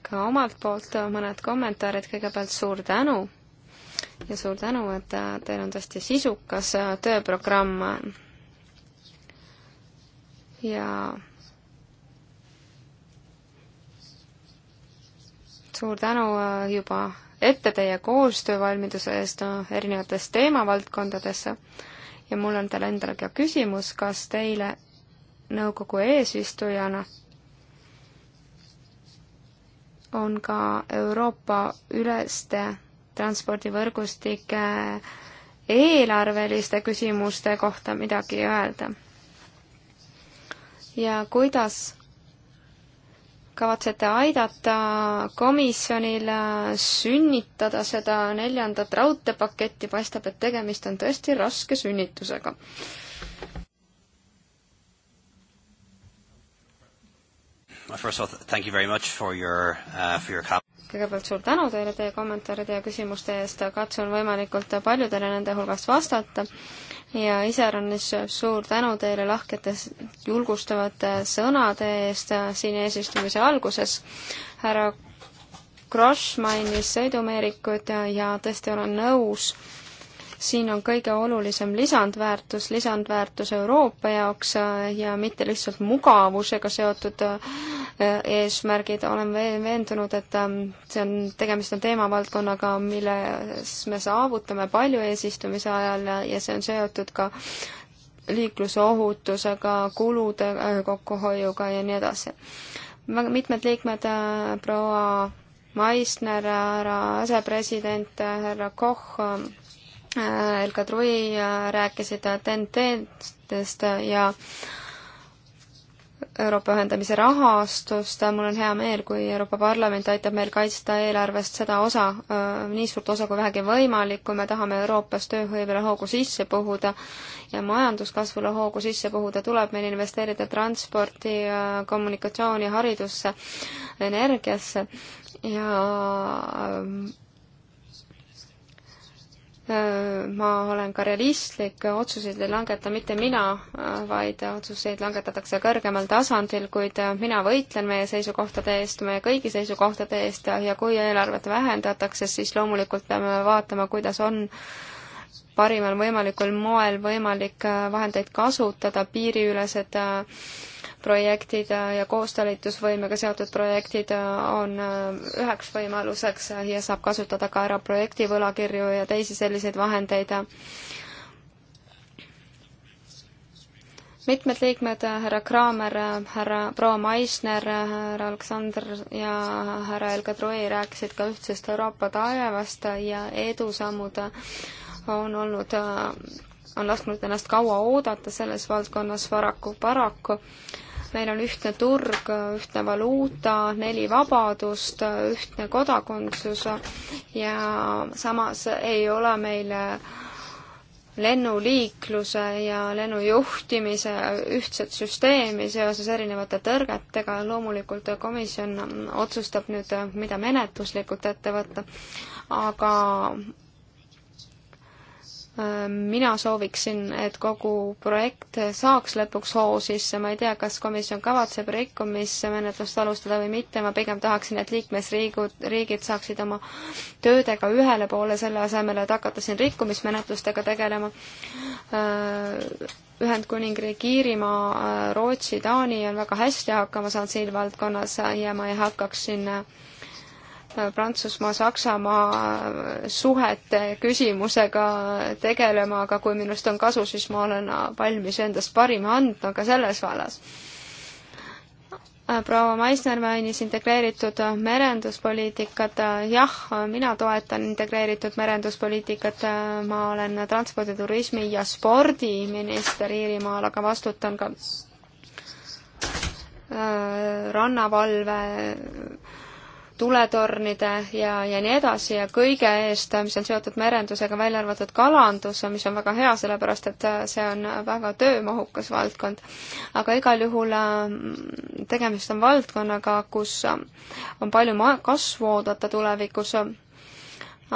ka omalt poolt mõned kommentaarid, kõigepealt suur tänu ja suur tänu, et teil on tõesti sisukas tööprogramm ja suur tänu äh, juba ette teie koostöövalmiduse eest no, äh, erinevates teemavaldkondades ja mul on teile endale ka küsimus, kas teile nõukogu eesistujana on ka Euroopa üleste transpordivõrgustike eelarveliste küsimuste kohta midagi öelda? ja kuidas kavatsete aidata komisjonil sünnitada seda neljandat raudteepaketti, paistab, et tegemist on tõesti raske sünnitusega. Uh, kõigepealt suur tänu teile teie kommentaaride ja küsimuste eest, katsun võimalikult paljudele nende hulgast vastata ja iseäranis suur tänu teile lahkete julgustavate sõnade eest äh, siin eesistumise alguses. härra Kross mainis sõidumeerikut ja, ja tõesti olen nõus äh, siin on kõige olulisem lisandväärtus, lisandväärtus Euroopa jaoks äh, ja mitte lihtsalt mugavusega seotud äh, eesmärgid, olen veendunud, et ähm, see on, tegemist on teemavaldkonnaga, milles me saavutame palju eesistumise ajal ja see on seotud ka liiklusohutusega, kulude äh, kokkuhoiuga ja nii edasi. väga mitmed liikmed, proua Maisner, härra asepresident, härra Koch, ähm, Äh, Elka Trui äh, rääkisid äh, TNT-dest ja Euroopa ühendamise rahastust, mul on hea meel, kui Euroopa Parlament aitab meil kaitsta eelarvest seda osa, nii suurt osa kui vähegi võimalik, kui me tahame Euroopas tööhõivele hoogu sisse puhuda ja majanduskasvule hoogu sisse puhuda, tuleb meil investeerida transporti, kommunikatsiooni, haridusse, energiasse ja Äh, ma olen ka realistlik, otsuseid ei langeta mitte mina, äh, vaid otsuseid langetatakse kõrgemal tasandil, kuid äh, mina võitlen meie seisukohtade eest, meie kõigi seisukohtade eest ja, ja kui eelarvet vähendatakse, siis loomulikult peame vaatama, kuidas on parimal võimalikul moel võimalik vahendeid kasutada, piiriülesed äh, projektid ja koostalitusvõimega seotud projektid äh, on äh, üheks võimaluseks äh, ja saab kasutada ka ära projektivõlakirju ja teisi selliseid vahendeid. mitmed liikmed, härra Kraamer, härra proua Maisner, härra Aleksander ja härra Elka Troi rääkisid ka ühtsest Euroopa taevast ja edusammud on olnud on lasknud ennast kaua oodata selles valdkonnas varaku, paraku meil on ühtne turg, ühtne valuuta, neli vabadust, ühtne kodakondsus ja samas ei ole meil lennuliikluse ja lennujuhtimise ühtset süsteemi seoses erinevate tõrgetega. loomulikult komisjon otsustab nüüd, mida menetluslikult ette võtta, aga Äh, mina sooviksin, et kogu projekt saaks lõpuks hoo sisse, ma ei tea, kas komisjon kavatseb rikkumismenetlust alustada või mitte, ma pigem tahaksin, et liikmesriigud, riigid saaksid oma töödega ühele poole, selle asemel, et hakata siin rikkumismenetlustega tegelema. Äh, Ühendkuningriik, Iirimaa, äh, Rootsi, Taani on väga hästi hakkama saanud siin valdkonnas ja ma ei hakkaks siin Prantsusmaa, Saksamaa suhete küsimusega tegelema, aga kui minust on kasu, siis ma olen valmis endast parima andma ka selles vallas. proua Maisner mainis integreeritud merenduspoliitikat, jah, mina toetan integreeritud merenduspoliitikat, ma olen transpordi, turismi ja spordiminister Iirimaal, aga vastutan ka äh, rannavalve tuletornide ja, ja nii edasi ja kõige eest, mis on seotud merendusega, välja arvatud kalandus, mis on väga hea, sellepärast et äh, see on väga töömahukas valdkond. aga igal juhul äh, tegemist on valdkonnaga, kus äh, on palju kasvu oodata tulevikus,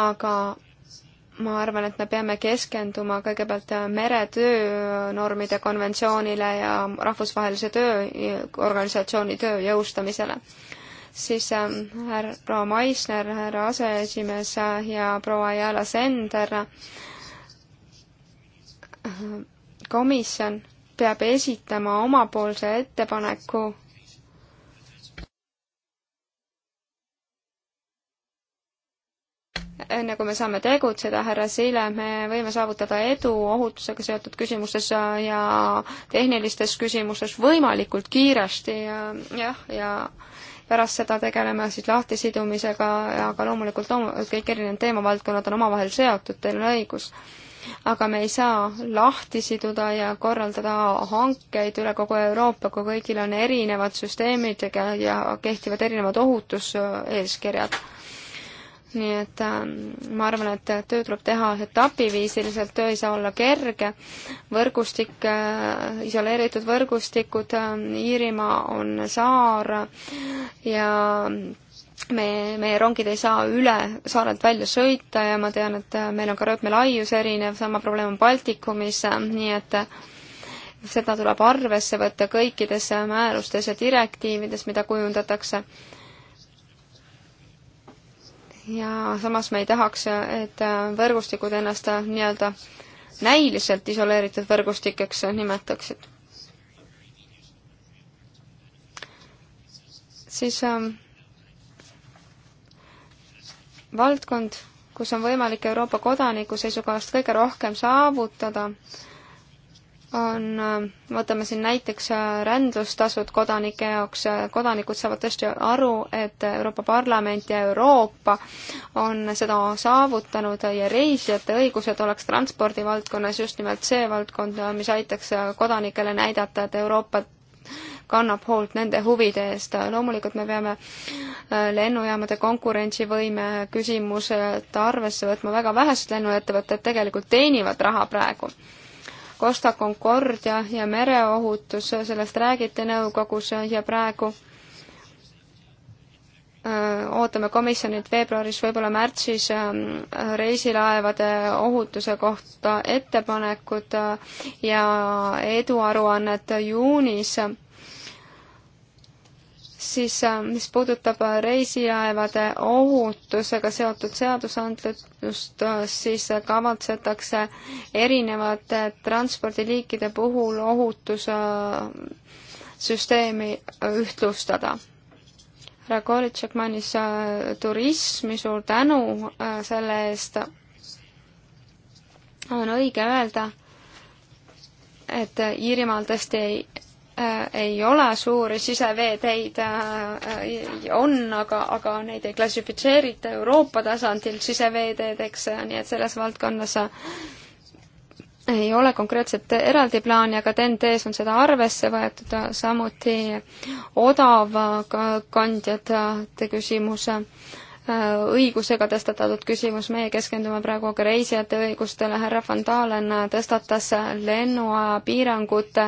aga ma arvan, et me peame keskenduma kõigepealt meretöönormide konventsioonile ja Rahvusvahelise Tööorganisatsiooni töö jõustamisele siis ähm, härra proua Maisner, härra aseesimees äh, ja proua Jala Sender, äh, komisjon peab esitama omapoolse ettepaneku enne kui me saame tegutseda, härra Sille, me võime saavutada edu ohutusega seotud küsimustes ja tehnilistes küsimustes võimalikult kiiresti ja jah, ja, ja pärast seda tegeleme siis lahtisidumisega, aga loomulikult loomu-, kõik erinevad teemavaldkonnad on omavahel seotud, teil on õigus. aga me ei saa lahti siduda ja korraldada hankeid üle kogu Euroopa, kui kõigil on erinevad süsteemid ja, ja kehtivad erinevad ohutuseeskirjad nii et äh, ma arvan, et töö tuleb teha etapiviisiliselt, töö ei saa olla kerge, võrgustik äh,, isoleeritud võrgustikud äh,, Iirimaa on saar ja me, meie rongid ei saa üle saarelt välja sõita ja ma tean, et äh, meil on ka rööpmelaius erinev, sama probleem on Baltikumis, äh, nii et äh, seda tuleb arvesse võtta kõikides määrustes ja direktiivides, mida kujundatakse ja samas me ei tahaks, et võrgustikud ennast nii-öelda näiliselt isoleeritud võrgustikeks nimetaksid. siis ähm, valdkond, kus on võimalik Euroopa kodaniku seisukohast kõige rohkem saavutada äh,, on, äh, võtame siin näiteks äh, rändlustasud kodanike jaoks, äh, kodanikud saavad tõesti aru, et Euroopa Parlament ja Euroopa on seda saavutanud ja reisijate õigused oleks transpordivaldkonnas just nimelt see valdkond, mis aitaks kodanikele näidata, et Euroopa kannab hoolt nende huvide eest. loomulikult me peame lennujaamade konkurentsivõime küsimused arvesse võtma, väga vähesed lennuettevõtted tegelikult teenivad raha praegu Costa Concordia ja mereohutus, sellest räägiti nõukogus ja praegu äh, ootame komisjonilt veebruaris, võib-olla märtsis äh, reisilaevade ohutuse kohta ettepanekud äh, ja eduaruannet juunis siis äh, mis puudutab äh, reisilaevade ohutusega seotud seadusandlust, äh, siis kavatsetakse erinevate transpordiliikide puhul ohutussüsteemi ühtlustada. härra Kolitšek mainis turismi, suur tänu selle eest. on õige öelda, et Iirimaal tõesti ei Äh, ei ole suuri siseveeteid, äh, äh, on, aga, aga neid ei klassifitseerita Euroopa tasandil siseveeteedeks, nii et selles valdkonnas ei ole konkreetset eraldi plaani, aga TNT-s on seda arvesse võetud, samuti odavkandjate küsimus Äh, õigusega tõstatatud küsimus, meie keskendume praegu aga reisijate õigustele, härra Van Dalen tõstatas lennuaja piirangute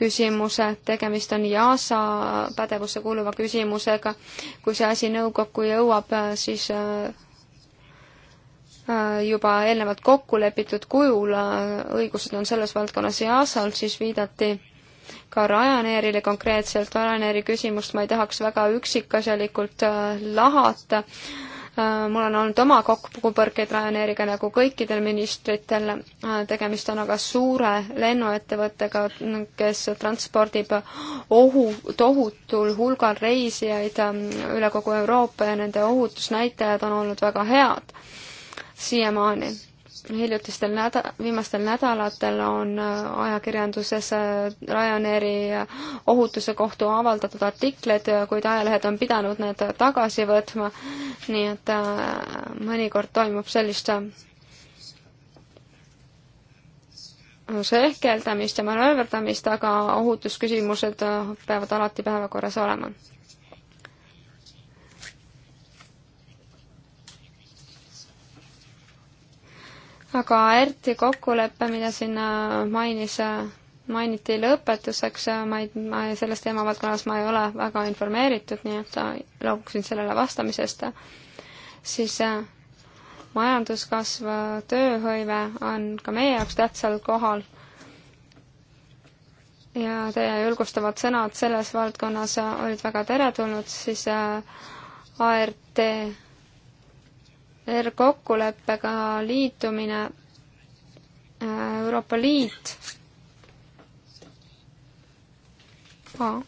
küsimuse, tegemist on JASA pädevusse kuuluva küsimusega, kui see asi nõukokku jõuab, äh, siis äh, juba eelnevalt kokku lepitud kujul õigused on selles valdkonnas JASA-l, siis viidati ka Ryanairile konkreetselt, Ryanairi küsimust ma ei tahaks väga üksikasjalikult äh, lahata, äh, mul on olnud oma kokkupõrkeid Ryanairiga nagu kõikidel ministritel, äh, tegemist on aga suure lennuettevõttega, kes transpordib ohu, tohutul hulgal reisijaid ähm, üle kogu Euroopa ja nende ohutusnäitajad on olnud väga head siiamaani hiljutistel näda-, viimastel nädalatel on äh, ajakirjanduses äh, Ryanairi äh, ohutuse kohta avaldatud artikleid, kuid ajalehed on pidanud need tagasi võtma, nii et mõnikord toimub sellist sehkeldamist ja manööverdamist, aga ohutusküsimused peavad alati päevakorras olema aga ERT-i kokkulepe, mida siin mainis, mainiti lõpetuseks, ma ei, ma ei, selles teemavaldkonnas ma ei ole väga informeeritud, nii et loobuksin sellele vastamisest, siis äh, majanduskasv, tööhõive on ka meie jaoks tähtsal kohal ja teie julgustavad sõnad selles valdkonnas olid väga teretulnud, siis äh, ART ER kokkuleppega liitumine äh, Euroopa Liit oh.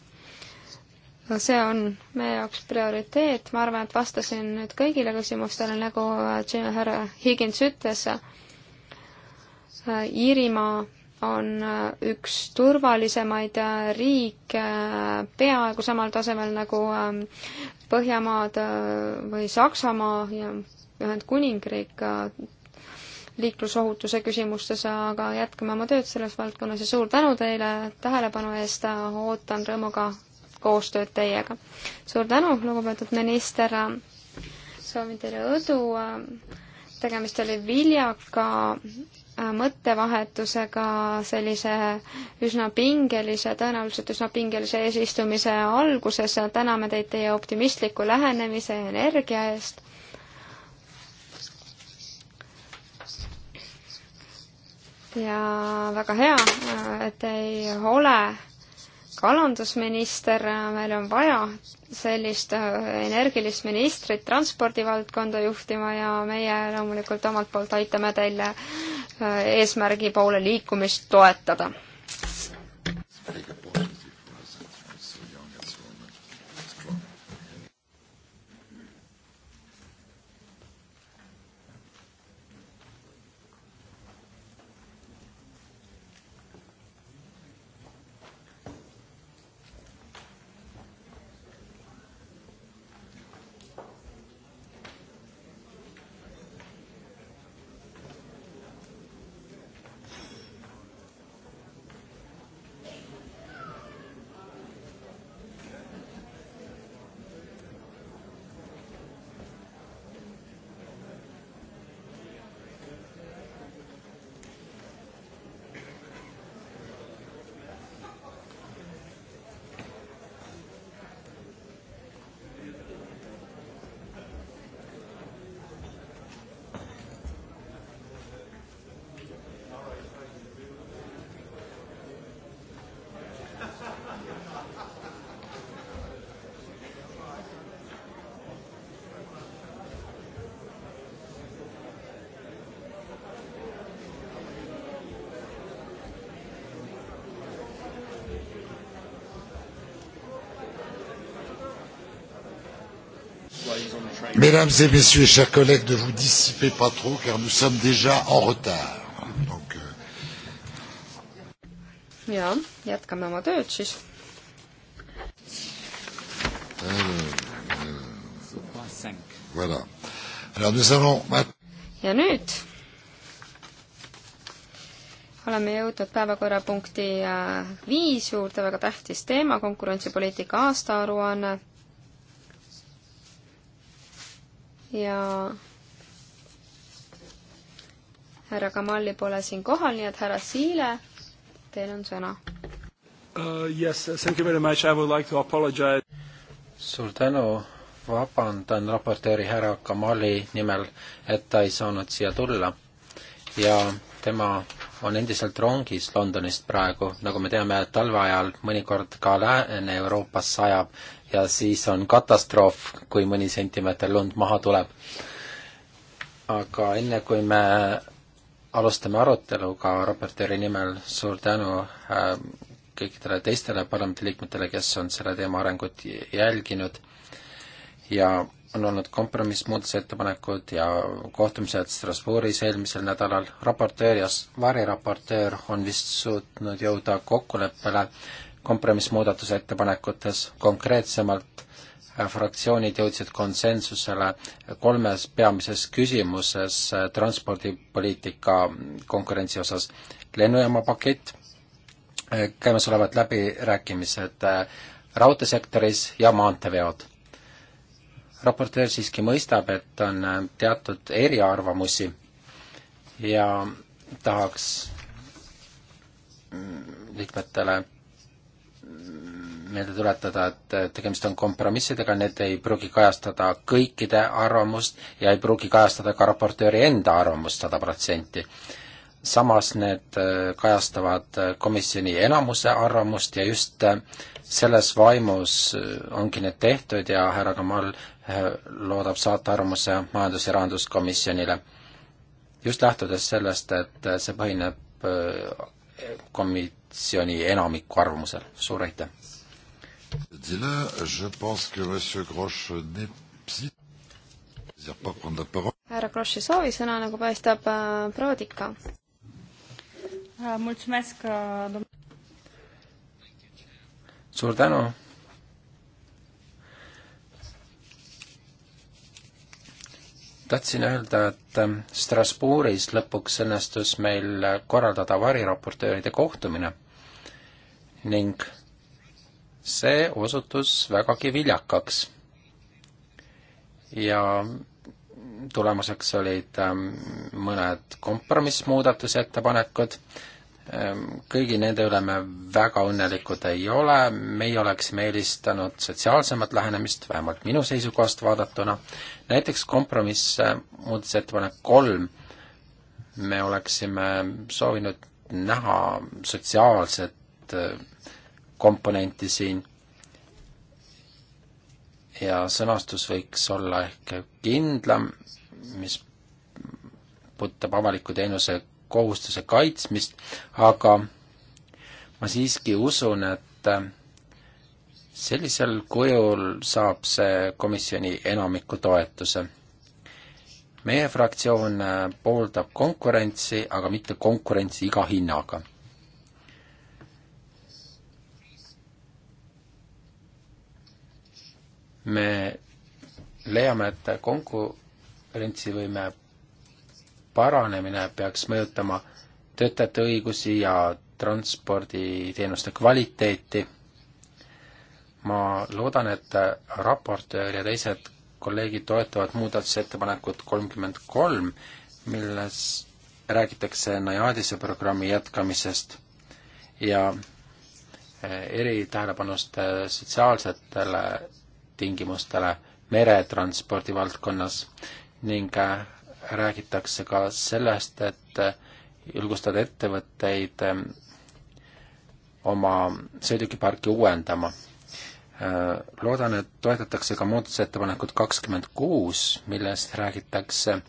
see on meie jaoks prioriteet, ma arvan, et vastasin nüüd kõigile küsimustele, nagu äh, härra Higins ütles, äh, Iirimaa on üks turvalisemaid riike peaaegu samal tasemel nagu Põhjamaad või Saksamaa ja Ühendkuningriik liiklusohutuse küsimustes, aga jätkame oma tööd selles valdkonnas ja suur tänu teile tähelepanu eest, ootan rõõmuga koostööd teiega. suur tänu, lugupeetud minister, soovin teile õdu, tegemist oli viljaka mõttevahetusega sellise üsna pingelise, tõenäoliselt üsna pingelise eesistumise alguses, täname teid teie optimistliku lähenemise ja energia eest ja väga hea, et ei ole kalandusminister, meil on vaja sellist energilist ministrit transpordivaldkonda juhtima ja meie loomulikult omalt poolt aitame teil eesmärgi poole liikumist toetada Mesdames et messieurs, chers collègues, ne vous dissipez pas trop car nous sommes déjà en retard. Donc, euh... ja, jätkame oma tööd siis. Euh, euh, voilà. Alors nous allons ja nüüd oleme jõudnud päevakorrapunkti äh, viis juurde, väga tähtis teema, konkurentsipoliitika aastaaruanne ja härra Kamalli pole siin kohal, nii et härra Siile, teil on sõna. Uh, yes, thank you very much, I would like to apologize. suur tänu, vabandan raportööri härra Kamali nimel, et ta ei saanud siia tulla ja tema on endiselt rongis Londonist praegu, nagu me teame, talve ajal mõnikord ka Lääne-Euroopas sajab ja siis on katastroof, kui mõni sentimeeter lund maha tuleb. aga enne, kui me alustame arutelu ka raportööri nimel, suur tänu ähm, kõikidele teistele parlamendiliikmetele, kes on selle teema arengut jälginud ja on olnud kompromissmuudatusettepanekud ja kohtumised Strasbourgis eelmisel nädalal. raportöör ja variraportöör on vist suutnud jõuda kokkuleppele kompromissmuudatusettepanekutes konkreetsemalt äh, fraktsioonid jõudsid konsensusele kolmes peamises küsimuses äh, transpordipoliitika konkurentsi osas. lennujaama pakett, äh, käimasolevad läbirääkimised raudteesektoris ja maanteeveod raportöör siiski mõistab, et on äh, teatud eriarvamusi ja tahaks mm, liikmetele mm, meelde tuletada, et äh, tegemist on kompromissidega, need ei pruugi kajastada kõikide arvamust ja ei pruugi kajastada ka raportööri enda arvamust sada protsenti. samas need äh, kajastavad komisjoni enamuse arvamust ja just selles vaimus ongi need tehtud ja härra Kamal Äh, loodab saata arvamuse majandus- ja rahanduskomisjonile. just lähtudes sellest, et äh, see põhineb äh, komisjoni enamiku arvamusel, suur aitäh! härra Grosch ei soovi sõna, nagu paistab äh, Proodika. suur tänu! tahtsin öelda, et ähm, Strasbourgis lõpuks õnnestus meil korraldada variraportööride kohtumine ning see osutus vägagi viljakaks. ja tulemuseks olid ähm, mõned kompromissmuudatusettepanekud, Ehm, kõigi nende üle me väga õnnelikud ei ole, meie oleksime eelistanud sotsiaalsemat lähenemist, vähemalt minu seisukohast vaadatuna, näiteks kompromiss äh, muudatusettepanek kolm, me oleksime soovinud näha sotsiaalset äh, komponenti siin ja sõnastus võiks olla ehk kindlam, mis puudutab avaliku teenuse kohustuse kaitsmist, aga ma siiski usun, et äh, sellisel kujul saab see komisjoni enamiku toetuse. meie fraktsioon äh, pooldab konkurentsi, aga mitte konkurentsi iga hinnaga me leiame, et konkurentsivõime paranemine peaks mõjutama töötajate õigusi ja transporditeenuste kvaliteeti. ma loodan, et raportöör ja teised kolleegid toetavad muudatusettepanekut kolmkümmend kolm, milles räägitakse Najadise programmi jätkamisest ja eh, eritähelepanust sotsiaalsetele tingimustele meretranspordi valdkonnas ning eh, räägitakse ka sellest, et julgustada ettevõtteid ähm, oma sõidukiparki uuendama. Äh, loodan, et toetatakse ka muudatusettepanekut kakskümmend kuus, millest räägitakse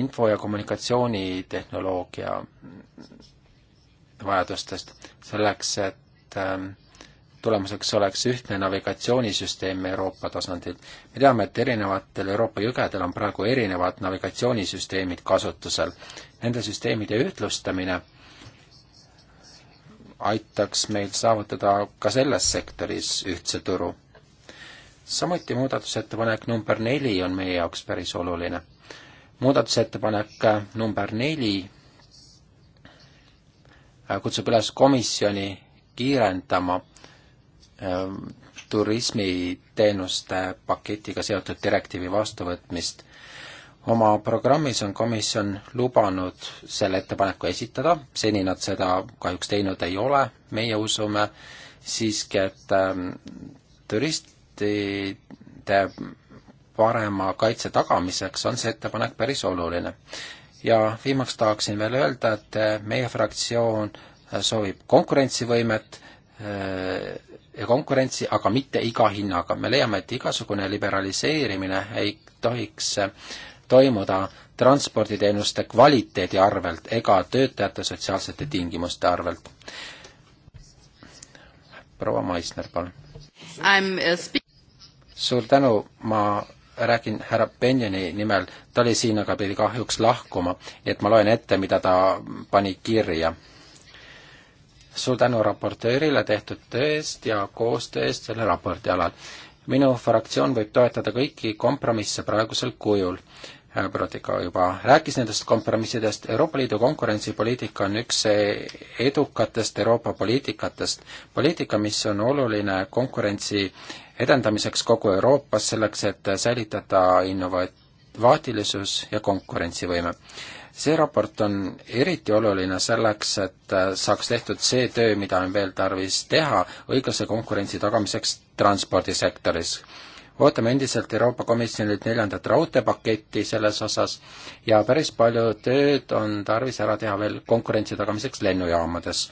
info- ja kommunikatsioonitehnoloogia vajadustest, selleks et ähm, tulemuseks oleks ühtne navigatsioonisüsteem Euroopa tasandil. me teame, et erinevatel Euroopa jõgedel on praegu erinevad navigatsioonisüsteemid kasutusel. Nende süsteemide ühtlustamine aitaks meil saavutada ka selles sektoris ühtse turu. samuti muudatusettepanek number neli on meie jaoks päris oluline. muudatusettepanek number neli kutsub üles komisjoni kiirendama Ähm, turismiteenuste paketiga seotud direktiivi vastuvõtmist. oma programmis on komisjon lubanud selle ettepaneku esitada, seni nad seda kahjuks teinud ei ole, meie usume siiski, et ähm, turistide parema kaitse tagamiseks on see ettepanek päris oluline. ja viimaks tahaksin veel öelda, et meie fraktsioon soovib konkurentsivõimet, äh, ja konkurentsi, aga mitte iga hinnaga. me leiame, et igasugune liberaliseerimine ei tohiks äh, toimuda transporditeenuste kvaliteedi arvelt ega töötajate sotsiaalsete tingimuste arvelt. proua Maisner, palun. Uh, suur tänu, ma räägin härra Benjani nimel, ta oli siin, aga pidi kahjuks lahkuma, nii et ma loen ette, mida ta pani kirja suur tänu raportöörile tehtud töö eest ja koostöö eest selle raporti alal. minu fraktsioon võib toetada kõiki kompromisse praegusel kujul. Brodika juba rääkis nendest kompromissidest, Euroopa Liidu konkurentsipoliitika on üks edukatest Euroopa poliitikatest. poliitika, mis on oluline konkurentsi edendamiseks kogu Euroopas, selleks et säilitada innovaatilisus ja konkurentsivõime see raport on eriti oluline selleks, et äh, saaks tehtud see töö, mida on veel tarvis teha õiglase konkurentsi tagamiseks transpordisektoris. ootame endiselt Euroopa Komisjonilt neljandat raudteepaketti selles osas ja päris palju tööd on tarvis ära teha veel konkurentsi tagamiseks lennujaamades.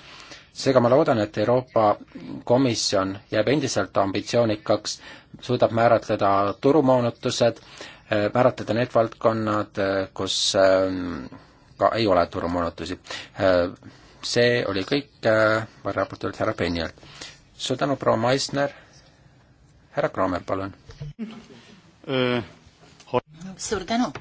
seega ma loodan, et Euroopa Komisjon jääb endiselt ambitsioonikaks, suudab määratleda turumoonutused, määratleda äh, need valdkonnad, äh, kus äh, ka ei ole turumoonutusi. see oli kõik raportöörilt härra Penjalt. suur tänu, proua Maisner, härra Kraamer, palun. suur tänu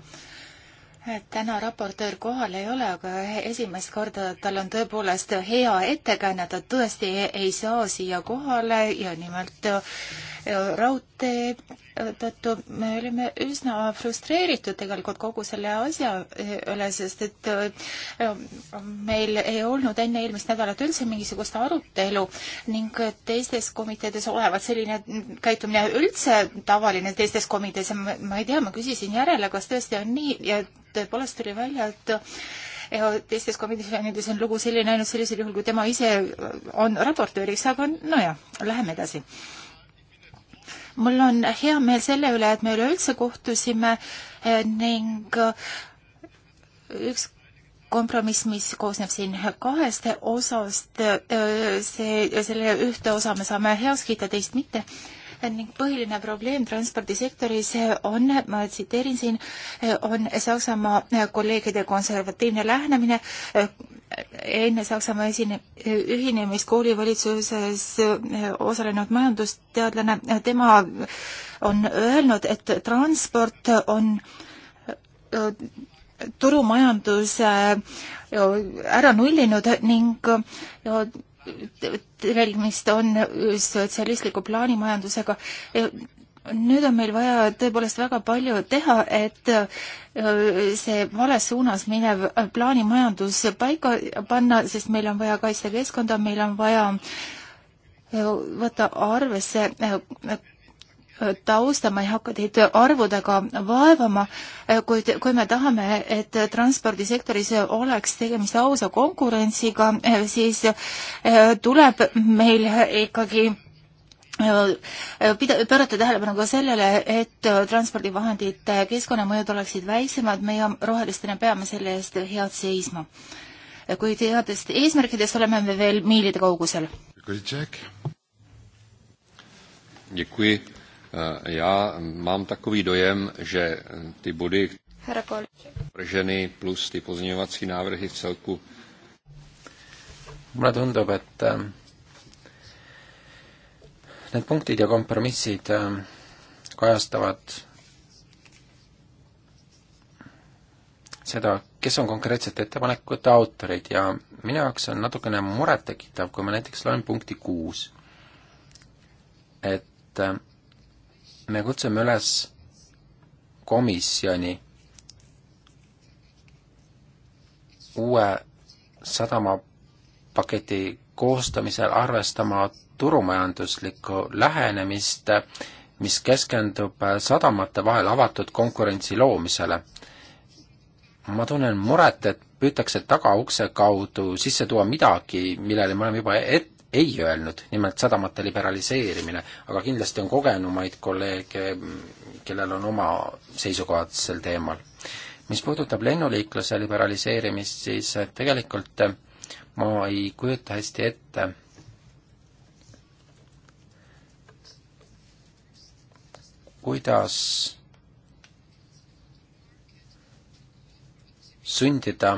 täna raportöör kohal ei ole, aga esimest korda tal on tõepoolest hea ettekanne, ta tõesti ei saa siia kohale ja nimelt raudtee tõttu me olime üsna frustreeritud tegelikult kogu selle asja üle, sest et äh, meil ei olnud enne eelmist nädalat üldse mingisugust arutelu ning teistes komiteedes olevat selline käitumine üldse tavaline teistes komitees ja ma ei tea, ma küsisin järele, kas tõesti on nii ja tõepoolest tuli välja, et ja äh, teistes komisjonides on lugu selline ainult sellisel juhul, kui tema ise on raportööriks, aga nojah, läheme edasi mul on hea meel selle üle, et me üleüldse kohtusime eh, ning eh, üks kompromiss, mis koosneb siin kahest osast, eh, see, selle ühte osa me saame heaks kiita, teist mitte ning põhiline probleem transpordisektoris on, ma tsiteerin siin, on Saksamaa kolleegide konservatiivne lähenemine, enne Saksamaa esine-, ühinemist koolivalitsuses eh, osalenud majandusteadlane, tema on öelnud, et transport on eh, turumajanduse eh, ära nullinud ning tegemist on sotsialistliku plaanimajandusega nüüd on meil vaja tõepoolest väga palju teha, et äh, see vales suunas minev plaanimajandus paika panna, sest meil on vaja kaitsta keskkonda, meil on vaja äh, võtta arvesse äh, tausta, ma ei hakka teid arvudega vaevama, kuid kui me tahame, et transpordisektoris oleks tegemist ausa konkurentsiga, siis tuleb meil ikkagi pida-, pöörata tähelepanu ka sellele, et äh, transpordivahendite keskkonnamõjud oleksid väiksemad, meie rohelistena peame selle eest head seisma. kuid headest eesmärkidest oleme me veel miilide kaugusel. Äh, já mám takový dojem, že äh, ty body vrženy plus ty pozměňovací návrhy v celku. Mulle tundub, et Need punktid ja kompromissid ähm, kajastavad seda, kes on konkreetsete ettepanekute autorid ja minu jaoks on natukene murettekitav, kui ma näiteks loen punkti kuus, et ähm, me kutsume üles komisjoni uue sadamapaketi koostamisel arvestama turumajanduslikku lähenemist, mis keskendub sadamate vahel avatud konkurentsi loomisele. ma tunnen muret, et püütakse tagaukse kaudu sisse tuua midagi, millele me oleme juba et-, ei öelnud, nimelt sadamate liberaliseerimine, aga kindlasti on kogenumaid kolleege, kellel on oma seisukohad sel teemal. mis puudutab lennuliikluse liberaliseerimist, siis tegelikult ma ei kujuta hästi ette, kuidas sündida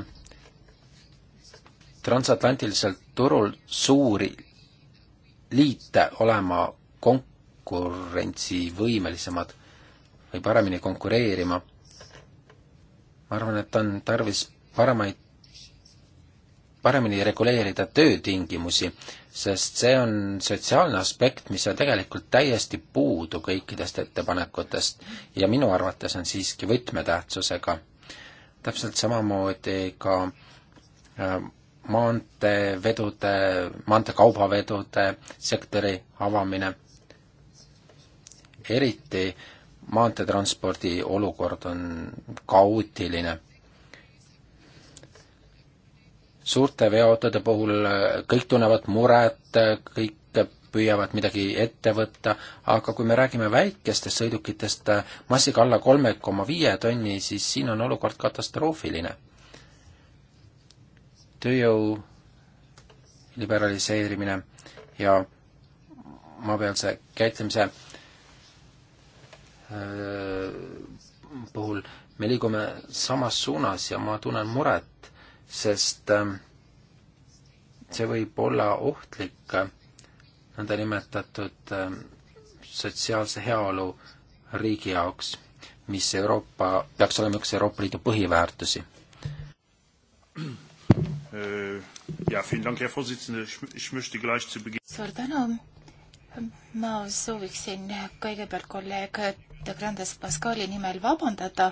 transatlantiliselt turul suuri liite olema konkurentsivõimelisemad või paremini konkureerima. ma arvan, et on tarvis paremaid paremini reguleerida töötingimusi, sest see on sotsiaalne aspekt, mis on tegelikult täiesti puudu kõikidest ettepanekutest ja minu arvates on siiski võtmetähtsusega. täpselt samamoodi ka äh, maanteevedude, maanteekaubavedude sektori avamine, eriti maanteetranspordi olukord on kaootiline suurte veoautode puhul kõik tunnevad muret, kõik püüavad midagi ette võtta, aga kui me räägime väikestest sõidukitest massiga alla kolme koma viie tonni, siis siin on olukord katastroofiline. tööjõu liberaliseerimine ja maapealse käitlemise puhul me liigume samas suunas ja ma tunnen muret, sest ähm, see võib olla ohtlik äh, nõndanimetatud ähm, sotsiaalse heaolu riigi jaoks, mis Euroopa, peaks olema üks Euroopa Liidu põhiväärtusi. Äh, suur tänu, ma sooviksin kõigepealt kolleeg De Grandes Pascali nimel vabandada,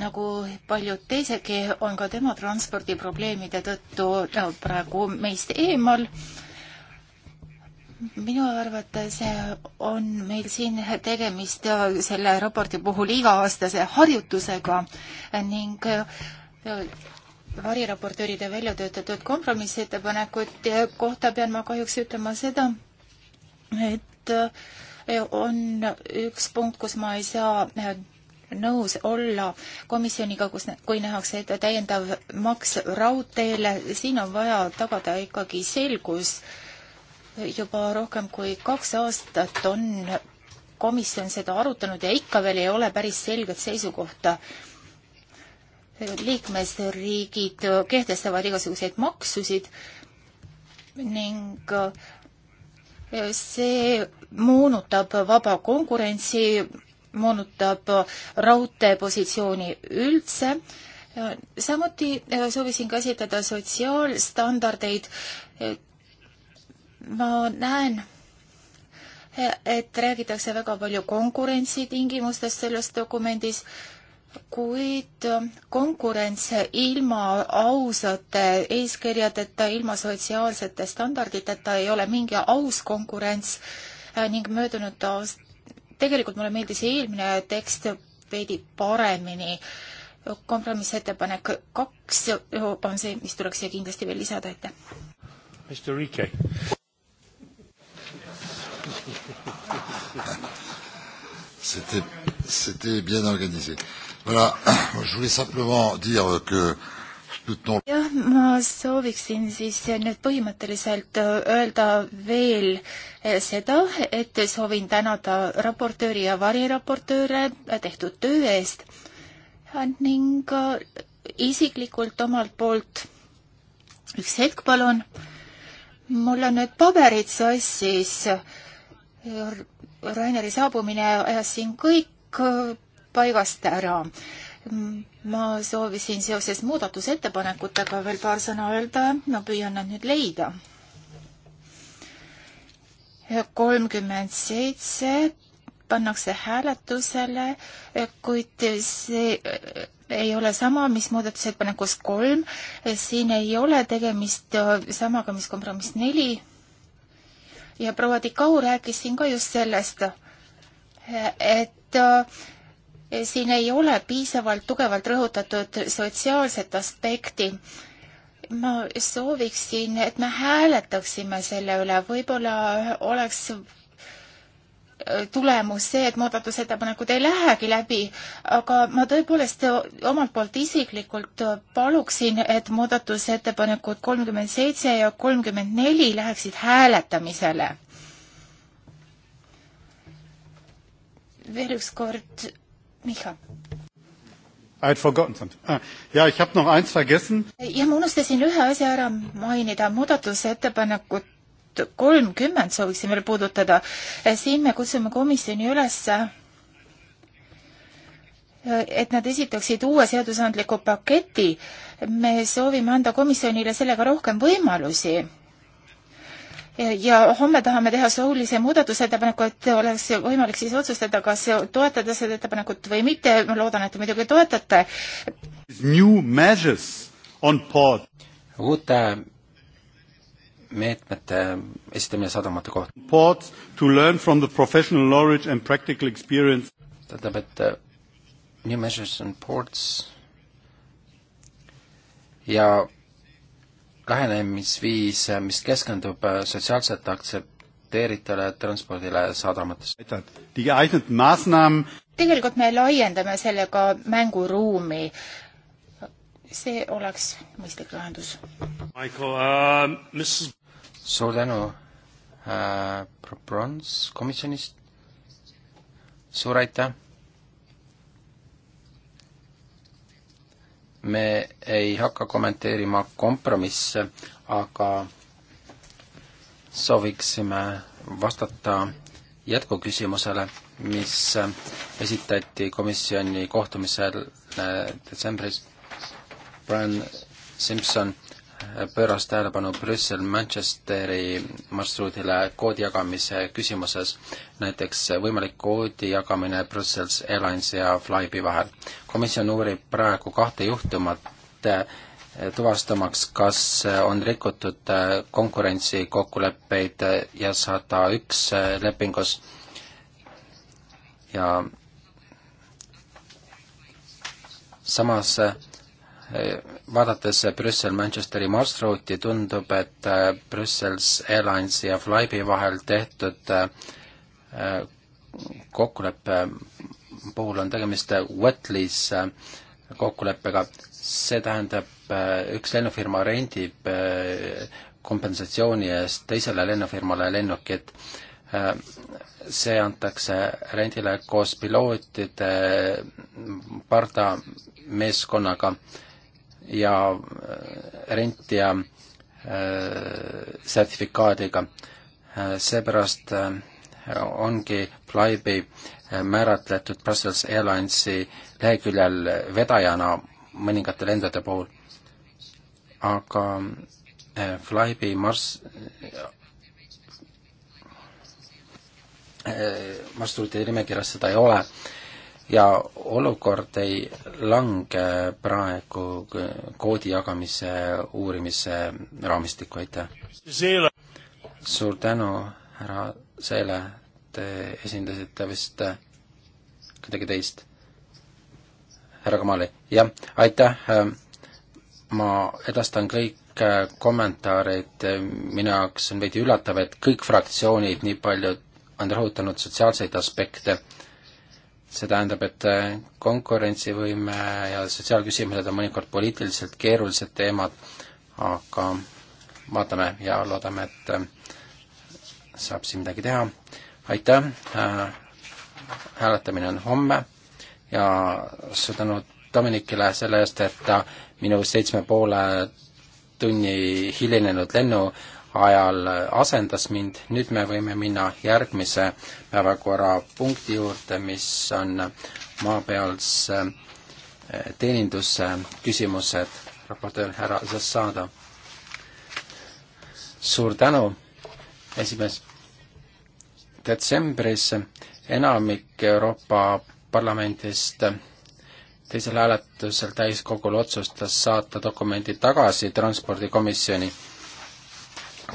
nagu paljud teisegi, on ka tema transpordiprobleemide tõttu no, praegu meist eemal. minu arvates on meil siin tegemist selle raporti puhul iga-aastase harjutusega ning variraportööride välja töötatud kompromissettepanekute kohta pean ma kahjuks ütlema seda, et eh, on üks punkt, kus ma ei saa eh, nõus olla komisjoniga, kus, kui nähakse ette täiendav maks raudteele, siin on vaja tagada ikkagi selgus. juba rohkem kui kaks aastat on komisjon seda arutanud ja ikka veel ei ole päris selget seisukohta. liikmesriigid kehtestavad igasuguseid maksusid ning see moonutab vaba konkurentsi, moonutab raudtee positsiooni üldse. samuti soovisin käsitleda sotsiaalstandardeid. ma näen, et räägitakse väga palju konkurentsitingimustest selles dokumendis kuid konkurents ilma ausate eeskirjadeta, ilma sotsiaalsete standarditeta ei ole mingi aus konkurents äh, ning möödunud aast-, tegelikult mulle meeldis eelmine tekst veidi paremini. kompromissettepanek kaks on see, mis tuleks siia kindlasti veel lisada, aitäh. Mr Rike. C'était, c'était bien organisé. Euh, Voilà. Je voulais simplement dire que jah, ma sooviksin siis nüüd põhimõtteliselt äh, öelda veel äh, seda, et soovin tänada raportööri ja variraportööre äh, tehtud töö eest ning isiklikult omalt poolt üks hetk, palun. mul on need paberid sassis. Raineri saabumine ajas siin kõik paigast ära. ma soovisin seoses muudatusettepanekutega veel paar sõna öelda, ma püüan nad nüüd leida. kolmkümmend seitse pannakse hääletusele, kuid see ei ole sama, mis muudatusettepanekus kolm, siin ei ole tegemist samaga, mis kompromiss neli. ja proua Dikau rääkis siin ka just sellest, et siin ei ole piisavalt tugevalt rõhutatud sotsiaalset aspekti. ma sooviksin, et me hääletaksime selle üle, võib-olla oleks tulemus see, et muudatusettepanekud ei lähegi läbi, aga ma tõepoolest omalt poolt isiklikult paluksin, et muudatusettepanekud kolmkümmend seitse ja kolmkümmend neli läheksid hääletamisele. veel üks kord Micha. I had forgotten something. Ah, ja, ich habe noch eins vergessen. ja ma unustasin ühe asja ära mainida, muudatusettepanekut kolmkümmend sooviksin veel puudutada. siin me kutsume komisjoni üles et nad esitaksid uue seadusandliku paketi. me soovime anda komisjonile sellega rohkem võimalusi ja homme tahame teha soolise muudatusettepaneku, et oleks võimalik siis otsustada, kas toetada seda ettepanekut või mitte, ma loodan, et te muidugi toetate. uute meetmete esitamine sadamate kohta. tähendab, et äh, new measures and ports ja lähenemisviis, mis keskendub äh, sotsiaalselt aktsepteeritavale transpordile sadamates. tegelikult me laiendame sellega mänguruumi. see oleks mõistlik lahendus. Uh, mis... suur tänu äh,, Pro Bronze komisjonist, suur aitäh me ei hakka kommenteerima kompromisse, aga sooviksime vastata jätkuküsimusele, mis esitati komisjoni kohtumisel eh, detsembris. Brian Simson pööras tähelepanu Brüssel Manchesteri marsruudile koodi jagamise küsimuses, näiteks võimalik koodi jagamine Brussels Airlines ja Flybe vahel. komisjon uurib praegu kahte juhtumat, eh, tuvastamaks, kas on rikutud eh, konkurentsikokkuleppeid ja sada üks eh, lepingus ja samas vaadates Brüssel-Manchesteri marsruuti, tundub, et äh, Brüssels Airlines ja Flybe vahel tehtud äh, kokkuleppe puhul on tegemist wet lease äh, kokkuleppega, see tähendab, üks lennufirma rendib kompensatsiooni eest teisele lennufirmale lennukit, see antakse rendile koos pilootide pardameeskonnaga ja äh, rentija äh, sertifikaadiga. Äh, seepärast ongi Flybe määratletud Brussels Airlinesi leheküljel vedajana mõningate lendude puhul. aga Flybe marss, marsruutide nimekirjas seda ei ole ja olukord ei lange praegu koodi jagamise uurimise raamistikku, aitäh! suur tänu, härra Seele, te esindasite vist kedagi teist? härra Kamali, jah, aitäh, ma edastan kõik kommentaarid, minu jaoks on veidi üllatav, et kõik fraktsioonid nii palju on rõhutanud sotsiaalseid aspekte see tähendab, et konkurentsivõime ja sotsiaalküsimused on mõnikord poliitiliselt keerulised teemad, aga vaatame ja loodame, et äh, saab siin midagi teha. aitäh, äh, hääletamine on homme ja suur tänu Dominikile selle eest, et ta minu seitsme poole tunni hilinenud lennu ajal asendas mind, nüüd me võime minna järgmise päevakorrapunkti juurde, mis on maapealse eh, teeninduse küsimused, raportöör härra Zassada. suur tänu, esimees. detsembris enamik Euroopa Parlamendist teisel hääletusel täiskogul otsustas saata dokumendi tagasi Transpordikomisjoni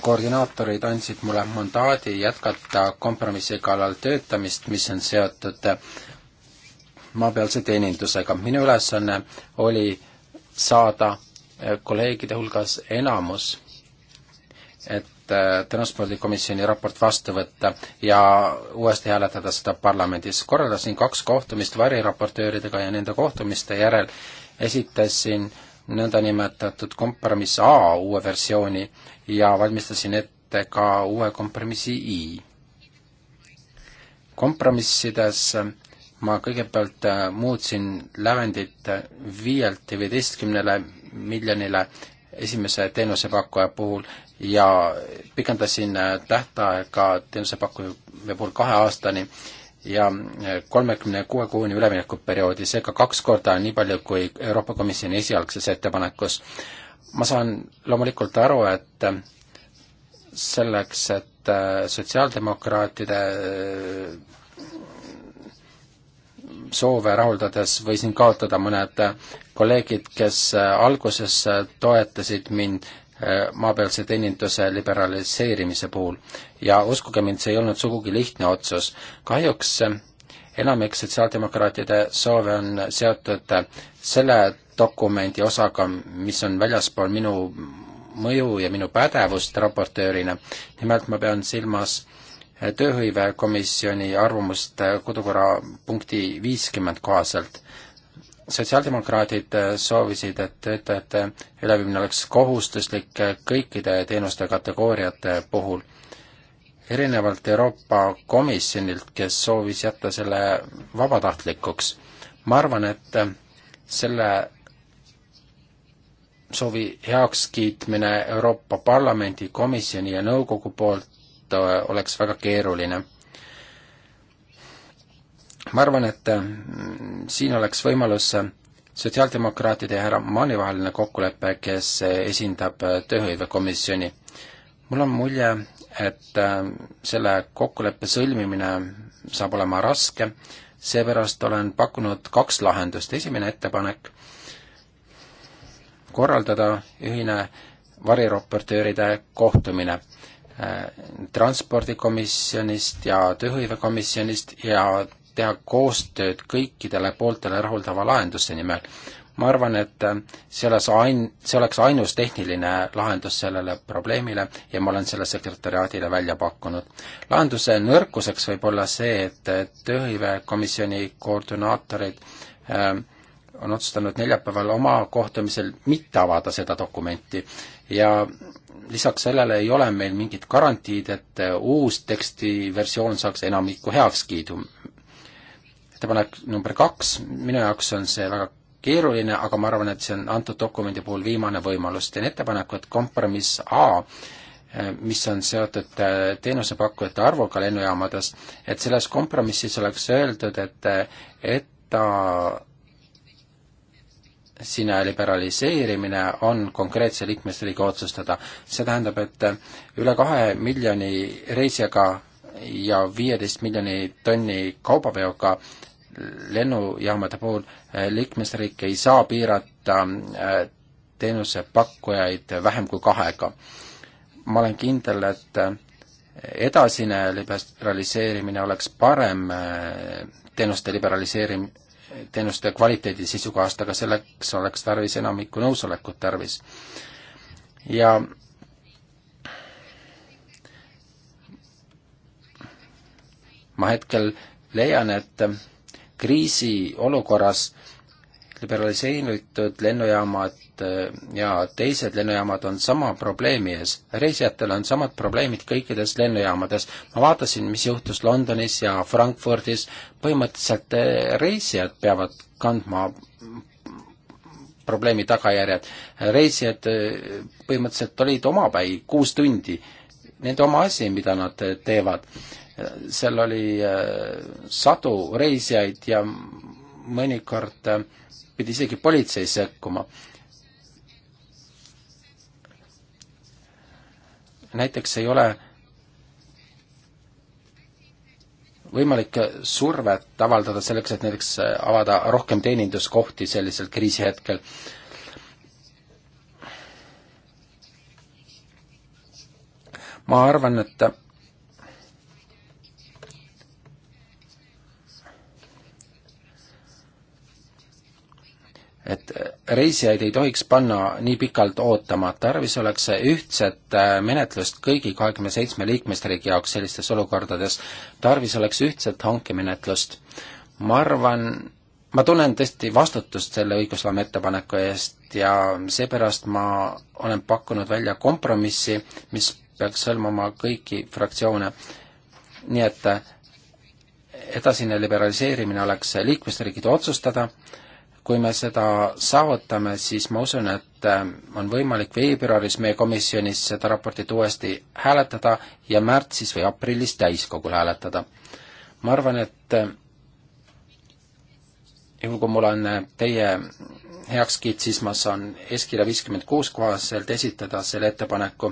koordinaatorid andsid mulle mandaadi jätkata kompromissi kallal töötamist, mis on seotud maapealse teenindusega. minu ülesanne oli saada eh, kolleegide hulgas enamus, et eh, transpordikomisjoni raport vastu võtta ja uuesti hääletada seda parlamendis. korraldasin kaks kohtumist variraportööridega ja nende kohtumiste järel esitasin äh, nõndanimetatud kompromiss A uue versiooni ja valmistasin ette ka uue kompromissi I. kompromissides ma kõigepealt äh, muutsin lävendit viielt viieteistkümnele miljonile esimese teenusepakkuja puhul ja pikendasin äh, tähtaega teenusepakkuja puhul kahe aastani ja eh, kolmekümne kuue kuuni üleminekuperioodi, seega kaks korda nii palju kui Euroopa Komisjoni esialgses ettepanekus. ma saan loomulikult aru, et eh, selleks, et eh, sotsiaaldemokraatide soove rahuldades võisin kaotada mõned kolleegid, kes alguses toetasid mind maapealse teeninduse liberaliseerimise puhul. ja uskuge mind, see ei olnud sugugi lihtne otsus. kahjuks enamik sotsiaaldemokraatide soove on seotud selle dokumendi osaga, mis on väljaspool minu mõju ja minu pädevust raportöörina. nimelt ma pean silmas tööhõivekomisjoni arvamust kodukorra punkti viiskümmend kohaselt sotsiaaldemokraadid äh, soovisid, et töötajate üleviimine oleks kohustuslik äh, kõikide teenuste kategooriate puhul. erinevalt Euroopa Komisjonilt, kes soovis jätta selle vabatahtlikuks, ma arvan, et äh, selle soovi heakskiitmine Euroopa Parlamendi, Komisjoni ja Nõukogu poolt oleks väga keeruline ma arvan, et äh, siin oleks võimalus äh, sotsiaaldemokraatide ja härra Maani vaheline kokkulepe, kes äh, esindab tööhõivekomisjoni. mul on mulje, et selle kokkuleppe sõlmimine saab olema raske, seepärast olen pakkunud kaks lahendust, esimene ettepanek, korraldada ühine variraportööride kohtumine transpordikomisjonist ja tööhõivekomisjonist ja teha koostööd kõikidele pooltele rahuldava lahenduse nimel. ma arvan, et see oleks ain-, see oleks ainus tehniline lahendus sellele probleemile ja ma olen selle sekretäriaadile välja pakkunud. lahenduse nõrkuseks võib olla see, et tööhõivekomisjoni koordinaatorid äh, on otsustanud neljapäeval oma kohtumisel mitte avada seda dokumenti ja lisaks sellele ei ole meil mingit garantiid, et uus tekstiversioon saaks enamiku heakskiidu ettepanek number kaks, minu jaoks on see väga keeruline, aga ma arvan, et see on antud dokumendi puhul viimane võimalus, teen ettepaneku, et kompromiss A, eh, mis on seotud eh, teenusepakkujate arvuga lennujaamades, et selles kompromissis oleks öeldud, et, et eh, ta sina liberaliseerimine on konkreetse liikmesriigi otsustada. see tähendab, et üle kahe miljoni reisijaga ja viieteist miljoni tonni kaubaveoga äh, lennujaamade puhul eh, liikmesriik ei saa piirata eh, teenusepakkujaid vähem kui kahega. ma olen kindel, et eh, edasine liberaliseerimine oleks parem teenuste liberaliseerim-, teenuste kvaliteedi seisukohast, aga selleks oleks tarvis enamiku nõusolekut tarvis. ja ma hetkel leian, et kriisiolukorras liberaliseeritud lennujaamad eh, ja teised lennujaamad on sama probleemi ees. reisijatel on samad probleemid kõikides lennujaamades. ma vaatasin, mis juhtus Londonis ja Frankfurdis, põhimõtteliselt eh, reisijad peavad kandma probleemi tagajärjed. reisijad eh, põhimõtteliselt olid omapäi kuus tundi, nende oma asi, mida nad teevad seal oli äh, sadu reisijaid ja mõnikord äh, pidi isegi politsei sekkuma. näiteks ei ole võimalik survet avaldada selleks, et näiteks äh, avada rohkem teeninduskohti sellisel kriisihetkel. ma arvan, et et reisijaid ei tohiks panna nii pikalt ootama, tarvis oleks ühtset äh, menetlust kõigi kahekümne seitsme liikmesriigi jaoks sellistes olukordades, tarvis oleks ühtset hankemenetlust. ma arvan, ma tunnen tõesti vastutust selle õigusloome ettepaneku eest ja seepärast ma olen pakkunud välja kompromissi, mis peaks hõlmama kõiki fraktsioone. nii et äh, edasine liberaliseerimine oleks liikmesriikide otsustada, kui me seda saavutame, siis ma usun, et äh, on võimalik veebruaris meie komisjonis seda raportit uuesti hääletada ja märtsis või aprillis täiskogul hääletada. ma arvan, et äh, juhul, kui mul on äh, teie heakskiit, siis ma saan eeskirja viiskümmend kuus kohaselt esitada selle ettepaneku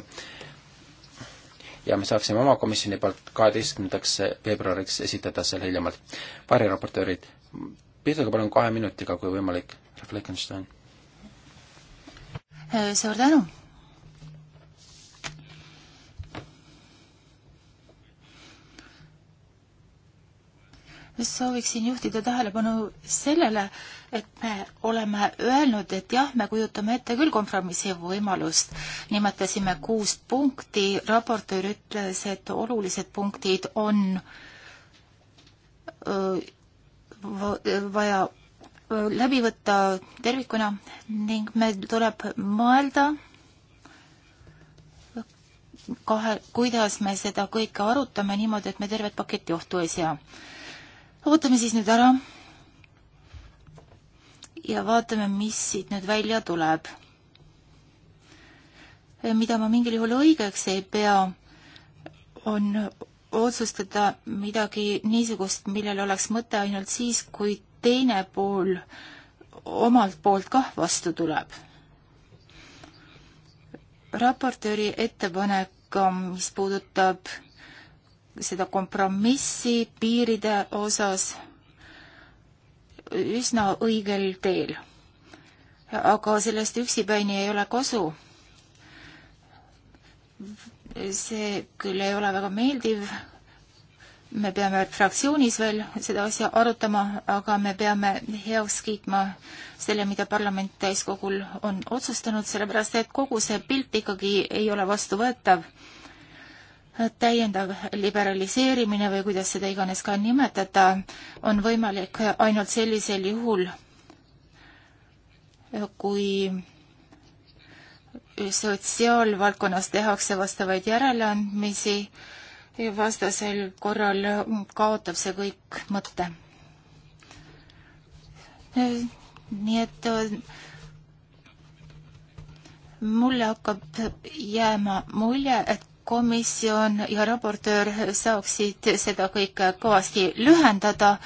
ja me saaksime oma komisjoni poolt kaheteistkümnendaks veebruariks esitada selle hiljemalt. variraportöörid, piirduge palun kahe minutiga, kui võimalik, härra Fleckenstein. Äh, suur tänu. sooviksin juhtida tähelepanu sellele, et me oleme öelnud, et jah, me kujutame ette küll kompromissi võimalust. nimetasime kuus punkti, raportöör ütles, et olulised punktid on öö, vaja läbi võtta tervikuna ning meil tuleb mõelda, kahe, kuidas me seda kõike arutame niimoodi, et me tervet paketti ohtu ei sea. ootame siis nüüd ära ja vaatame, mis siit nüüd välja tuleb. mida ma mingil juhul õigeks ei pea, on otsustada midagi niisugust, millel oleks mõte ainult siis, kui teine pool omalt poolt kah vastu tuleb. raportööri ettepanek, mis puudutab seda kompromissi piiride osas, üsna õigel teel. aga sellest üksipäini ei ole kasu see küll ei ole väga meeldiv, me peame fraktsioonis veel seda asja arutama, aga me peame heaks kiitma selle, mida parlament täiskogul on otsustanud, sellepärast et kogu see pilt ikkagi ei ole vastuvõetav. täiendav liberaliseerimine või kuidas seda iganes ka nimetada, on võimalik ainult sellisel juhul, kui sotsiaalvaldkonnas tehakse vastavaid järeleandmisi, vastasel korral kaotab see kõik mõtte. nii et äh, mulle hakkab jääma mulje, et komisjon ja raportöör saaksid seda kõike kõvasti lühendada,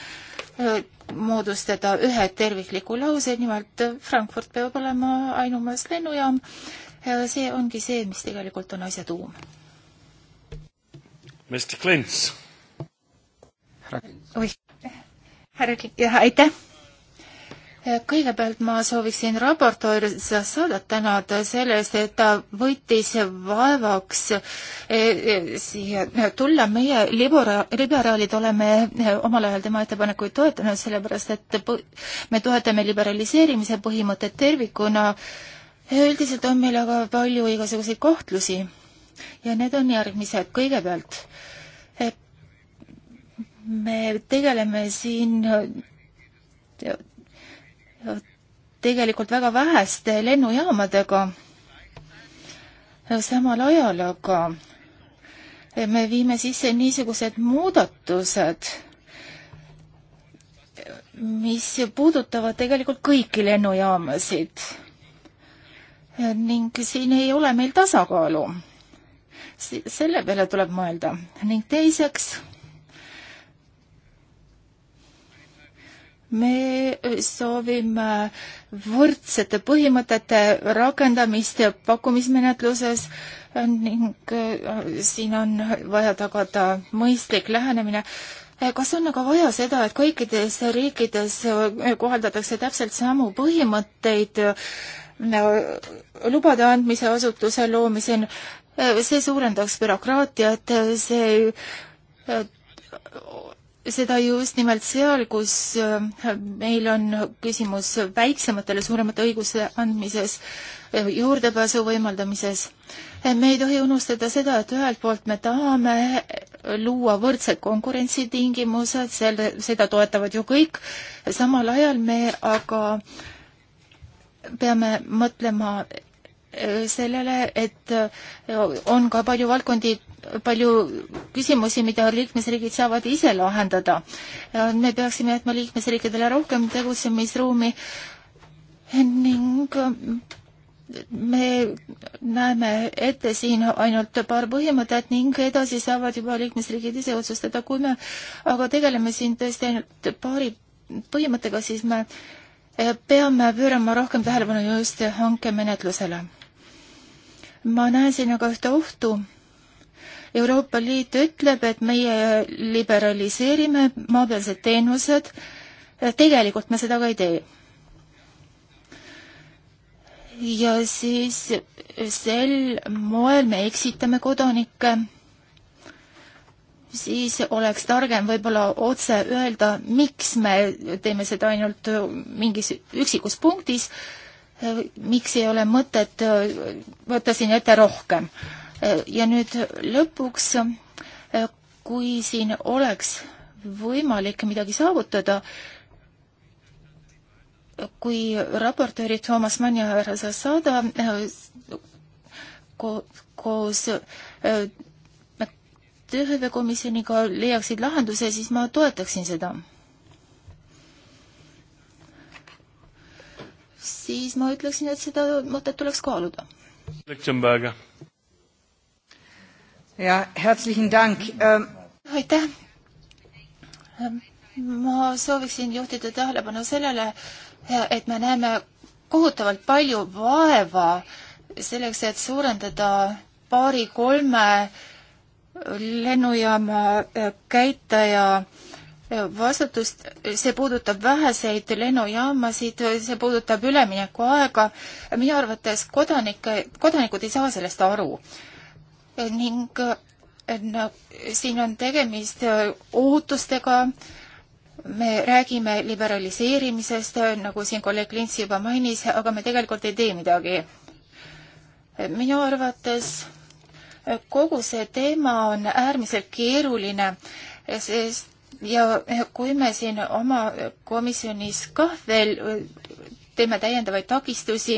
äh, moodustada ühe tervikliku lause, nimelt Frankfurt peab olema ainumas lennujaam Äh, see ongi see, mis tegelikult on asja tuum. Mr Klints. oih, härra Klints, aitäh äh, kõigepealt ma sooviksin raportööri Sadat tänada selle eest, et ta võttis vaevaks äh, siia tulla. meie libera-, liberaalid oleme omal ajal tema ettepanekuid toetanud, sellepärast et me toetame liberaliseerimise põhimõtet tervikuna üldiselt on meil aga palju igasuguseid kahtlusi ja need on järgmised. kõigepealt me tegeleme siin tegelikult väga väheste lennujaamadega samal ajal, aga me viime sisse niisugused muudatused, mis puudutavad tegelikult kõiki lennujaamasid ning siin ei ole meil tasakaalu. selle peale tuleb mõelda ning teiseks me soovime võrdsete põhimõtete rakendamist pakkumismenetluses ning äh, siin on vaja tagada mõistlik lähenemine. Äh, kas on aga vaja seda, et kõikides riikides äh, kohaldatakse täpselt samu põhimõtteid lubade andmise asutuse loomisel, äh, see suurendaks bürokraatiat, äh, see äh, seda just nimelt seal, kus meil on küsimus väiksematele suuremate õiguse andmises, juurdepääsu võimaldamises. me ei tohi unustada seda, et ühelt poolt me tahame luua võrdsed konkurentsitingimused, selle, seda toetavad ju kõik, samal ajal me aga äh, peame mõtlema äh, sellele, et äh, on ka palju valdkondi, palju küsimusi, mida liikmesriigid saavad ise lahendada. me peaksime jätma liikmesriikidele rohkem tegutsemisruumi ning äh, me näeme ette siin ainult paar põhimõtet ning edasi saavad juba liikmesriigid ise otsustada, kui me aga tegeleme siin tõesti ainult paari põhimõttega, siis me äh, Eh, peame pöörama rohkem tähelepanu just hankemenetlusele. ma näen siin aga ühte ohtu. Euroopa Liit ütleb, et meie liberaliseerime maapealsed teenused, eh, tegelikult me seda ka ei tee. ja siis sel moel me eksitame kodanikke siis oleks targem võib-olla otse öelda, miks me teeme seda ainult mingis üksikus punktis, miks ei ole mõtet võtta siin ette rohkem. ja nüüd lõpuks, kui siin oleks võimalik midagi saavutada, kui raportöörid Toomas Mann ja härra Sassada koos, koos tööhõivekomisjoniga leiaksid lahenduse, siis ma toetaksin seda. siis ma ütleksin, et seda mõtet tuleks kaaluda. ja, herzlichen Dank ähm.... aitäh ähm ma sooviksin juhtida tähelepanu sellele, et me näeme kohutavalt palju vaeva selleks, et suurendada paari-kolme lennujaama äh, käitaja äh, vastutust, see puudutab väheseid lennujaamasid, see puudutab üleminekuaega, minu arvates kodanike, kodanikud ei saa sellest aru. ning äh, no, siin on tegemist ootustega, me räägime liberaliseerimisest, nagu siin kolleeg Klints juba mainis, aga me tegelikult ei tee midagi. minu arvates kogu see teema on äärmiselt keeruline, sest ja kui me siin oma komisjonis kah veel teeme täiendavaid takistusi,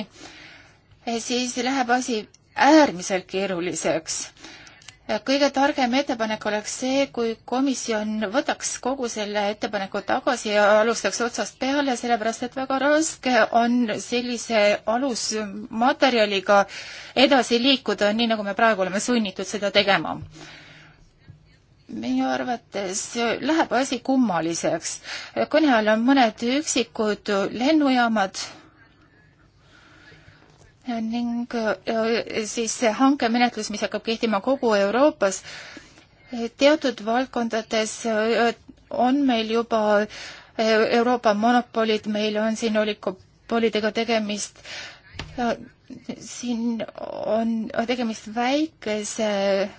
siis läheb asi äärmiselt keeruliseks kõige targem ettepanek oleks see, kui komisjon võtaks kogu selle ettepaneku tagasi ja alustaks otsast peale, sellepärast et väga raske on sellise alusmaterjaliga edasi liikuda, nii nagu me praegu oleme sunnitud seda tegema. minu arvates läheb asi kummaliseks. kõne all on mõned üksikud lennujaamad ning siis see hankemenetlus, mis hakkab kehtima kogu Euroopas, teatud valdkondades on meil juba Euroopa monopolid, meil on siin olikopolidega tegemist, siin on tegemist väikese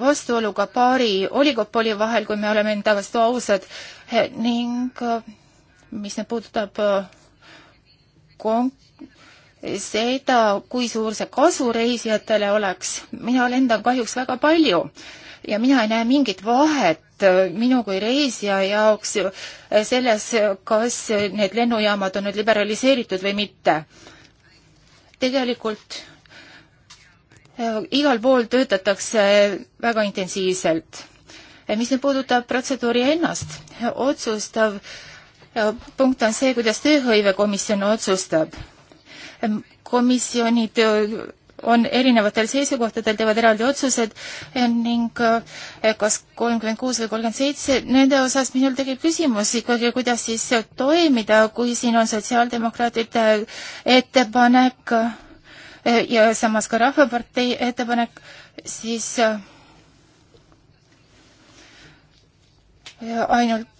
vastuoluga paari oligopoli vahel, kui me oleme enda vastu ausad ning mis nüüd puudutab konk-, seda, kui suur see kasu reisijatele oleks. mina lendan kahjuks väga palju ja mina ei näe mingit vahet minu kui reisija jaoks selles, kas need lennujaamad on nüüd liberaliseeritud või mitte. tegelikult äh, igal pool töötatakse väga intensiivselt. mis nüüd puudutab protseduuri ennast, otsustav äh, punkt on see, kuidas tööhõivekomisjon otsustab komisjonid on erinevatel seisukohtadel, teevad eraldi otsused ning eh, kas kolmkümmend kuus või kolmkümmend seitse, nende osas minul tekib küsimus ikkagi, kuidas siis toimida, kui siin on sotsiaaldemokraatide ettepanek eh, ja samas ka Rahvapartei ettepanek, siis eh, ainult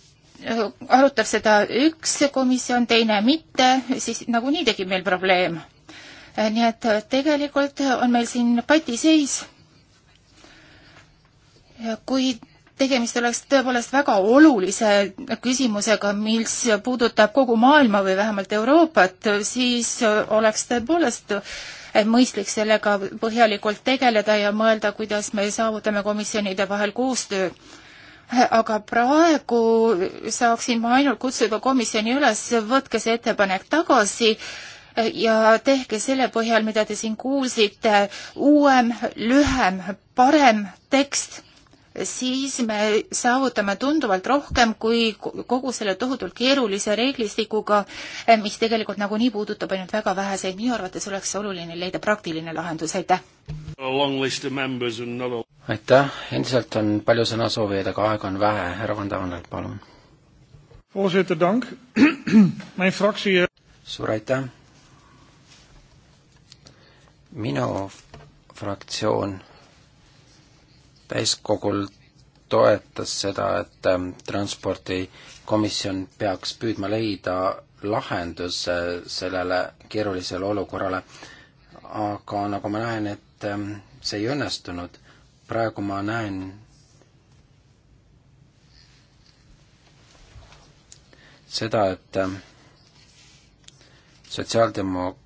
arutab seda üks komisjon, teine mitte, siis nagunii tekib meil probleem. nii et tegelikult on meil siin patiseis. kui tegemist oleks tõepoolest väga olulise küsimusega, mis puudutab kogu maailma või vähemalt Euroopat, siis oleks tõepoolest mõistlik sellega põhjalikult tegeleda ja mõelda, kuidas me saavutame komisjonide vahel koostöö aga praegu saaksin ma ainult kutsuda komisjoni üles, võtke see ettepanek tagasi ja tehke selle põhjal, mida te siin kuulsite, uuem, lühem, parem tekst siis me saavutame tunduvalt rohkem kui kogu selle tohutult keerulise reeglistikuga, eh, mis tegelikult nagunii puudutab ainult väga väheseid. minu arvates oleks oluline leida praktiline lahendus, aitäh! aitäh, endiselt on palju sõnasoovijaid, aga aega on vähe, härra Van Davenel, palun. Eh, suur aitäh! minu fraktsioon täiskogul toetas seda, et ähm, transpordikomisjon peaks püüdma leida lahenduse sellele keerulisele olukorrale, aga nagu ma näen, et ähm, see ei õnnestunud. praegu ma näen seda, et ähm, sotsiaaldemok-,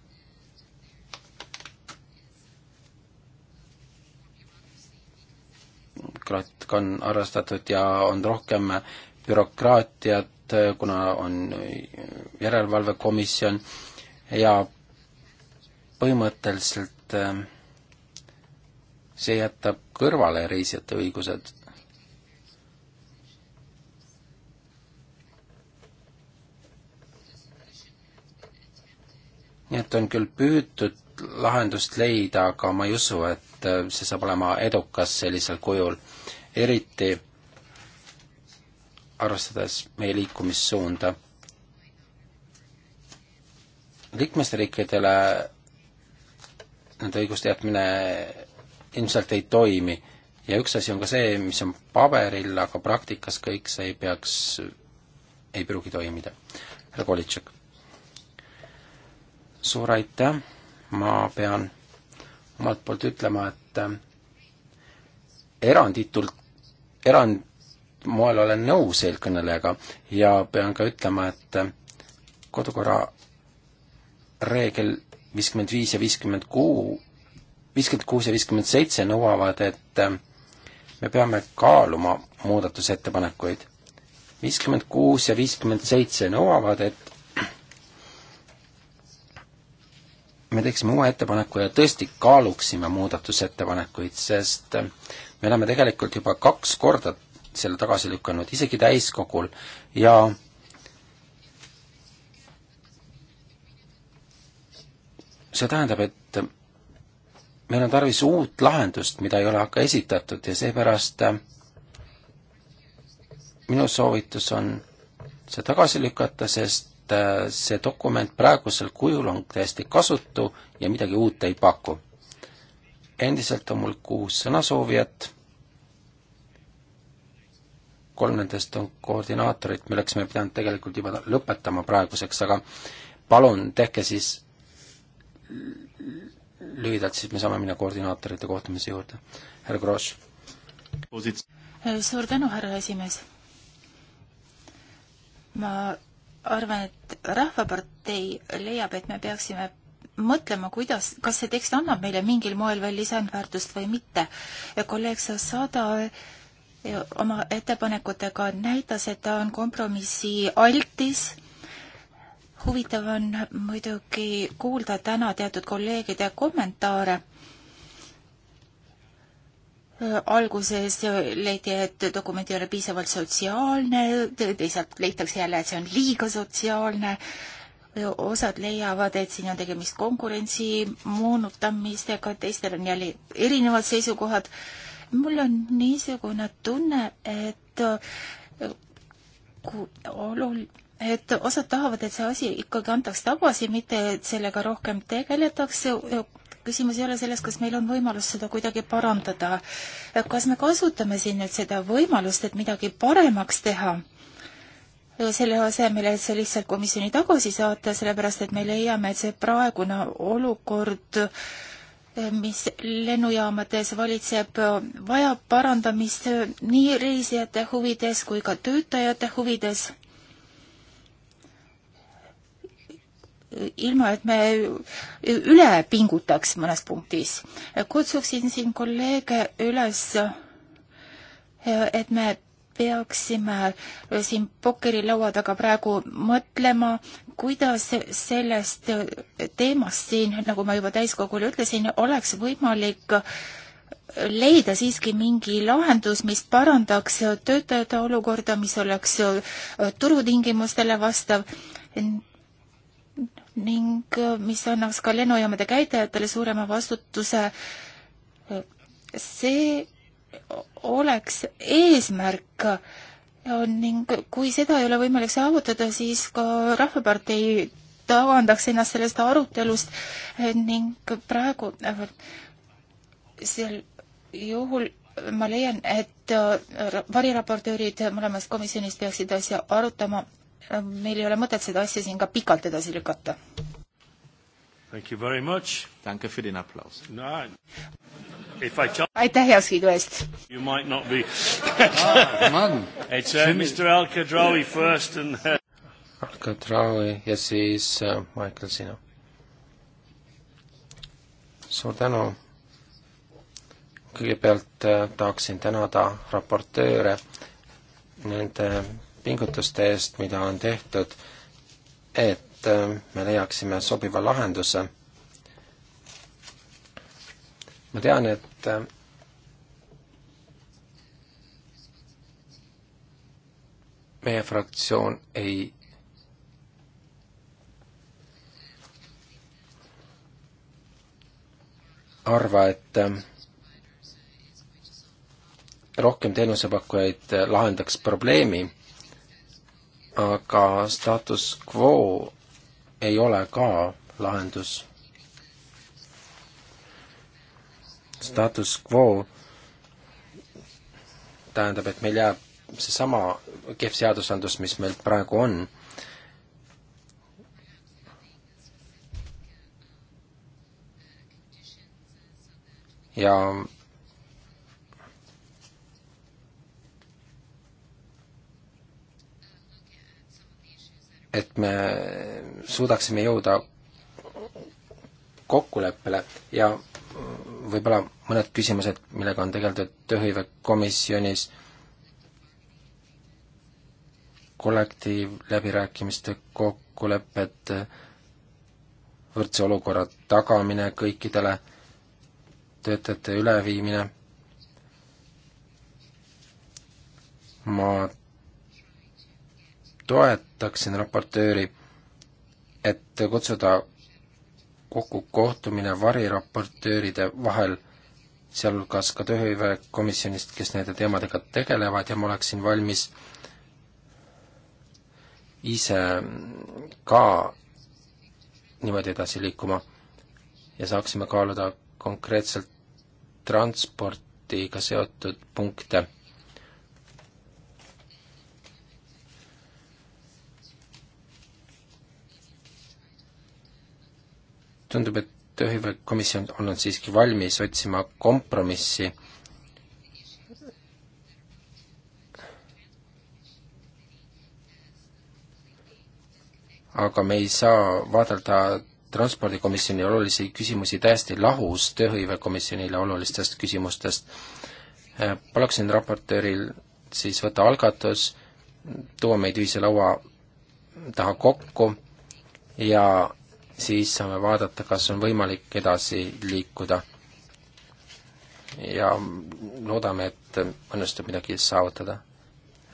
bürokraatlik on arvestatud ja on rohkem bürokraatiat, kuna on järelevalvekomisjon ja põhimõtteliselt ähm, see jätab kõrvale reisijate õigused. nii et on küll püütud lahendust leida, aga ma ei usu, et äh, see saab olema edukas sellisel kujul eriti arvestades meie liikumissuunda. liikmesriikidele nende õiguste jätmine ilmselt ei toimi ja üks asi on ka see, mis on paberil, aga praktikas kõik see ei peaks, ei pruugi toimida. härra Kolitšek. suur aitäh, ma pean omalt poolt ütlema, et eranditult erandmoel olen nõus eelkõnelejaga ja pean ka ütlema, et kodukorra reegel viiskümmend viis ja viiskümmend kuu, viiskümmend kuus ja viiskümmend seitse nõuavad, et me peame kaaluma muudatusettepanekuid. viiskümmend kuus ja viiskümmend seitse nõuavad, et me teeksime uue ettepaneku ja tõesti kaaluksime muudatusettepanekuid, sest me oleme tegelikult juba kaks korda selle tagasi lükanud, isegi täiskogul, ja see tähendab, et meil on tarvis uut lahendust, mida ei ole aga esitatud ja seepärast äh, minu soovitus on see tagasi lükata, sest äh, see dokument praegusel kujul on täiesti kasutu ja midagi uut ei paku endiselt on mul kuus sõnasoovijat, kolm nendest on koordinaatorid, milleks me pidanud tegelikult juba lõpetama praeguseks, aga palun tehke siis lühidalt, siis me saame minna koordinaatorite kohtumise juurde. härra Grosch. suur tänu, härra esimees. ma arvan, et Rahvapartei leiab, et me peaksime mõtlema, kuidas, kas see tekst annab meile mingil moel veel lisandväärtust või mitte. kolleeg Sassada e, oma ettepanekutega näitas, et ta on kompromissi altis. huvitav on muidugi kuulda täna teatud kolleegide kommentaare. E, alguses leiti, et dokument ei ole piisavalt sotsiaalne, teisalt leitakse jälle, et see on liiga sotsiaalne osad leiavad, et siin on tegemist konkurentsi moonutamistega, teistel on jälle erinevad seisukohad. mul on niisugune tunne, et olul-, et osad tahavad, et see asi ikkagi antaks tagasi, mitte et sellega rohkem tegeletakse. küsimus ei ole selles, kas meil on võimalus seda kuidagi parandada. kas me kasutame siin nüüd seda võimalust, et midagi paremaks teha? selle asemel, et see lihtsalt komisjoni tagasi saata, sellepärast et me leiame, et see praegune olukord, eh, mis lennujaamades valitseb, vajab parandamist nii reisijate huvides kui ka töötajate huvides. ilma, et me üle pingutaks mõnes punktis. kutsuksin siin kolleege üles, eh, et me peaksime siin pokkerilaua taga praegu mõtlema, kuidas sellest teemast siin, nagu ma juba täiskogule ütlesin, oleks võimalik leida siiski mingi lahendus, mis parandaks töötajate olukorda, mis oleks turutingimustele vastav ning mis annaks ka lennujaamade käitajatele suurema vastutuse. see oleks eesmärk ning kui seda ei ole võimalik saavutada, siis ka Rahvapartei tavandaks ennast sellest arutelust ning praegu sel juhul ma leian, et äh, variraportöörid mõlemast komisjonist peaksid asja arutama. meil ei ole mõtet seda asja siin ka pikalt edasi lükata. Thank you very much. Danke für den Applaus. Nein. If I can't, aitäh heakskiidu eest! You might not be ah, man. It's uh, Mr Al Kadrawi first and uh... Al Kadrawi ja siis uh, Michael sina. suur tänu! kõigepealt uh, tahaksin tänada raportööre nende pingutuste eest, mida on tehtud, et et äh, me leiaksime sobiva lahenduse. ma tean, et äh, meie fraktsioon ei arva, et äh, rohkem teenusepakkujaid lahendaks probleemi, aga status quo ei ole ka lahendus. status quo tähendab, et meil jääb seesama kehv seadusandlus, mis meil praegu on ja et me suudaksime jõuda kokkuleppele ja võib-olla mõned küsimused, millega on tegeldud tööhõivekomisjonis, kollektiivläbirääkimiste kokkulepped, võrdse olukorra tagamine kõikidele, töötajate üleviimine, ma toetaksin raportööri, et kutsuda kokku kohtumine variraportööride vahel, sealhulgas ka tööhõivekomisjonist, kes nende teemadega tegelevad ja ma oleksin valmis ise ka niimoodi edasi liikuma ja saaksime kaaluda konkreetselt transportiga seotud punkte tundub, et tööhõivekomisjon olnud siiski valmis otsima kompromissi aga me ei saa vaadata transpordikomisjoni olulisi küsimusi täiesti lahus tööhõivekomisjonile olulistest küsimustest. Äh, paluksin raportööril siis võtta algatus, tuua meid ühise laua taha kokku ja siis saame vaadata, kas on võimalik edasi liikuda. ja loodame, et õnnestub midagi saavutada.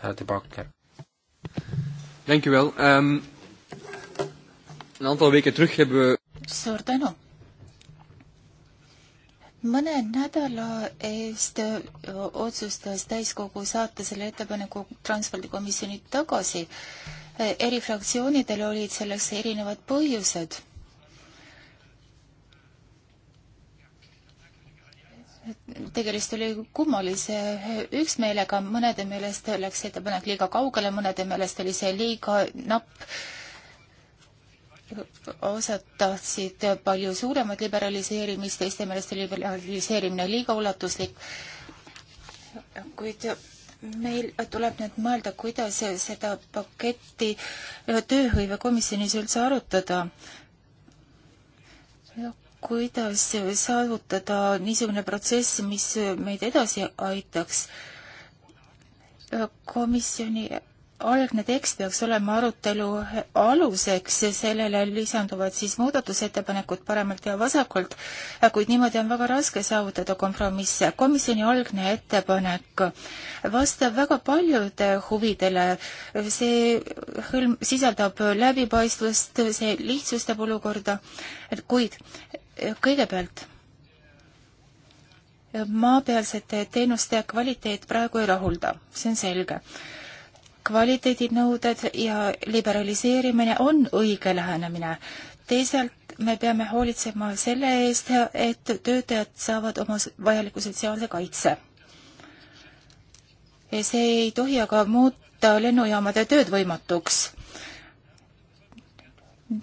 härra De Backer. Dank u wel. Um, een aantal weken terug hebben we... Suur tänu. mõne nädala eest otsustas täiskogu saata selle ettepaneku transpordikomisjoni tagasi eri fraktsioonidel olid selleks erinevad põhjused. tegemist oli kummalise üksmeelega, mõnede meelest läks ettepanek liiga kaugele, mõnede meelest oli see liiga napp. osad tahtsid palju suuremat liberaliseerimist, teiste meelest oli liberaliseerimine liiga ulatuslik. kuid meil tuleb nüüd mõelda, kuidas seda paketti tööhõivekomisjonis üldse arutada kuidas saavutada niisugune protsess, mis meid edasi aitaks. komisjoni algne tekst peaks olema arutelu aluseks, sellele lisanduvad siis muudatusettepanekud paremalt ja vasakult, kuid niimoodi on väga raske saavutada kompromisse. komisjoni algne ettepanek vastab väga paljude huvidele, see hõlm sisaldab läbipaistvust, see lihtsustab olukorda, kuid kõigepealt, maapealsete teenuste kvaliteet praegu ei rahulda, see on selge. kvaliteedinõuded ja liberaliseerimine on õige lähenemine. teisalt me peame hoolitsema selle eest, et töötajad saavad oma vajaliku sotsiaalse kaitse. see ei tohi aga muuta lennujaamade tööd võimatuks.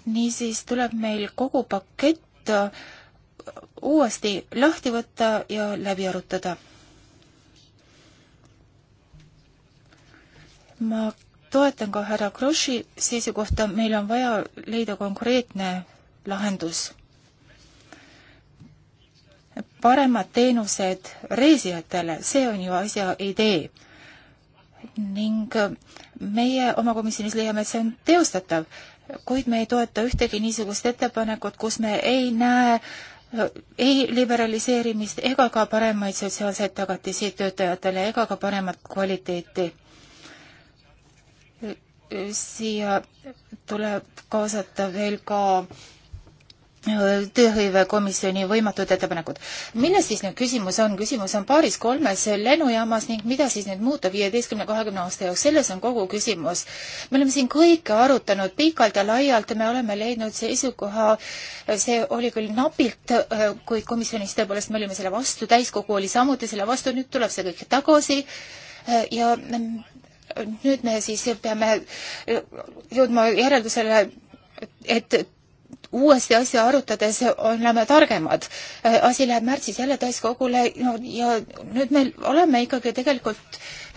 niisiis tuleb meil kogu pakett teemat äh, uuesti lahti võtta ja läbi arutada. ma toetan ka härra Kroši seisukohta, meil on vaja leida konkreetne lahendus paremad teenused reisijatele, see on ju asja idee. ning äh, meie oma komisjonis leiame, et see on teostatav kuid me ei toeta ühtegi niisugust ettepanekut, kus me ei näe äh, ei liberaliseerimist ega ka paremaid sotsiaalseid tagatisi töötajatele ega ka paremat kvaliteeti. siia tuleb kaasata veel ka äh, tööhõivekomisjoni võimatud ettepanekud. milles siis nüüd küsimus on? küsimus on paaris-kolmes lennujaamas ning mida siis nüüd muuta viieteistkümne, kahekümne aasta jaoks, selles on kogu küsimus. me oleme siin kõike arutanud pikalt ja laialt ja me oleme leidnud seisukoha, see oli küll napilt, äh, kuid komisjonis tõepoolest me olime selle vastu, täiskogu oli samuti selle vastu, nüüd tuleb see kõik tagasi äh, ja mm, nüüd me siis peame äh, jõudma järeldusele, et uuesti asja arutades oleme targemad. Äh, asi läheb märtsis jälle täiskogule no, ja nüüd me oleme ikkagi tegelikult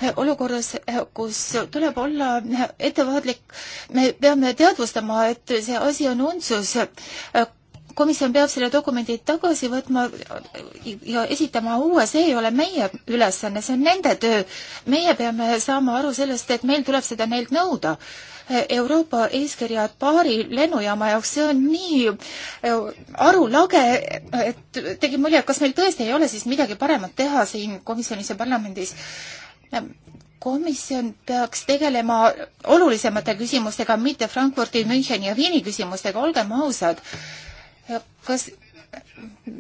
äh, olukorras, äh, kus tuleb olla ettevaatlik. me peame teadvustama, et see asi on untsus komisjon peab selle dokumendi tagasi võtma ja esitama uue, see ei ole meie ülesanne, see on nende töö. meie peame saama aru sellest, et meil tuleb seda neilt nõuda. Euroopa eeskirjad paari lennujaama jaoks, see on nii äh, arulage, et tegi mulje, et kas meil tõesti ei ole siis midagi paremat teha siin komisjonis ja parlamendis komisjon peaks tegelema olulisemate küsimustega, mitte Frankfurdi, Müncheni ja Viini küsimustega, olgem ausad. kas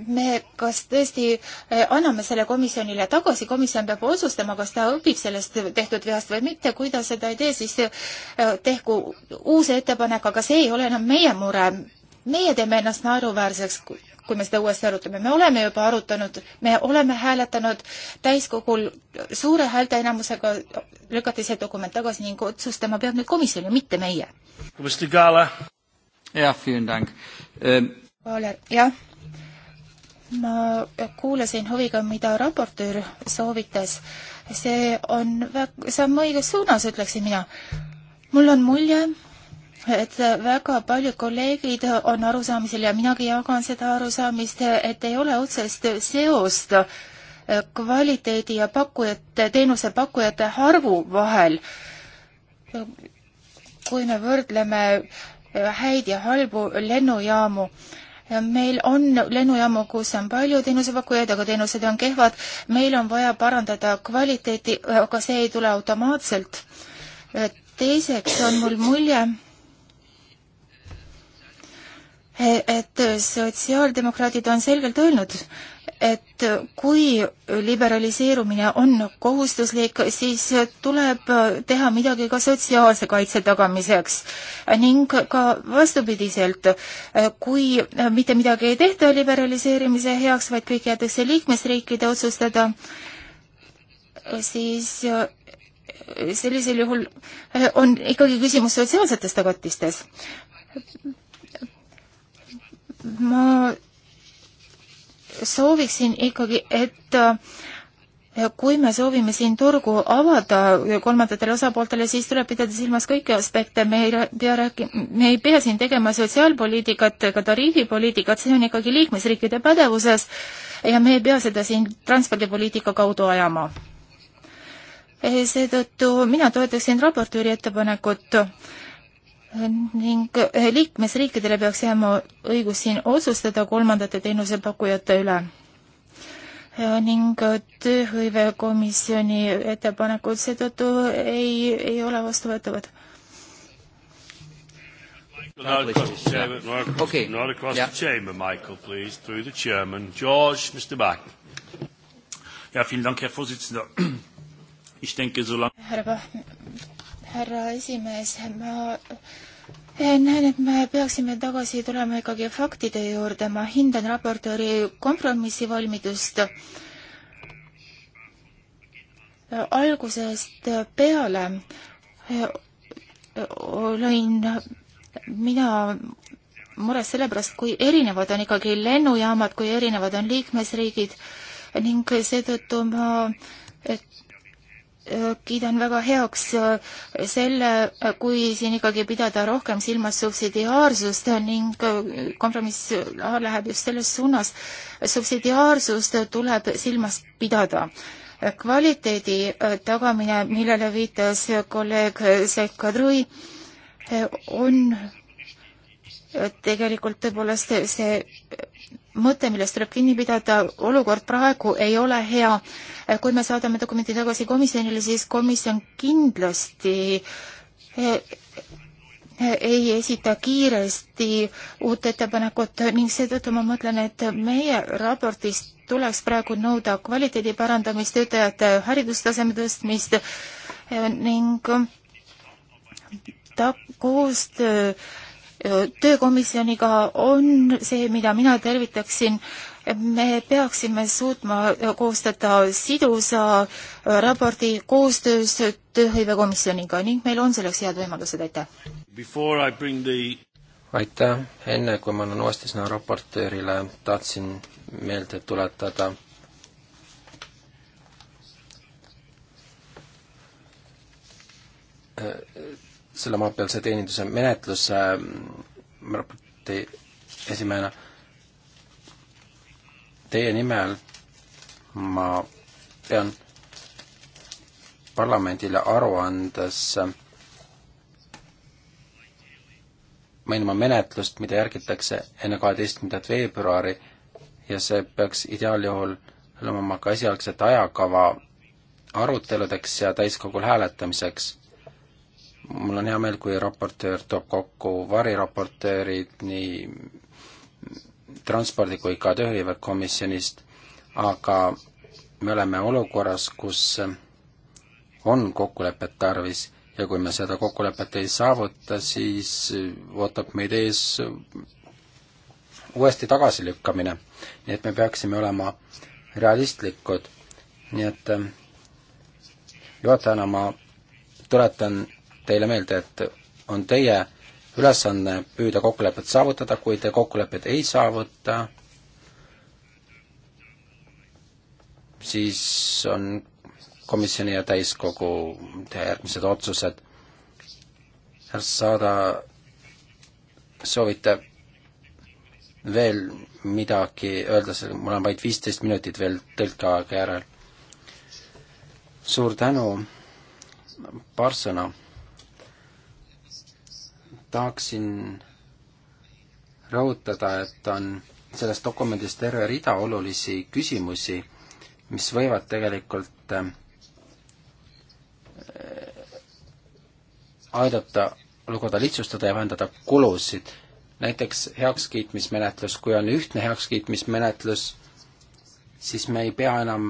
me kas tõesti eh, anname selle komisjonile tagasi, komisjon peab otsustama, kas ta õpib sellest tehtud veast või mitte, kui ta seda ei tee, siis eh, tehku uus ettepanek, aga see ei ole enam meie mure. meie teeme ennast naeruväärseks, kui me seda uuesti arutame, me oleme juba arutanud, me oleme hääletanud täiskogul suure häälteenamusega, lükati see dokument tagasi ning otsustama peab nüüd komisjon ja mitte meie. Ähm, jah, jah ma kuulasin huviga, mida raportöör soovitas. see on väga, samm õiges suunas, ütleksin mina. mul on mulje, et väga paljud kolleegid on arusaamisel ja minagi jagan seda arusaamist, et ei ole otsest seost kvaliteedi ja pakkujate, teenusepakkujate arvu vahel. kui me võrdleme häid ja halbu lennujaamu, meil on lennujaamu, kus on palju teenusepakkujaid, aga teenused on kehvad, meil on vaja parandada kvaliteeti, aga see ei tule automaatselt. teiseks on mul mulje, et sotsiaaldemokraadid on selgelt öelnud, et kui liberaliseerumine on kohustuslik, siis tuleb teha midagi ka sotsiaalse kaitse tagamiseks ning ka vastupidiselt, kui mitte midagi ei tehta liberaliseerimise heaks, vaid kõik jäetakse liikmesriikide otsustada, siis sellisel juhul on ikkagi küsimus sotsiaalsetes tagatistes. ma sooviksin ikkagi, et äh, kui me soovime siin turgu avada kolmandatele osapooltele, siis tuleb pidada silmas kõiki aspekte, me ei pea rääki-, me ei pea siin tegema sotsiaalpoliitikat ega tariifipoliitikat, see on ikkagi liikmesriikide pädevuses ja me ei pea seda siin transpordipoliitika kaudu ajama. seetõttu mina toetaksin raportööri ettepanekut ning eh, liikmesriikidele peaks jääma õigus siin otsustada kolmandate teenusepakkujate üle. ning eh, tööhõivekomisjoni ettepanekud seetõttu ei, ei ole vastuvõetavad. Across the chamber, Marcus, okay. not across yeah. the chamber, Michael, please, through the chairman. George, Mr. Bach. Ja, vielen Dank, Herr Vorsitzender. Ich denke, solange... Herr Bach, härra esimees, ma eh, näen, et me peaksime tagasi tulema ikkagi faktide juurde, ma hindan raportööri kompromissivalmidust algusest peale eh, olin mina mures sellepärast, kui erinevad on ikkagi lennujaamad, kui erinevad on liikmesriigid ning seetõttu ma eh, Äh, kiidan väga heaks äh, selle, äh, kui siin ikkagi pidada rohkem silmas subsidiaarsust ning kompromiss läheb just selles suunas. subsidiaarsust tuleb silmas pidada. kvaliteedi tagamine, millele viitas kolleeg Sekka Trui, on tegelikult tõepoolest see mõte, millest tuleb kinni pidada, olukord praegu ei ole hea. kui me saadame dokumendi tagasi komisjonile, siis komisjon kindlasti eh, ei esita kiiresti uut ettepanekut ning seetõttu ma mõtlen, et meie raportis tuleks praegu nõuda kvaliteedi parandamist, töötajate haridustaseme tõstmist eh, ning ta koostöö äh, töökomisjoniga on see, mida mina tervitaksin. me peaksime suutma koostada sidusa raporti koostöös tööhõivekomisjoniga ning meil on selleks head võimalused, aitäh! The... aitäh, enne kui ma annan uuesti sõna raportöörile, tahtsin meelde tuletada selle maapealse teeninduse menetluse äh, raporti esimehena. Teie nimel ma pean parlamendile aru andes äh, mainima menetlust, mida järgitakse enne kaheteistkümnendat veebruari ja see peaks ideaaljuhul hõlmama ka esialgset ajakava aruteludeks ja täiskogul hääletamiseks mul on hea meel, kui raportöör toob kokku variraportöörid nii transpordi kui ka tööhõive komisjonist, aga me oleme olukorras, kus on kokkulepet tarvis ja kui me seda kokkulepet ei saavuta, siis ootab meid ees uuesti tagasilükkamine. nii et me peaksime olema realistlikud. nii et eh, juhatajana ma tuletan teile meelde, et on teie ülesanne püüda kokkulepet saavutada, kui te kokkulepet ei saavuta, siis on komisjoni ja täiskogu teha järgmised otsused. härra Saada, soovite veel midagi öelda, mul on vaid viisteist minutit veel tõlkeaega järel. suur tänu, paar sõna tahaksin rõhutada, et on selles dokumendis terve rida olulisi küsimusi, mis võivad tegelikult äh, aidata olukorda lihtsustada ja vähendada kulusid. näiteks heakskiitmismenetlus, kui on ühtne heakskiitmismenetlus, siis me ei pea enam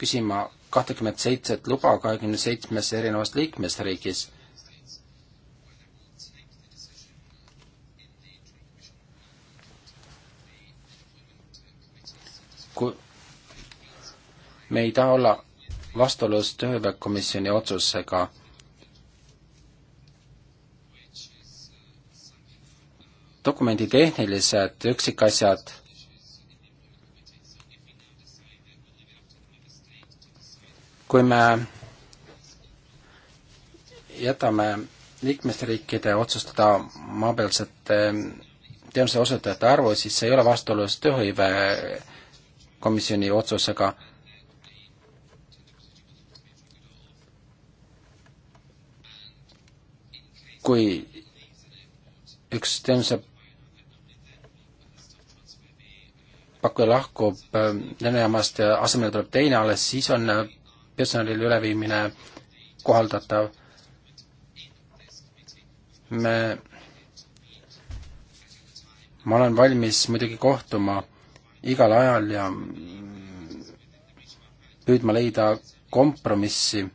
küsima kahtekümmet seitset luba kahekümne seitsmes erinevas liikmesriigis kui me ei taha olla vastuolus tööväekomisjoni otsusega dokumendi tehnilised üksikasjad kui me jätame liikmesriikide otsustada maapealsete teenuse osutajate arvu, siis see ei ole vastuolus tööhõive komisjoni otsusega kui üks teenuse pakkuja lahkub ähm, lennujaamast ja asemele tuleb teine alles, siis on äh, personalile üleviimine kohaldatav. me, ma olen valmis muidugi kohtuma igal ajal ja püüdma leida kompromissi.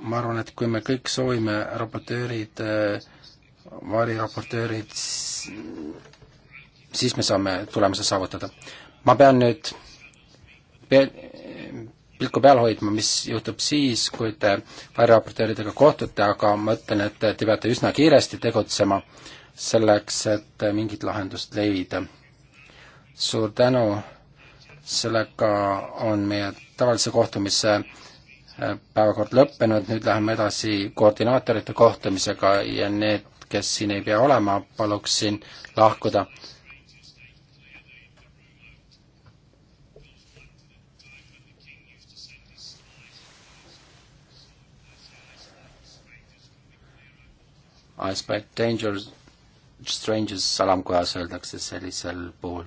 ma arvan, et kui me kõik soovime raportöörid, variraportöörid, siis me saame tulemuse saavutada. ma pean nüüd pe-, pilku peal hoidma, mis juhtub siis, kui te variraportööridega kohtute, aga ma ütlen, et te peate üsna kiiresti tegutsema selleks, et mingit lahendust leida suur tänu, sellega on meie tavalise kohtumise äh, päevakord lõppenud, nüüd läheme edasi koordinaatorite kohtumisega ja need, kes siin ei pea olema, paluksin lahkuda. I expect dangers strangers salamkojas öeldakse sellisel puhul.